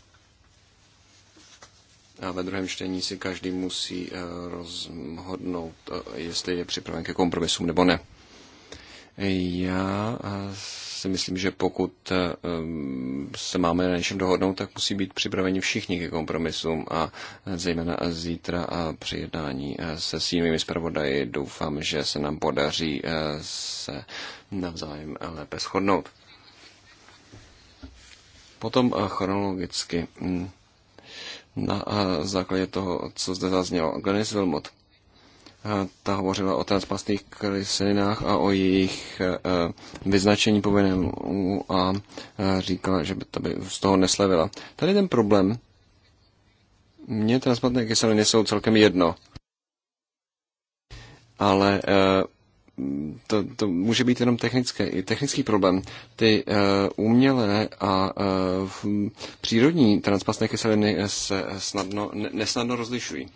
A ve druhém čtení si každý musí eh, rozhodnout, eh, jestli je připraven ke kompromisům nebo ne. Já si myslím, že pokud se máme na něčem dohodnout, tak musí být připraveni všichni ke kompromisům a zejména zítra a při jednání se svými zpravodaji doufám, že se nám podaří se navzájem lépe shodnout. Potom eh, chronologicky hm, na eh, základě toho, co zde zaznělo. Glenis Wilmot. Eh, ta hovořila o transpastných kyselinách a o jejich vyznačení povinnému a říkala, že by, to by z toho neslevila. Tady ten problém. Mně transplantné kyseliny jsou celkem jedno. Ale to, to může být jenom technické, technický problém. Ty uh, umělé a uh, přírodní transpasné kyseliny se snadno, nesnadno rozlišují.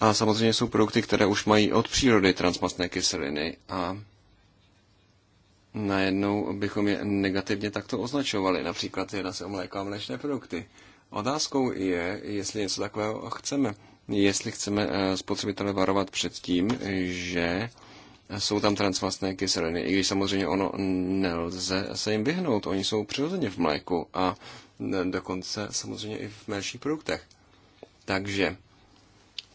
A samozřejmě jsou produkty, které už mají od přírody transmastné kyseliny a najednou bychom je negativně takto označovali. Například jedna se o mléko a mléčné produkty. Otázkou je, jestli něco takového chceme jestli chceme eh, spotřebitele varovat před tím, že jsou tam transmastné kyseliny, i když samozřejmě ono nelze se jim vyhnout. Oni jsou přirozeně v mléku a eh, dokonce samozřejmě i v menších produktech. Takže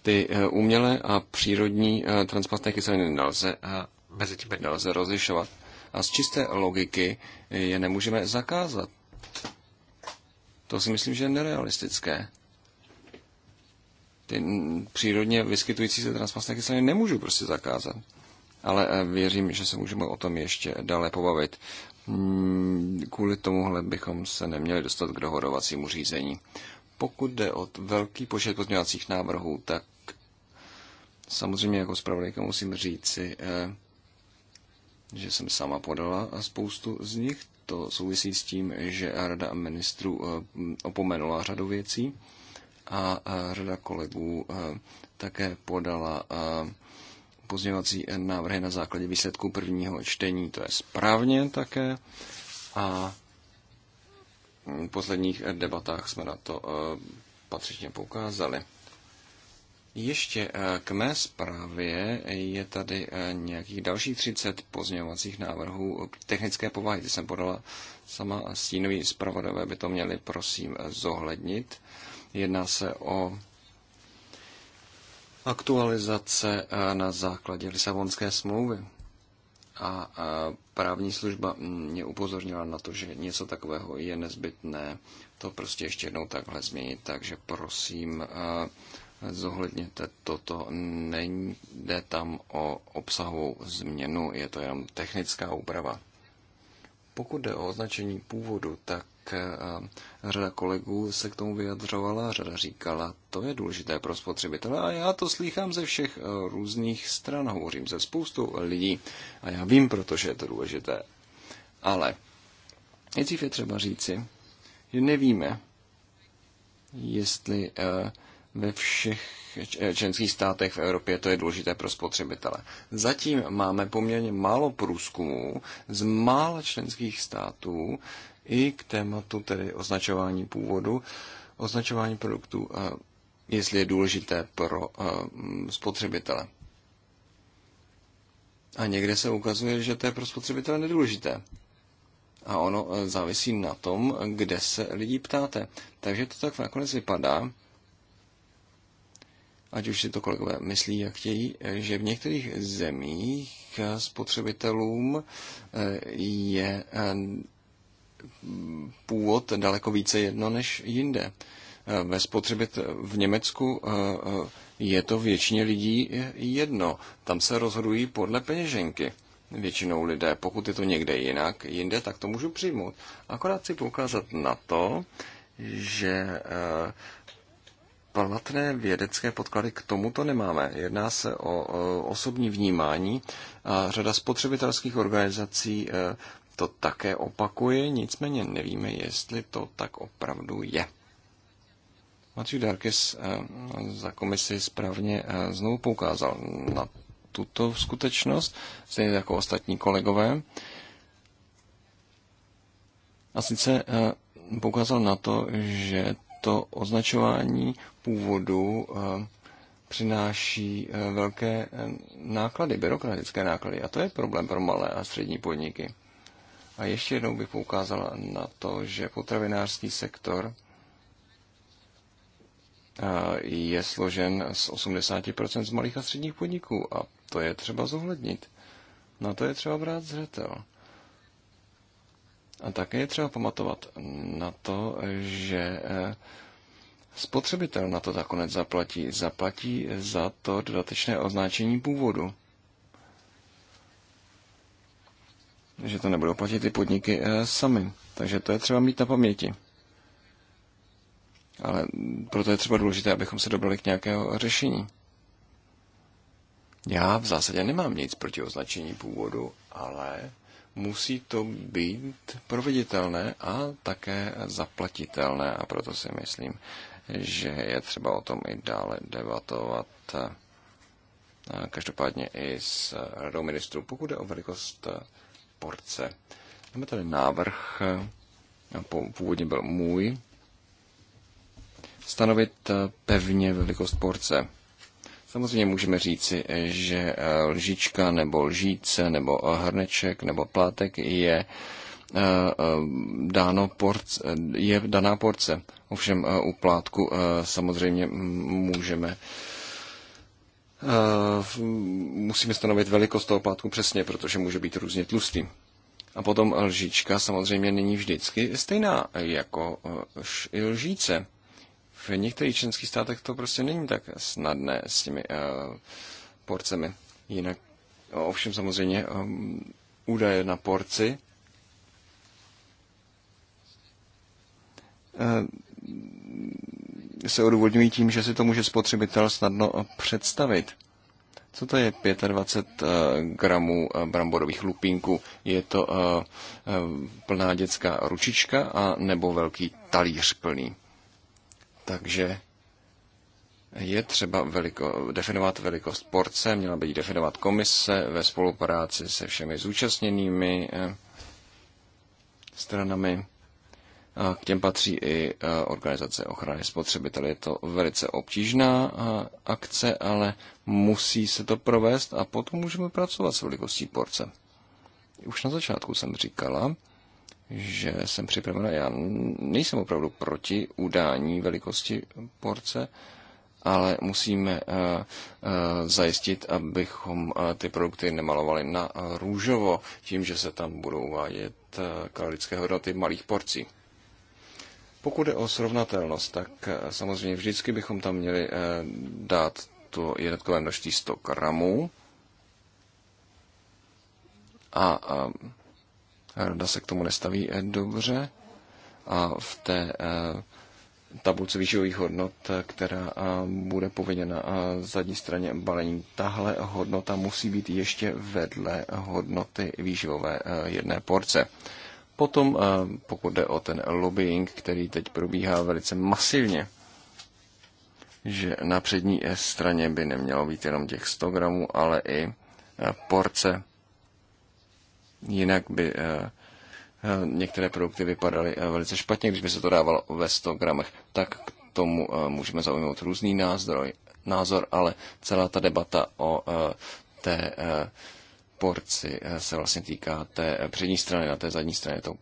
ty eh, umělé a přírodní transmastné kyseliny nelze a mezi tím nelze rozlišovat. A z čisté logiky je nemůžeme zakázat. To si myslím, že je nerealistické ty přírodně vyskytující se transmastné kyseliny nemůžu prostě zakázat. Ale eh, věřím, že se můžeme o tom ještě dále pobavit. Hmm, kvůli tomuhle bychom se neměli dostat k dohodovacímu řízení. Pokud jde o velký počet pozměňovacích návrhů, tak samozřejmě jako zpravodajka musím říci, eh, že jsem sama podala a spoustu z nich. To souvisí s tím, že Rada ministrů eh, opomenula řadu věcí a řada kolegů e, také podala e, pozměňovací návrhy na základě výsledků prvního čtení. To je správně také. A v posledních debatách jsme na to e, patřičně poukázali. Ještě k mé zprávě je tady nějakých dalších 30 pozměňovacích návrhů technické povahy. Ty jsem podala sama a stínoví zpravodové by to měli prosím zohlednit. Jedná se o aktualizace eh, na základě Lisabonské smlouvy. A eh, právní služba mm, mě upozornila na to, že něco takového je nezbytné to prostě ještě jednou takhle změnit. Takže prosím, eh, zohledněte toto. Nejde tam o obsahovou změnu, je to jenom technická úprava. Pokud jde o označení původu, tak Eh, řada kolegů se k tomu vyjadřovala, řada říkala, to je důležité pro spotřebitele a já to slýchám ze všech eh, různých stran, hovořím se spoustu lidí a já vím, protože je to důležité. Ale nejdřív je třeba říci, že nevíme, jestli eh, ve všech členských státech v Evropě to je důležité pro spotřebitele. Zatím máme poměrně málo průzkumů z mála členských států, i k tématu tedy označování původu, označování produktů, jestli je důležité pro mm, spotřebitele. A někde se ukazuje, že to je pro spotřebitele nedůležité. A ono e, závisí na tom, kde se lidí ptáte. Takže to tak nakonec vypadá, ať už si to kolegové myslí, jak chtějí, že v některých zemích e, spotřebitelům e, je původ daleko více jedno než jinde. Eh, ve spotřebě v Německu eh, eh, je to většině lidí jedno. Tam se rozhodují podle peněženky většinou lidé. Pokud je to někde jinak, jinde, tak to můžu přijmout. Akorát si poukázat na to, že platné vědecké podklady k tomuto nemáme. Jedná se o osobní vnímání a řada spotřebitelských organizací to také opakuje, nicméně nevíme, jestli to tak opravdu je. Matthew Darkes eh, za komisi správně eh, znovu poukázal na tuto skutečnost, stejně jako ostatní kolegové. A sice eh, poukázal na to, že to označování původu přináší velké náklady, byrokratické náklady. A to je problém pro malé a střední podniky. A ještě jednou bych poukázal na to, že potravinářský sektor eh, je složen z 80% z malých a středních podniků a to je třeba zohlednit. Na to je třeba brát zřetel. A také je třeba pamatovat na to, že eh, spotřebitel na to nakonec zaplatí. Zaplatí za to dodatečné označení původu. že to nebudou platit ty podniky eh, sami. Takže to je třeba mít na paměti. Ale proto je třeba důležité, abychom se dobrali k nějakého řešení. Já v zásadě nemám nic proti označení původu, ale musí to být proveditelné a také zaplatitelné a proto si myslím, že je třeba o tom i dále debatovat eh, každopádně i s radou ministrů, pokud je o velikost eh, porce. Máme tady návrh, původně byl můj, stanovit eh, pevně velikost porce. Samozřejmě můžeme říci, eh, že eh, lžička nebo lžíce nebo hrneček nebo plátek je dáno porce, je daná porce. Ovšem u plátku samozřejmě můžeme Eh, musíme stanovit velikost toho plátku přesně, protože může být různě tlustý. A potom lžička samozřejmě není vždycky stejná jako eh, i lžíce. V některých členských státech to prostě není tak snadné s těmi uh, porcemi. Jinak, ovšem samozřejmě, um, údaje na porci uh, se odůvodňují tím, že si to může spotřebitel snadno představit. Co to je 25 eh, gramů eh, bramborových lupínků? Je to eh, plná dětská ručička a nebo velký talíř plný? Takže je třeba veliko, definovat velikost porce, měla by definovat komise ve spolupráci se všemi zúčastněnými stranami. A k těm patří i e, organizace ochrany spotřebitelů. Je to velice obtížná e, akce, ale musí se to provést a potom můžeme pracovat s velikostí porce. Už na začátku jsem říkala, že jsem připravena. Já nejsem opravdu proti udání velikosti porce, ale musíme e, zajistit, abychom ty produkty nemalovali na růžovo, tím, že se tam budou uvádět kalorické hodnoty malých porcí. Pokud je o srovnatelnost, tak eh, samozřejmě vždycky bychom tam měli eh, dát to jednotkové množství 100 gramů. A, a eh, rada se k tomu nestaví dobře. A v té tabulce výživových hodnot, která bude povinna zadní straně balení. Tahle hodnota musí být ještě vedle hodnoty výživové jedné porce potom, eh, pokud jde o ten lobbying, který teď probíhá velice masivně, že na přední straně by nemělo být jenom těch 100 gramů, ale i eh, porce. Jinak by eh, některé produkty vypadaly velice špatně, když by se to dávalo ve 100 gramech. Tak k tomu můžeme zaujmout různý názor, ale celá ta debata o té porci eh, se vlastně týká té eh, přední strany, a té zadní straně to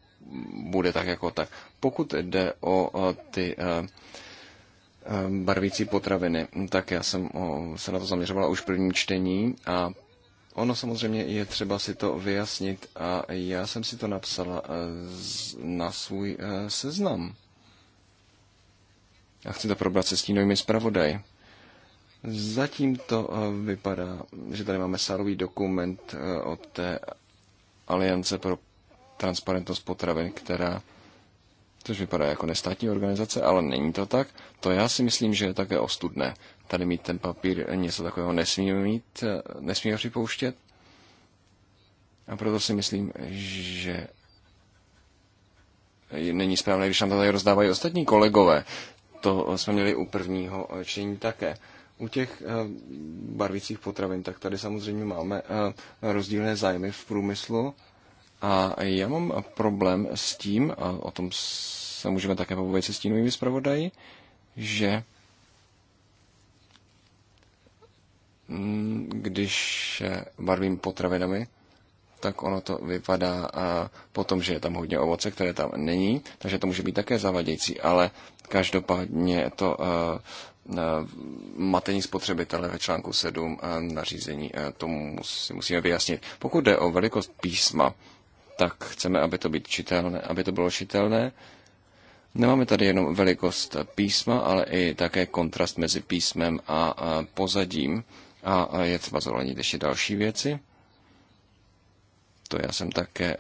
bude tak jako tak. Pokud jde o ty eh, barvící potraviny, tak já jsem se na to zaměřovala už v prvním čtení a Ono samozřejmě je třeba si to vyjasnit a já jsem si to napsala na svůj seznam. A chci to probrat se stínovými zpravodaj. Zatím to eh, vypadá, že tady máme sárový dokument eh, od té Aliance pro transparentnost potravin, která což vypadá jako nestátní organizace, ale není to tak. To já si myslím, že je také ostudné. Tady mít ten papír, něco takového nesmíme mít, eh, nesmíme připouštět. A proto si myslím, že není správné, když nám to tady rozdávají ostatní kolegové. To jsme měli u prvního čtení také. U těch eh, barvicích potravin, tak tady samozřejmě máme eh, rozdílné zájmy v průmyslu a já mám problém s tím, a o tom se můžeme také pobavit se stínovými zpravodaji, že mm, když barvím potravinami, tak ono to vypadá a eh, potom, že je tam hodně ovoce, které tam není, takže to může být také zavadějící, ale každopádně to Eh, matení spotřebitele ve článku 7 eh, nařízení. Eh, Tomu si musíme vyjasnit. Pokud jde o velikost písma, tak chceme, aby to, být čitelné, aby to bylo čitelné. Nemáme tady jenom velikost písma, ale i také kontrast mezi písmem a pozadím. A je třeba zvolenit ještě další věci. To já jsem také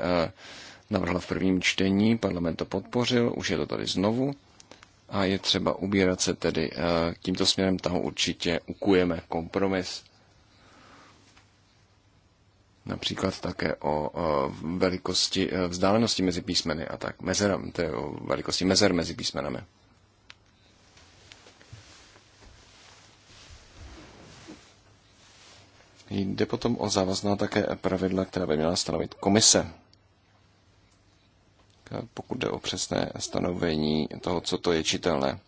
navrhl v prvním čtení, parlament to podpořil, už je to tady znovu a je třeba ubírat se tedy eh, tímto směrem, tam určitě ukujeme kompromis. Například také o eh, velikosti eh, vzdálenosti mezi písmeny a tak to tedy o velikosti mezer mezi písmenami. Jde potom o závazná také pravidla, která by měla stanovit komise pokud jde o přesné stanovení toho, co to je čitelné.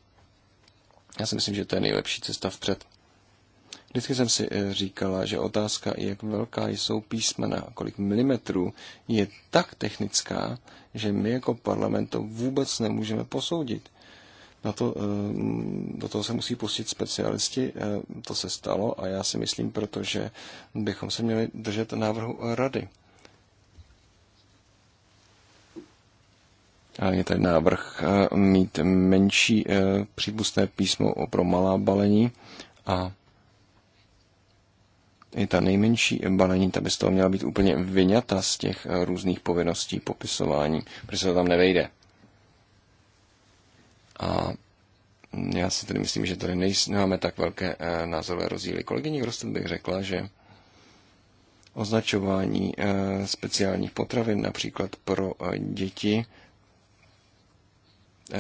Já si myslím, že to je nejlepší cesta vpřed. Vždycky jsem si eh, říkala, že otázka, jak velká jsou písmena, kolik milimetrů, je tak technická, že my jako parlament to vůbec nemůžeme posoudit. Na to, eh, do toho se musí pustit specialisti, eh, to se stalo a já si myslím, protože bychom se měli držet návrhu rady. Je tady návrh eh, mít menší eh, přípustné písmo pro malá balení a i ta nejmenší balení, ta by z toho měla být úplně vyňata z těch eh, různých povinností popisování, protože se to tam nevejde. A já si tedy myslím, že tady nejsme tak velké názorové rozdíly. Kolegyně Grostet bych řekla, že označování speciálních potravin, například pro děti,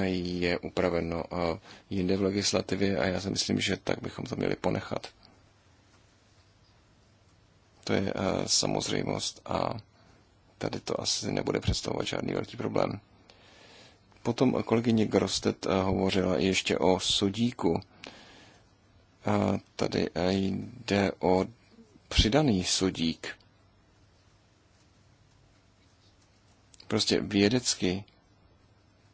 je upraveno eh, jinde v legislativě a já si myslím, že tak bychom to měli ponechat. To je eh, samozřejmost a tady to asi nebude představovat žádný velký problém. Potom kolegyně Grostet eh, hovořila ještě o sudíku. A tady jde o přidaný sudík. Prostě vědecky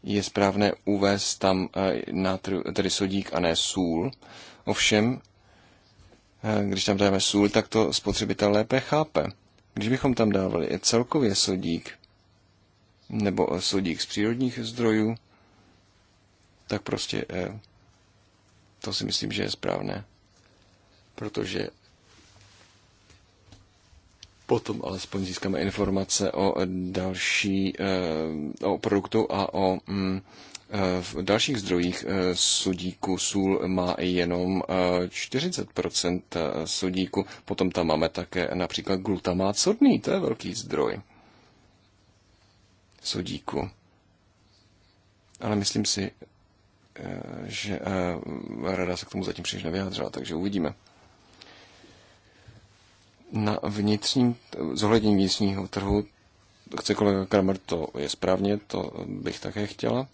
je správné uvést tam eh, natr, tedy sodík a ne sůl. Ovšem, eh, když tam dáme sůl, tak to spotřebitel lépe chápe. Když bychom tam dávali celkově sodík, nebo eh, sodík z přírodních zdrojů, tak prostě to si myslím, že je správné. Protože potom alespoň získáme informace o další, eh, o produktu a o mm, eh, v dalších zdrojích eh, sudíku sůl má jenom 40% sudíku. Potom tam máme také například glutamát sodný, to je velký zdroj sodíku. Ale myslím si, že rada se k tomu zatím příliš nevyjádřila, takže uvidíme na vnitřním, zohlednění vnitřního trhu, chce kolega Kramer, to je správně, to bych také chtěla.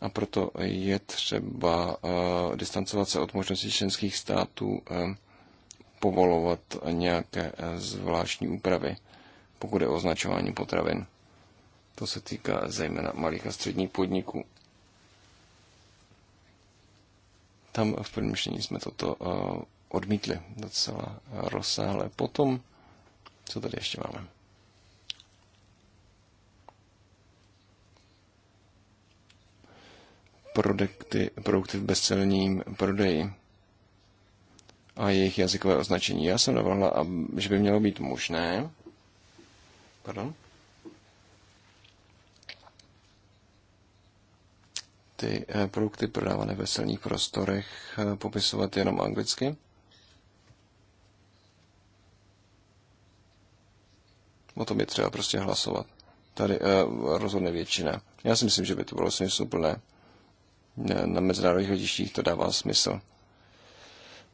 A proto je třeba uh, distancovat se od možností členských států uh, povolovat nějaké uh, zvláštní úpravy, pokud je o označování potravin. To se týká zejména malých a středních podniků. Tam v první jsme toto uh, odmítli docela rozsáhle. Potom, co tady ještě máme? Produkty, produkty v bezcelním prodeji a jejich jazykové označení. Já jsem navrhla, že by mělo být možné, pardon, ty eh, produkty prodávané ve silných prostorech eh, popisovat jenom anglicky. O tom je třeba prostě hlasovat. Tady e, rozhodne většina. Já si myslím, že by to bylo smysluplné. Na mezinárodních hledištích to dává smysl.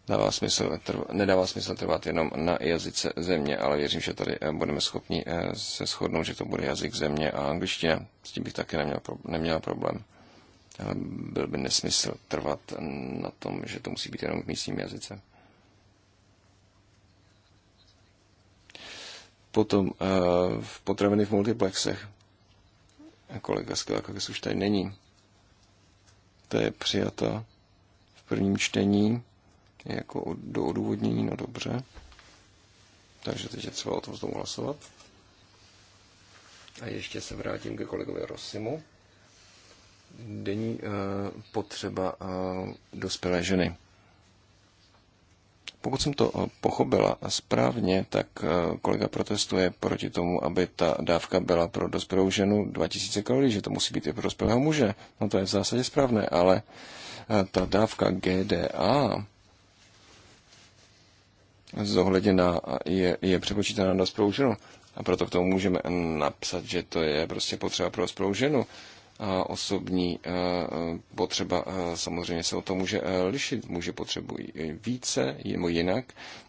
Dává smysl, trv, nedává smysl trvat jenom na jazyce země, ale věřím, že tady eh, budeme schopni eh, se shodnout, že to bude jazyk země a angličtina. S tím bych také neměl, pro, neměl problém. Ale byl by nesmysl trvat na tom, že to musí být jenom v místním jazyce. Potom eh, v potraviny v multiplexech. Kolega Skilakakis už tady není. To je přijato v prvním čtení jako do odůvodnění, no dobře. Takže teď je třeba o tom znovu hlasovat. A ještě se vrátím ke kolegovi Rosimu. Denní uh, potřeba uh, dospělé ženy. Pokud jsem to eh, pochopila správně, tak eh, kolega protestuje proti tomu, aby ta dávka byla pro dospělou ženu 2000 kalorií, že to musí být i pro dospělého muže. No to je v zásadě správné, ale eh, ta dávka GDA zohleděná je, je přepočítána na dospělou ženu. A proto k tomu můžeme napsat, že to je prostě potřeba pro dospělou ženu. Eh, osobní eh, eh, potřeba samozřejmě se o tom může lišit. Může potřebují více, jemu jinak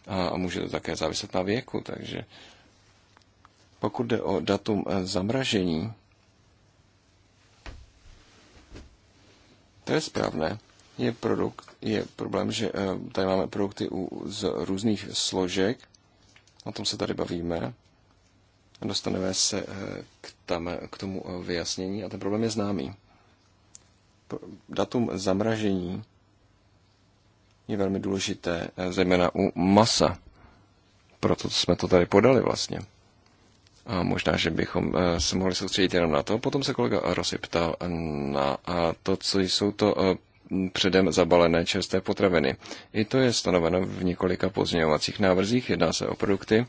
a může to také záviset na věku. Takže pokud jde o datum zamražení, to je správné. Je, produkt, je problém, že tady máme produkty z různých složek, o tom se tady bavíme dostaneme se eh, k, tam, eh, k tomu eh, vyjasnění a ten problém je známý. Datum zamražení je velmi důležité, zejména u masa. Proto jsme to tady podali vlastně. A možná, že bychom se mohli soustředit jenom na to. Potom se kolega Rosy ptal na to, co jsou to předem zabalené čerstvé potraviny. I to je stanoveno v několika pozměňovacích návrzích. Jedná se o produkty,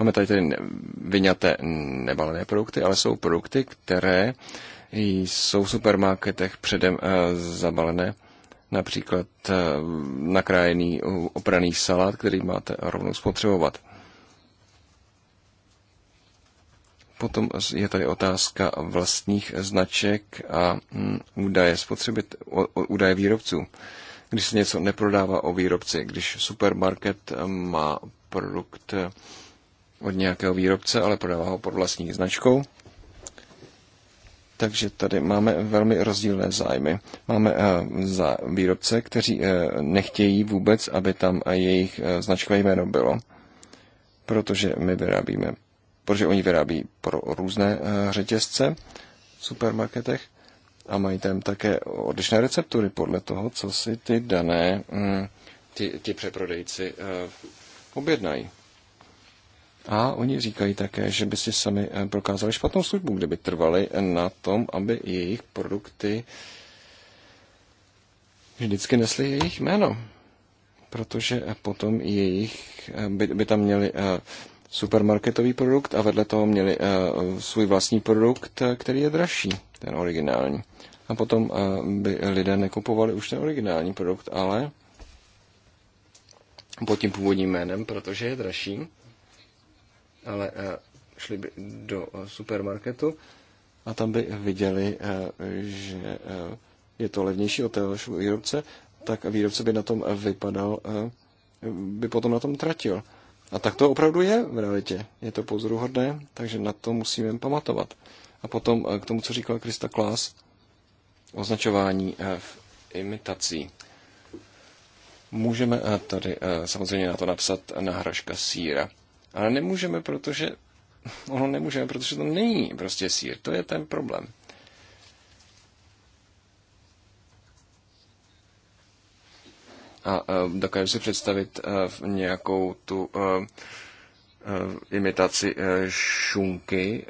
Máme tady tedy vyňaté nebalené produkty, ale jsou produkty, které jsou v supermarketech předem eh, zabalené. Například eh, nakrájený eh, opraný salát, který máte rovnou spotřebovat. Potom je tady otázka vlastních značek a hm, údaje, spotřebit, údaje výrobců. Když se něco neprodává o výrobci, když supermarket má produkt od nějakého výrobce, ale prodává ho pod vlastní značkou. Takže tady máme velmi rozdílné zájmy. Máme eh, za výrobce, kteří eh, nechtějí vůbec, aby tam jejich eh, značkové jméno bylo, protože my vyrábíme, protože oni vyrábí pro různé řetězce v supermarketech a mají tam také odlišné receptury podle toho, co si ty dané, ty, mm, ty přeprodejci objednají. A oni říkají také, že by si sami eh, prokázali špatnou službu, kdyby trvali na tom, aby jejich produkty vždycky nesly jejich jméno. Protože eh, potom jejich, eh, by, by tam měli supermarketový produkt a vedle toho měli svůj vlastní produkt, který je dražší, ten originální. A potom by lidé nekupovali už ten originální produkt, ale pod tím původním jménem, protože je dražší ale eh, šli by do eh, supermarketu a tam by viděli, eh, že je to levnější od téhož výrobce, tak výrobce by na tom vypadal, by potom na tom tratil. A tak to opravdu je v realitě. Je to pozoruhodné, takže na to musíme pamatovat. A potom k tomu, co říkal Krista Klás, označování v imitací. Můžeme tady samozřejmě na to napsat nahražka síra. Ale nemůžeme, protože ono nemůžeme, protože to není prostě sír. To je ten problém. A dokážu si představit nějakou tu imitaci šunky.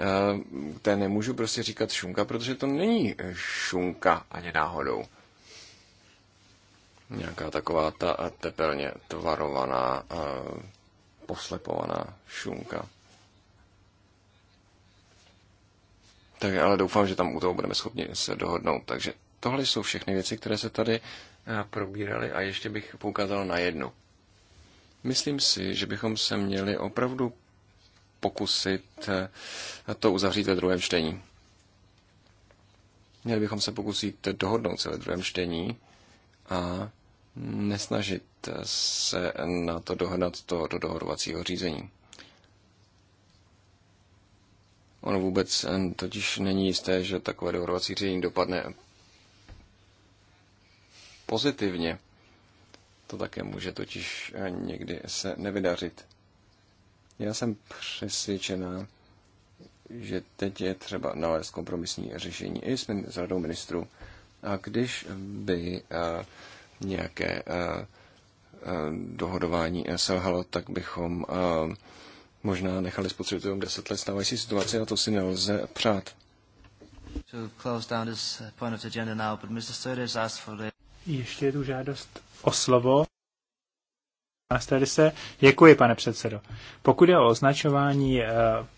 Té nemůžu prostě říkat šunka, protože to není šunka ani náhodou. Nějaká taková ta tepelně tvarovaná poslepovaná šunka. Tak ale doufám, že tam u toho budeme schopni se dohodnout. Takže tohle jsou všechny věci, které se tady eh, probíraly a ještě bych poukázal na jednu. Myslím si, že bychom se měli opravdu pokusit eh, to uzavřít ve druhém čtení. Měli bychom se pokusit dohodnout se ve druhém čtení a nesnažit se na to dohnat to do dohodovacího řízení. Ono vůbec eh, totiž není jisté, že takové dohodovací řízení dopadne pozitivně. To také může totiž eh, někdy se nevydařit. Já jsem přesvědčená, že teď je třeba nalézt kompromisní řešení i s radou ministrů. A když by uh, nějaké eh, eh, dohodování selhalo, tak bychom eh, možná nechali spotřebitelům deset let stávající situaci a to si nelze přát. Ještě je tu žádost o slovo. Děkuji, pane předsedo. Pokud je o označování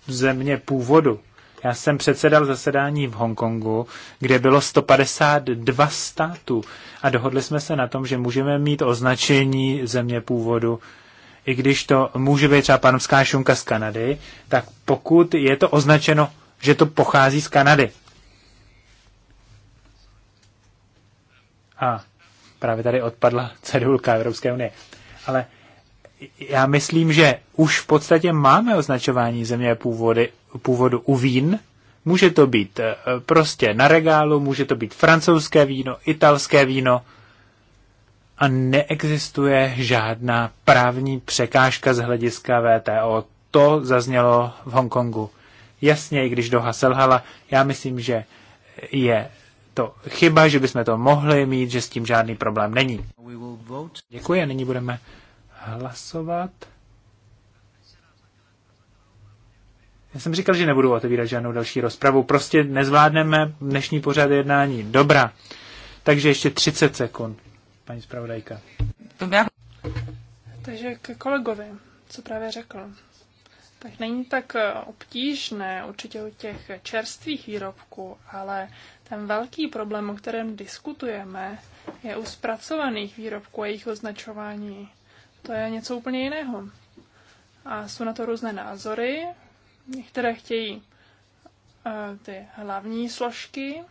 země původu, já jsem předsedal zasedání v Hongkongu, kde bylo 152 států a dohodli jsme se na tom, že můžeme mít označení země původu i když to může být třeba panovská šunka z Kanady, tak pokud je to označeno, že to pochází z Kanady. A právě tady odpadla cedulka Evropské unie. Ale já myslím, že už v podstatě máme označování země původy, původu u vín. Může to být eh, prostě na regálu, může to být francouzské víno, italské víno a neexistuje žádná právní překážka z hlediska VTO. To zaznělo v Hongkongu. Jasně, i když Doha selhala, já myslím, že je to chyba, že bychom to mohli mít, že s tím žádný problém není. Děkuji a nyní budeme hlasovat. Já jsem říkal, že nebudu otevírat žádnou další rozpravu. Prostě nezvládneme dnešní pořad jednání. Dobrá. Takže ještě 30 sekund, paní zpravodajka. Takže k kolegovi, co právě řekl. Tak není tak eh, obtížné určitě u těch čerstvých výrobků, ale ten velký problém, o kterém diskutujeme, je u zpracovaných výrobků a jejich označování. To je něco úplně jiného. A jsou na to různé názory. Některé chtějí eh, ty hlavní složky.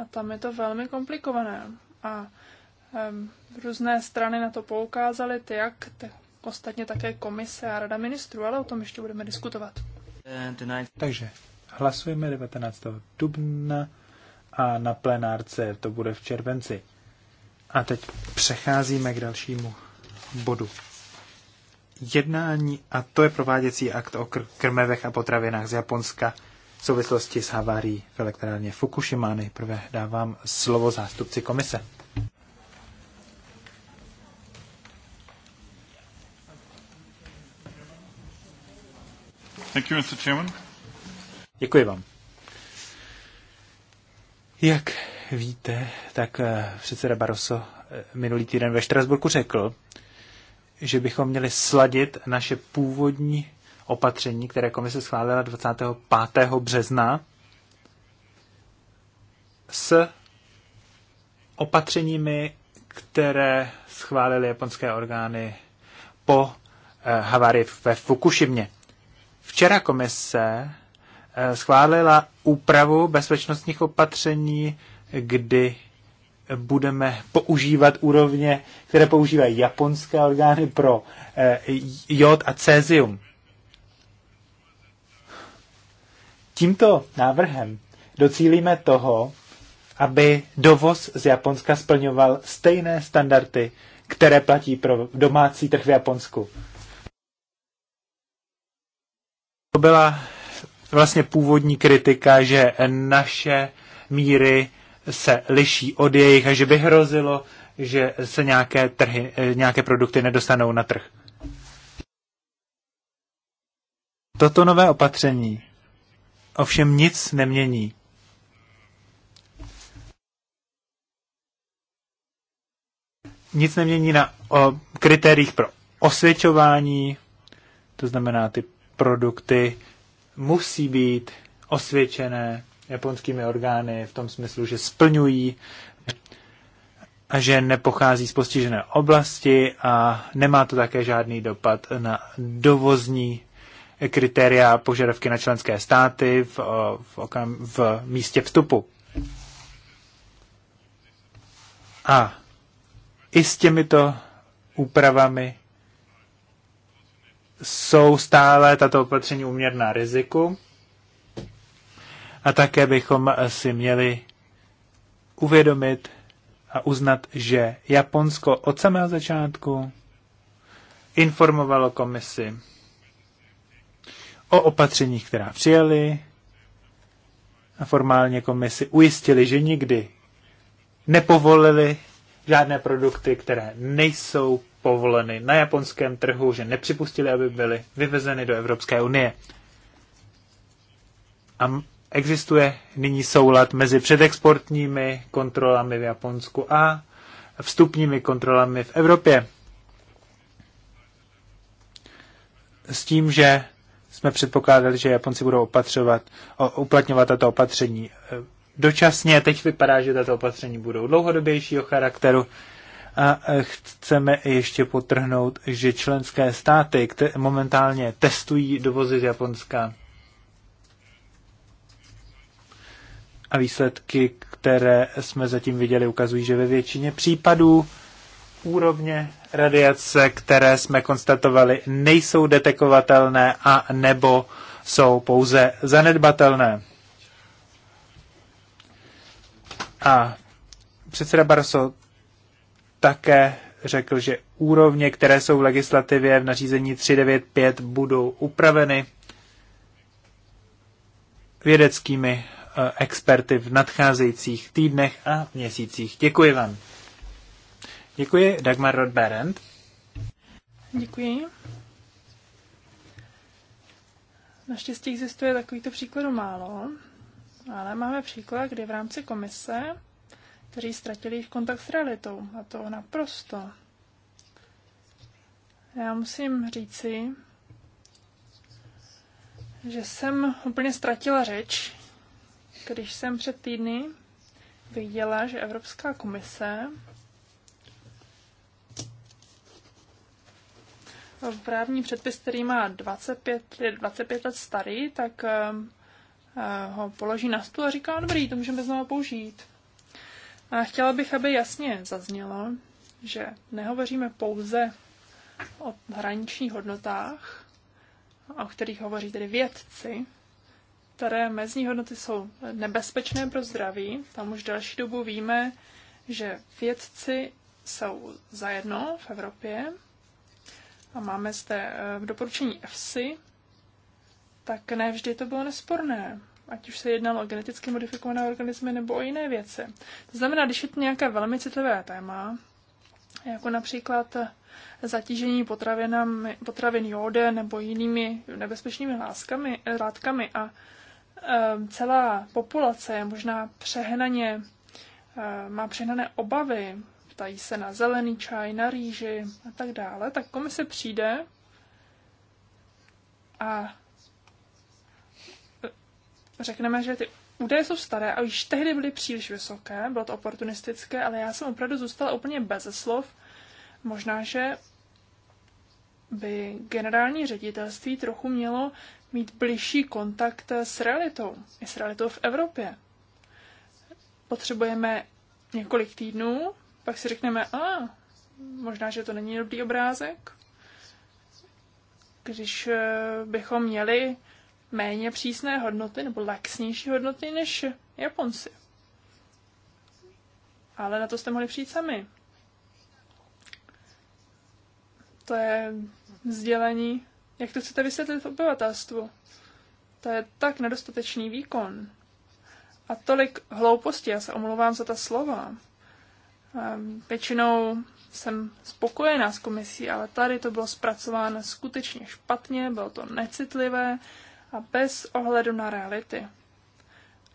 A tam je to velmi komplikované. A um, různé strany na to poukázaly, ty jak, tak ostatně také komise a rada ministrů, ale o tom ještě budeme diskutovat. Takže hlasujeme 19. dubna a na plenárce to bude v červenci. A teď přecházíme k dalšímu bodu. Jednání, a to je prováděcí akt o kr- krmevech a potravinách z Japonska v souvislosti s havárií v elektrárně Fukushima. Nejprve dávám slovo zástupci komise. Thank you, Mr. Chairman. Děkuji vám. Jak víte, tak eh, předseda Barroso eh, minulý týden ve Štrasburku řekl, že bychom měli sladit naše původní opatření, které komise schválila 25. března, s opatřeními, které schválily japonské orgány po eh, havárii ve Fukushimě. Včera komise schválila úpravu bezpečnostních opatření kdy budeme používat úrovně, které používají japonské orgány pro eh, jod a cézium. Tímto návrhem docílíme toho, aby dovoz z Japonska splňoval stejné standardy, které platí pro domácí trh v Japonsku. To byla vlastně původní kritika, že naše míry se liší od jejich a že by hrozilo, že se nějaké, trhy, eh, nějaké produkty nedostanou na trh. Toto nové opatření ovšem nic nemění. Nic nemění na o, kritériích pro osvědčování, to znamená, ty produkty musí být osvědčené, japonskými orgány v tom smyslu, že splňují a že nepochází z postižené oblasti a nemá to také žádný dopad na dovozní kritéria požadavky na členské státy v, v, okam, v místě vstupu. A i s těmito úpravami jsou stále tato opatření uměrná riziku a také bychom si měli uvědomit a uznat, že Japonsko od samého začátku informovalo komisi o opatřeních, která přijeli a formálně komisi ujistili, že nikdy nepovolili žádné produkty, které nejsou povoleny na japonském trhu, že nepřipustili, aby byly vyvezeny do Evropské unie. A Existuje nyní soulad mezi předexportními kontrolami v Japonsku a vstupními kontrolami v Evropě. S tím, že jsme předpokládali, že Japonci budou opatřovat, o, uplatňovat tato opatření e, dočasně. Teď vypadá, že tato opatření budou dlouhodobějšího charakteru. A e, chceme ještě potrhnout, že členské státy které momentálně testují dovozy z Japonska, A výsledky, které jsme zatím viděli, ukazují, že ve většině případů úrovně radiace, které jsme konstatovali, nejsou detekovatelné a nebo jsou pouze zanedbatelné. A předseda Barso také řekl, že úrovně, které jsou v legislativě v nařízení 395, budou upraveny vědeckými Eh, experty v nadcházejících týdnech a měsících. Děkuji vám. Děkuji, Dagmar Rodberend. Děkuji. Naštěstí existuje takovýto příkladů málo, ale máme příklad, kdy v rámci komise, kteří ztratili kontakt s realitou, a to naprosto. Já musím říci, že jsem úplně ztratila řeč, když jsem před týdny viděla, že Evropská komise v právní předpis, který má 25, 25 let starý, tak eh, eh, ho položí na stůl a říká, dobrý, to můžeme znovu použít. A chtěla bych, aby jasně zaznělo, že nehovoříme pouze o hraničních hodnotách, o kterých hovoří tedy vědci, které mezní hodnoty jsou nebezpečné pro zdraví. Tam už další dobu víme, že vědci jsou zajedno v Evropě a máme zde eh, v doporučení EFSI, tak ne vždy to bylo nesporné, ať už se jednalo o geneticky modifikované organismy nebo o jiné věci. To znamená, když je to nějaké velmi citlivé téma, jako například eh, zatížení potravin jode nebo jinými nebezpečnými láskami, látkami a Ehm, celá populace je možná přehnaně, ehm, má přehnané obavy, ptají se na zelený čaj, na rýži a tak dále, tak komise přijde a e, řekneme, že ty údaje jsou staré a již tehdy byly příliš vysoké, bylo to oportunistické, ale já jsem opravdu zůstala úplně bez slov. Možná, že by generální ředitelství trochu mělo mít blížší kontakt s realitou, i s realitou v Evropě. Potřebujeme několik týdnů, pak si řekneme, a možná, že to není dobrý obrázek. Když eh, bychom měli méně přísné hodnoty nebo laxnější hodnoty než Japonci. Ale na to jste mohli přijít sami. To je vzdělení jak to chcete vysvětlit obyvatelstvu? To je tak nedostatečný výkon. A tolik hlouposti, já se omlouvám za ta slova. Ehm, většinou jsem spokojená s komisí, ale tady to bylo zpracováno skutečně špatně, bylo to necitlivé a bez ohledu na reality.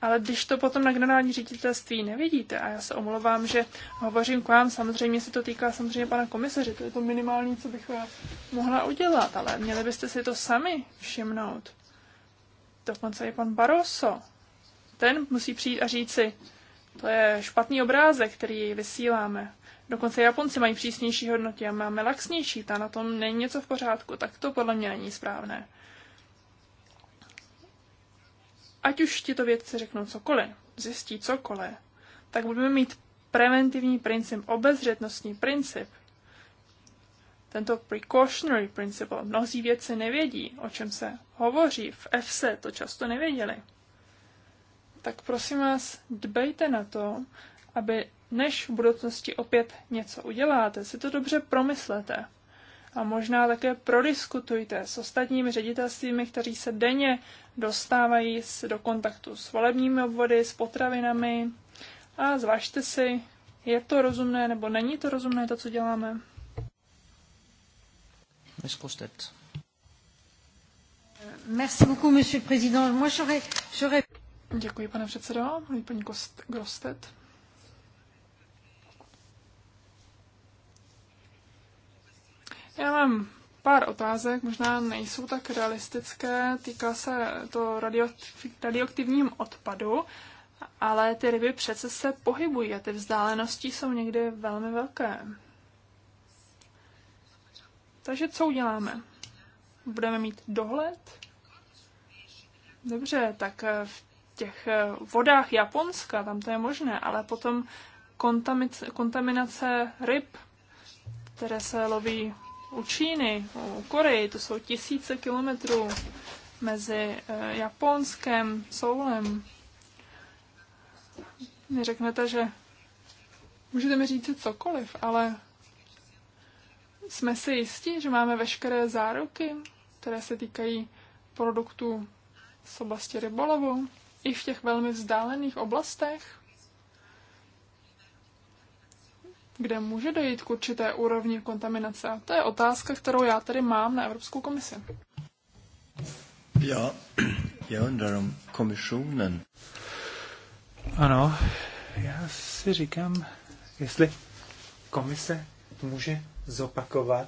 Ale když to potom na generální ředitelství nevidíte, a já se omlouvám, že hovořím k vám, samozřejmě se to týká samozřejmě pana komisaře, to je to minimální, co bych eh, mohla udělat, ale měli byste si to sami všimnout. Dokonce je pan Barroso. Ten musí přijít a říct si, to je špatný obrázek, který vysíláme. Dokonce Japonci mají přísnější hodnoty a máme laxnější, ta na tom není něco v pořádku, tak to podle mě není správné ať už to vědci řeknou cokoliv, zjistí cokoliv, tak budeme mít preventivní princip, obezřetnostní princip. Tento precautionary principle. Mnozí vědci nevědí, o čem se hovoří. V FC to často nevěděli. Tak prosím vás, dbejte na to, aby než v budoucnosti opět něco uděláte, si to dobře promyslete a možná také prodiskutujte s ostatními ředitelstvími, kteří se denně dostávají do kontaktu s volebními obvody, s potravinami a zvažte si, je to rozumné nebo není to rozumné to, co děláme. Děkuji, pane předsedo. Paní Grostet. Já mám pár otázek, možná nejsou tak realistické. Týká se to radio, radioaktivním odpadu, ale ty ryby přece se pohybují a ty vzdálenosti jsou někdy velmi velké. Takže co uděláme? Budeme mít dohled? Dobře, tak v těch vodách Japonska, tam to je možné, ale potom kontaminace ryb, které se loví u Číny, u Koreji, to jsou tisíce kilometrů mezi eh, Japonskem, Soulem. Mě řeknete, že můžete mi říct cokoliv, ale jsme si jistí, že máme veškeré záruky, které se týkají produktů z oblasti rybolovu, i v těch velmi vzdálených oblastech. kde může dojít k určité úrovni kontaminace. A to je otázka, kterou já tady mám na Evropskou komisi. Já, já undrar komisionen. Ano, já si říkám, jestli komise může zopakovat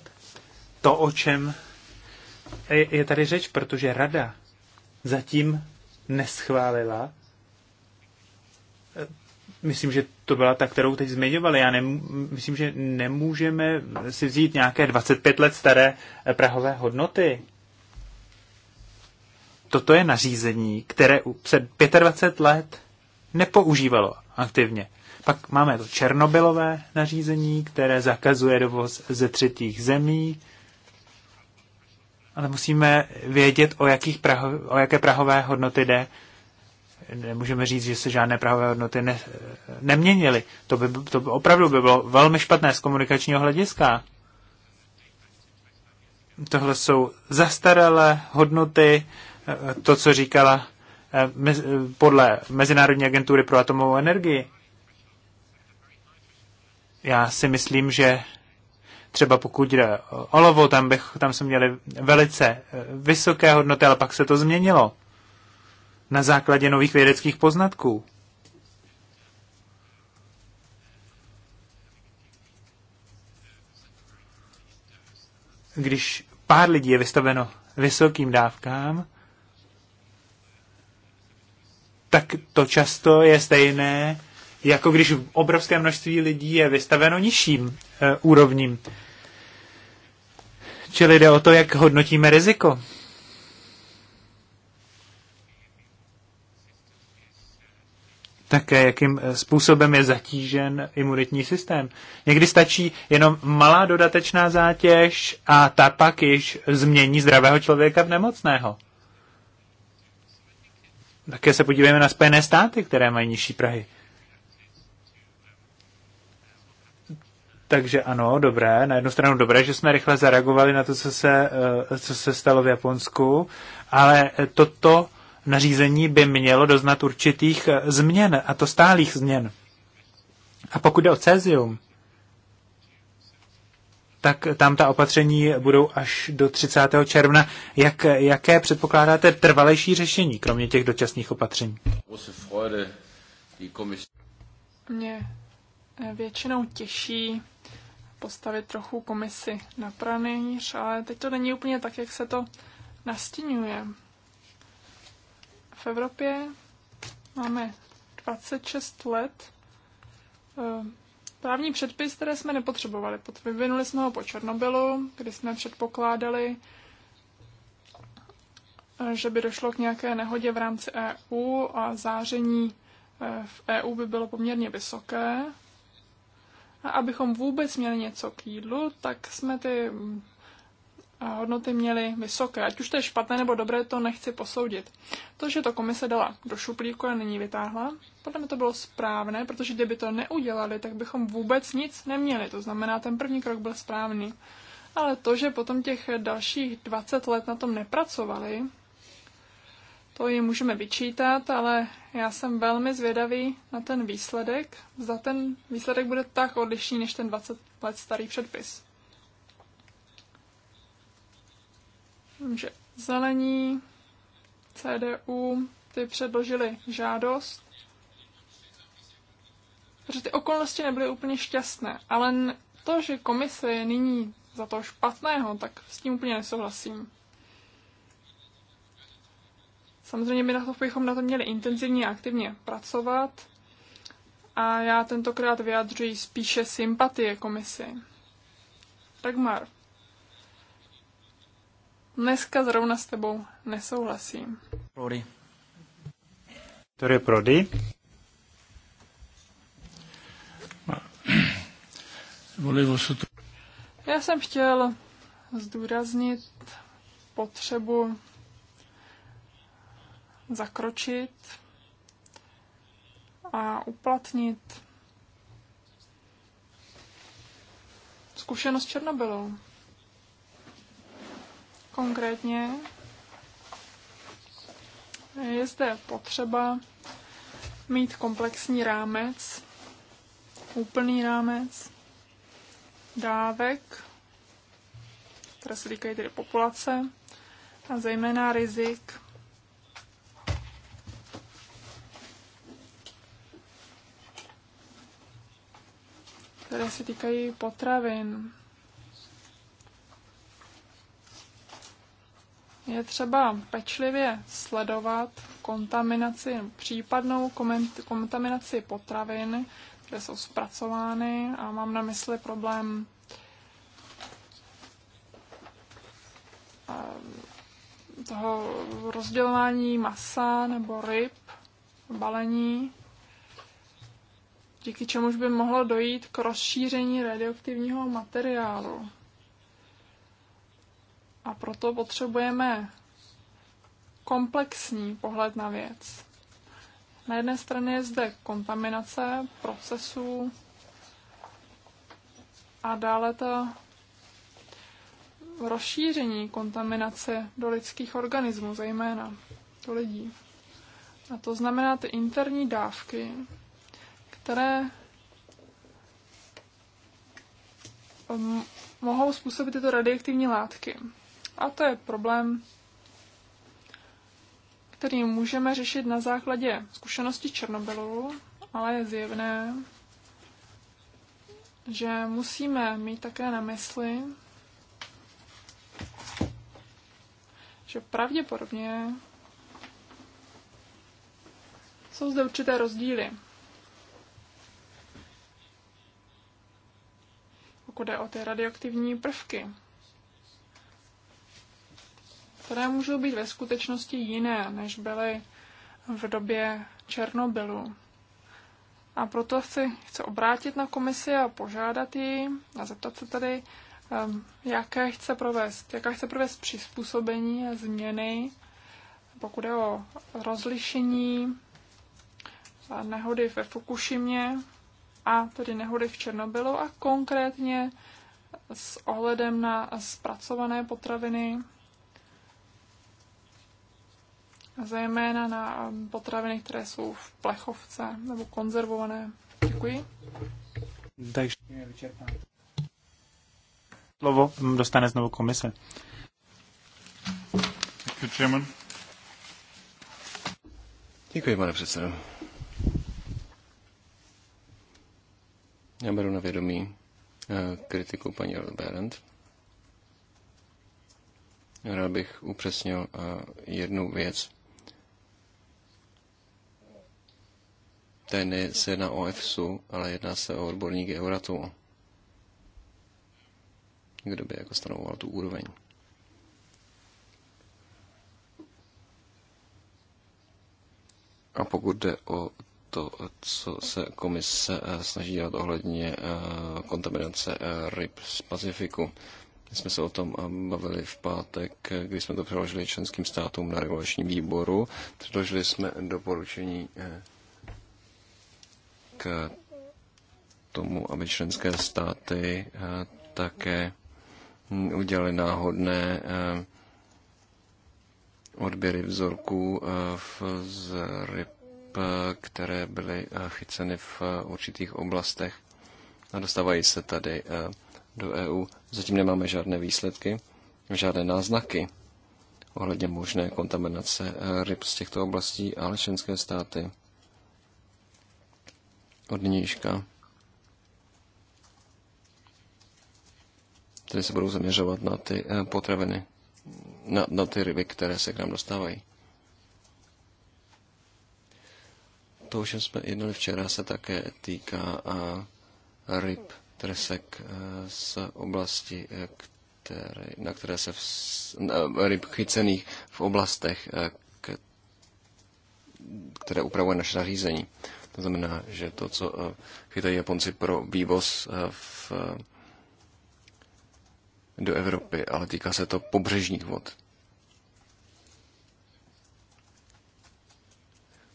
to, o čem je tady řeč, protože rada zatím neschválila. Myslím, že to byla ta, kterou teď zmiňovali. Já nemů, myslím, že nemůžeme si vzít nějaké 25 let staré eh, prahové hodnoty. Toto je nařízení, které před 25 let nepoužívalo aktivně. Pak máme to černobylové nařízení, které zakazuje dovoz ze třetích zemí, ale musíme vědět, o, jakých praho, o jaké prahové hodnoty jde nemůžeme říct, že se žádné prahové hodnoty ne, neměnily. To by, to by opravdu by bylo velmi špatné z komunikačního hlediska. Tohle jsou zastaralé hodnoty, eh, to, co říkala eh, eh, podle Mezinárodní agentury pro atomovou energii. Já si myslím, že třeba pokud jde o olovo, tam, bych, tam jsme měli velice vysoké hodnoty, ale pak se to změnilo na základě nových vědeckých poznatků. Když pár lidí je vystaveno vysokým dávkám, tak to často je stejné, jako když obrovské množství lidí je vystaveno nižším e, úrovním. Čili jde o to, jak hodnotíme riziko. také, jakým eh, způsobem je zatížen imunitní systém. Někdy stačí jenom malá dodatečná zátěž a ta pak již změní zdravého člověka v nemocného. Také se podívejme na Spojené státy, které mají nižší Prahy. Takže ano, dobré. Na jednu stranu dobré, že jsme rychle zareagovali na to, co se, eh, co se stalo v Japonsku, ale toto nařízení by mělo doznat určitých eh, změn, a to stálých změn. A pokud jde o cézium, tak tam ta opatření budou až do 30. června. Jak, jaké předpokládáte trvalejší řešení, kromě těch dočasných opatření? Mě eh, většinou těší postavit trochu komisi na pranýř, ale teď to není úplně tak, jak se to nastínuje v Evropě máme 26 let eh, právní předpis, které jsme nepotřebovali. Vyvinuli jsme ho po Černobylu, kdy jsme předpokládali, eh, že by došlo k nějaké nehodě v rámci EU a záření eh, v EU by bylo poměrně vysoké. A abychom vůbec měli něco k jídlu, tak jsme ty hodnoty měly vysoké. Ať už to je špatné nebo dobré, to nechci posoudit. To, že to komise dala do šuplíku a nyní vytáhla, podle mě to bylo správné, protože kdyby to neudělali, tak bychom vůbec nic neměli. To znamená, ten první krok byl správný. Ale to, že potom těch dalších 20 let na tom nepracovali, to jim můžeme vyčítat, ale já jsem velmi zvědavý na ten výsledek. Za ten výsledek bude tak odlišný než ten 20 let starý předpis. že zelení CDU ty předložili žádost, protože ty okolnosti nebyly úplně šťastné, ale to, že komise je nyní za to špatného, tak s tím úplně nesouhlasím. Samozřejmě my na to, bychom na to měli intenzivně a aktivně pracovat a já tentokrát vyjadřuji spíše sympatie komisi. Dagmar, Dneska zrovna s tebou nesouhlasím. Prody. je Prody. Já jsem chtěl zdůraznit potřebu zakročit a uplatnit zkušenost Černobylou. Konkrétně je zde potřeba mít komplexní rámec, úplný rámec dávek, které se týkají tedy populace, a zejména rizik které se týkají potravin. je třeba pečlivě sledovat kontaminaci, případnou kontaminaci potravin, které jsou zpracovány a mám na mysli problém eh, toho rozdělování masa nebo ryb, balení, díky čemuž by mohlo dojít k rozšíření radioaktivního materiálu. A proto potřebujeme komplexní pohled na věc. Na jedné straně je zde kontaminace procesů a dále to rozšíření kontaminace do lidských organismů, zejména do lidí. A to znamená ty interní dávky, které ehm, mohou způsobit tyto radioaktivní látky. A to je problém, který můžeme řešit na základě zkušenosti Černobylu, ale je zjevné, že musíme mít také na mysli, že pravděpodobně jsou zde určité rozdíly. Pokud jde o ty radioaktivní prvky, které můžou být ve skutečnosti jiné, než byly v době Černobylu. A proto se chci obrátit na komisi a požádat ji a zeptat se tady, um, jaké chce provést, jaká chce provést přizpůsobení a změny, pokud je o rozlišení nehody ve Fukušimě a tedy nehody v Černobylu a konkrétně s ohledem na zpracované potraviny zejména na um, potraviny, které jsou v plechovce nebo konzervované. Děkuji. Takže slovo dostane znovu komise. Děkuji, Děkuji pane předsedo. Já beru na vědomí eh, kritiku paní Berend. Rád bych upřesnil eh, jednu věc. Tady se jedná o EFSU, ale jedná se o odborníky Euratomu. Kdo by jako stanovoval tu úroveň? A pokud jde o to, co se komise eh, snaží dělat ohledně eh, kontaminace eh, ryb z Pacifiku. My jsme se o tom bavili v pátek, kdy jsme to přeložili členským státům na regulačním výboru. Předložili jsme doporučení tomu, aby členské státy eh, také udělali náhodné eh, odběry vzorků eh, z ryb, které byly chyceny v určitých oblastech a dostávají se tady do EU. Zatím nemáme žádné výsledky, žádné náznaky ohledně možné kontaminace ryb z těchto oblastí, ale členské státy od nížka. Tedy se budou zaměřovat na ty eh, potraviny, na, na ty ryby, které se k nám dostávají. To, o čem jsme jednali včera, se také týká a eh, ryb, tresek eh, z oblasti, které, na které se v, na ryb chycených v oblastech, které upravuje naše nařízení. To znamená, že to, co eh, chytají Japonci pro vývoz eh, v, do Evropy, ale týká se to pobřežních vod.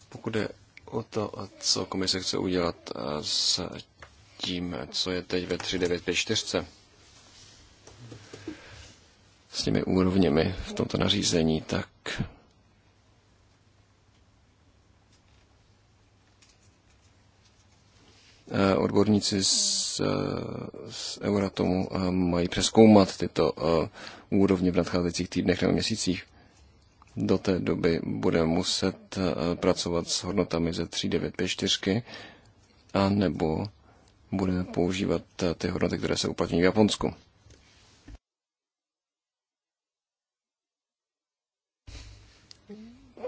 Pokud je o to, co komise chce udělat eh, s tím, co je teď ve 3954, s těmi úrovněmi v tomto nařízení, tak Eh, odborníci z, eh, z Euratomu eh, mají přeskoumat tyto úrovně v nadcházejících týdnech nebo měsících. Do té doby budeme muset pracovat s hodnotami ze 3954 a nebo budeme používat ty hodnoty, které se uplatní v Japonsku.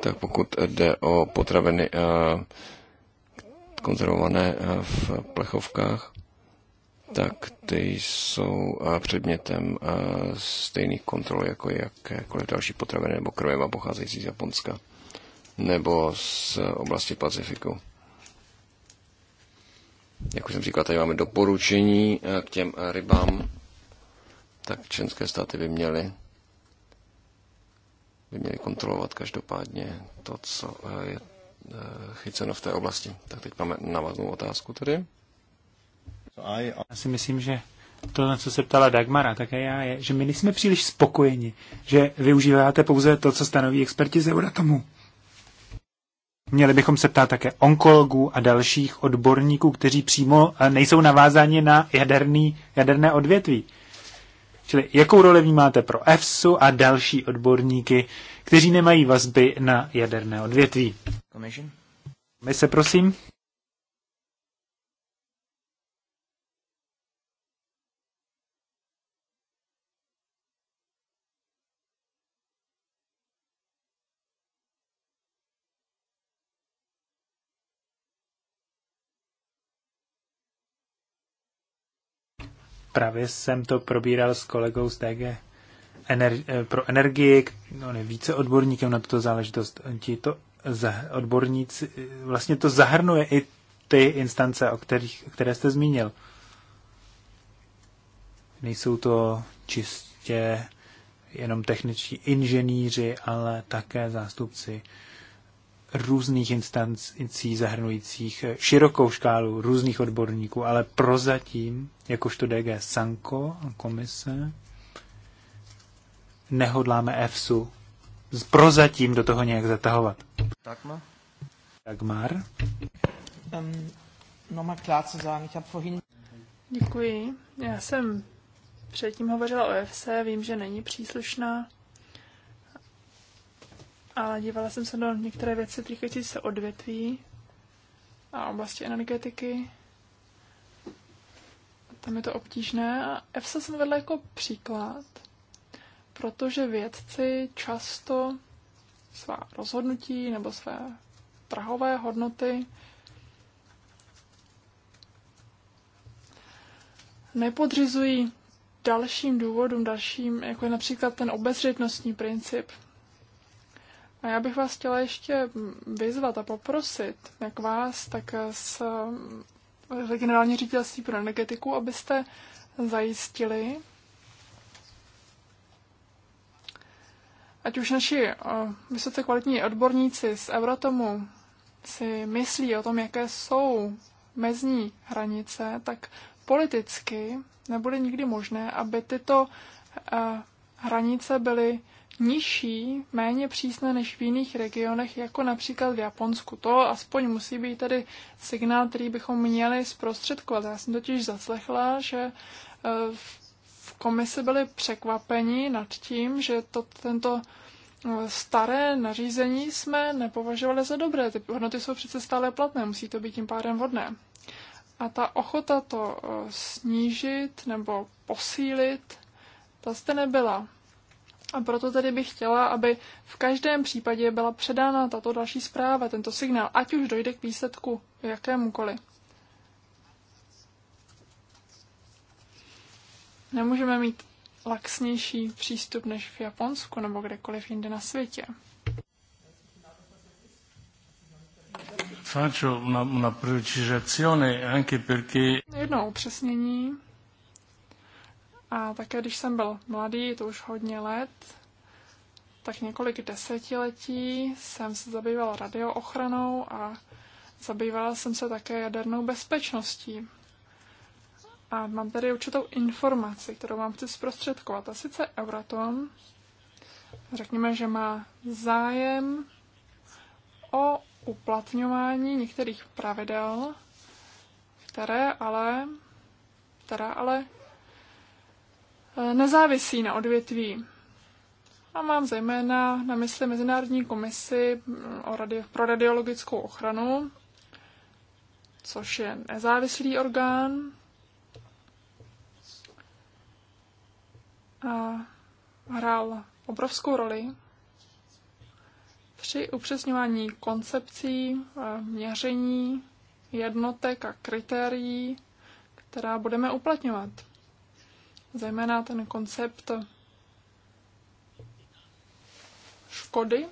Tak pokud jde o potraviny konzervované eh, v plechovkách, tak ty jsou eh, předmětem eh, stejných kontrol jako jakékoliv další potraviny nebo krveva pocházející z Japonska nebo z oblasti Pacifiku. Jak už jsem říkal, tady máme doporučení k těm rybám, tak členské státy by měly by měly kontrolovat každopádně to, co je Eh, chyceno v té oblasti. Tak teď máme navaznou otázku tedy. Já si myslím, že to, na co se ptala Dagmara, také já, je, že my nejsme příliš spokojeni, že využíváte pouze to, co stanoví experti z Euratomu. Měli bychom se ptát také onkologů a dalších odborníků, kteří přímo eh, nejsou navázáni na jaderný, jaderné odvětví. Čili jakou roli vnímáte pro EFSU a další odborníky, kteří nemají vazby na jaderné odvětví. My se prosím. Právě jsem to probíral s kolegou z DG ener- eh, pro energii, on je no, více odborníkem na tuto záležitost. Ti to odborníci, eh, vlastně to zahrnuje i ty instance, o kterých, které jste zmínil. Nejsou to čistě jenom techničtí inženýři, ale také zástupci různých instancí zahrnujících eh, širokou škálu různých odborníků, ale prozatím, jakožto DG Sanko a komise, nehodláme EFSU prozatím do toho nějak zatahovat. Dagmar? Dagmar? Um, nochmal klar zu ich habe vorhin... Děkuji. Já jsem předtím hovořila o EFC, vím, že není příslušná, ale dívala jsem se do některé věci týkající se odvětví a oblasti energetiky. Tam je to obtížné a EFSA jsem vedla jako příklad – protože vědci často svá rozhodnutí nebo své trhové hodnoty nepodřizují dalším důvodům, dalším, jako je například ten obezřetnostní princip. A já bych vás chtěla ještě vyzvat a poprosit, jak vás, tak s generální ředitelství pro energetiku, abyste zajistili, Ať už naši vysoce kvalitní odborníci z Eurotomu si myslí o tom, jaké jsou mezní hranice, tak politicky nebude nikdy možné, aby tyto e, hranice byly nižší, méně přísné než v jiných regionech, jako například v Japonsku. To aspoň musí být tedy signál, který bychom měli zprostředkovat. Já jsem totiž zaslechla, že e, v komise byli překvapeni nad tím, že to, tento eh, staré nařízení jsme nepovažovali za dobré. Ty hodnoty jsou přece stále platné, musí to být tím pádem vodné. A ta ochota to eh, snížit nebo posílit, ta zde nebyla. A proto tedy bych chtěla, aby v každém případě byla předána tato další zpráva, tento signál, ať už dojde k výsledku jakémukoliv. Nemůžeme mít laxnější přístup než v Japonsku nebo kdekoliv jinde na světě. Jedno upřesnění. A také když jsem byl mladý, to už hodně let, tak několik desetiletí jsem se zabýval radioochranou a zabýval jsem se také jadernou bezpečností. A mám tady určitou informaci, kterou vám chci zprostředkovat. A sice Euratom, řekněme, že má zájem o uplatňování některých pravidel, které ale, která ale eh, nezávisí na odvětví. A mám zejména na mysli Mezinárodní komisi mm, o radi- pro radiologickou ochranu, což je nezávislý orgán, hrál obrovskou roli při upřesňování koncepcí, měření, jednotek a kritérií, která budeme uplatňovat. Zejména ten koncept škody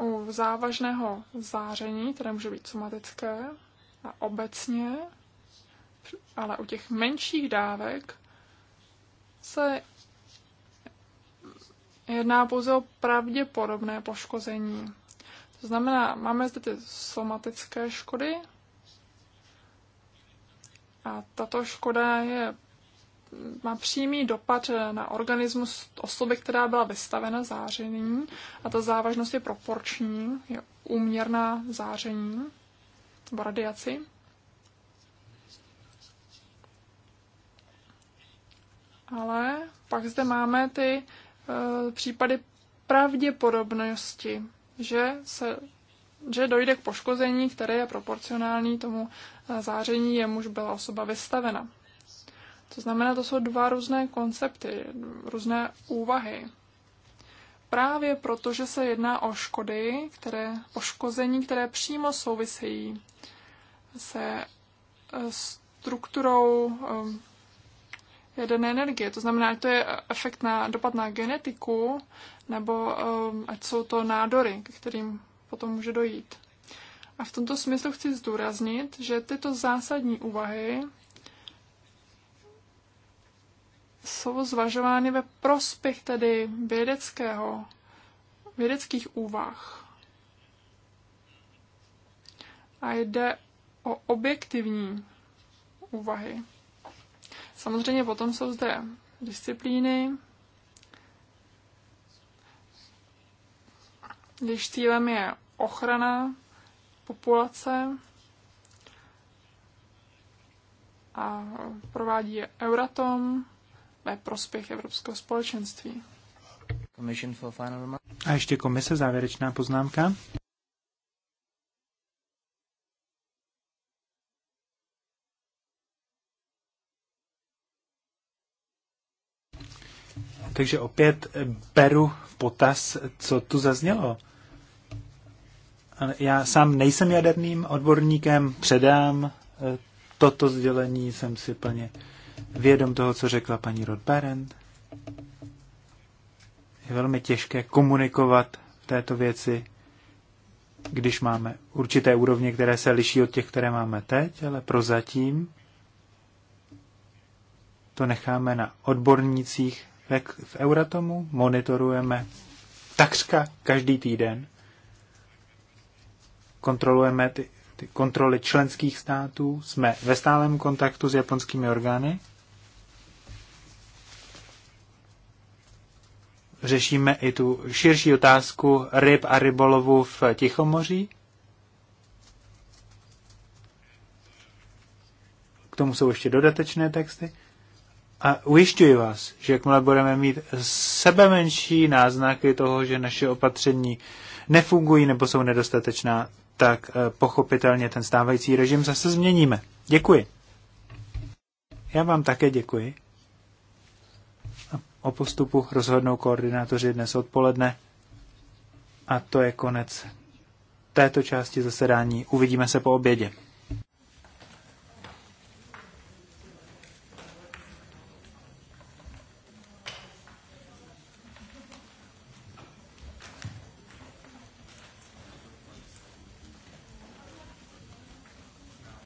u závažného záření, které může být somatické a obecně ale u těch menších dávek se jedná pouze o pravděpodobné poškození. To znamená, máme zde ty somatické škody a tato škoda je, má přímý dopad na organismus osoby, která byla vystavena záření a ta závažnost je proporční, je úměrná záření nebo radiaci. Ale pak zde máme ty e, případy pravděpodobnosti, že, se, že dojde k poškození, které je proporcionální tomu eh, záření, jemuž byla osoba vystavena. To znamená, to jsou dva různé koncepty, různé úvahy. Právě proto, že se jedná o škody, které, poškození, které přímo souvisejí se eh, strukturou jaderné energie. To znamená, že to je efekt na dopad na genetiku, nebo um, ať jsou to nádory, k kterým potom může dojít. A v tomto smyslu chci zdůraznit, že tyto zásadní úvahy jsou zvažovány ve prospěch tedy vědeckého, vědeckých úvah. A jde o objektivní úvahy. Samozřejmě potom jsou zde disciplíny. Když cílem je ochrana populace a provádí je Euratom ve prospěch Evropského společenství. A ještě komise závěrečná poznámka. Takže opět beru v potaz, co tu zaznělo. Já sám nejsem jaderným odborníkem, předám eh, toto sdělení, jsem si plně vědom toho, co řekla paní Rodberend. Je velmi těžké komunikovat v této věci, když máme určité úrovně, které se liší od těch, které máme teď, ale prozatím to necháme na odbornících, v Euratomu monitorujeme takřka každý týden. Kontrolujeme ty, ty kontroly členských států, jsme ve stálém kontaktu s japonskými orgány. Řešíme i tu širší otázku ryb a rybolovu v Tichomoří. K tomu jsou ještě dodatečné texty. A ujišťuji vás, že jakmile budeme mít sebe menší náznaky toho, že naše opatření nefungují nebo jsou nedostatečná, tak eh, pochopitelně ten stávající režim zase změníme. Děkuji. Já vám také děkuji. A o postupu rozhodnou koordinátoři dnes odpoledne. A to je konec této části zasedání. Uvidíme se po obědě.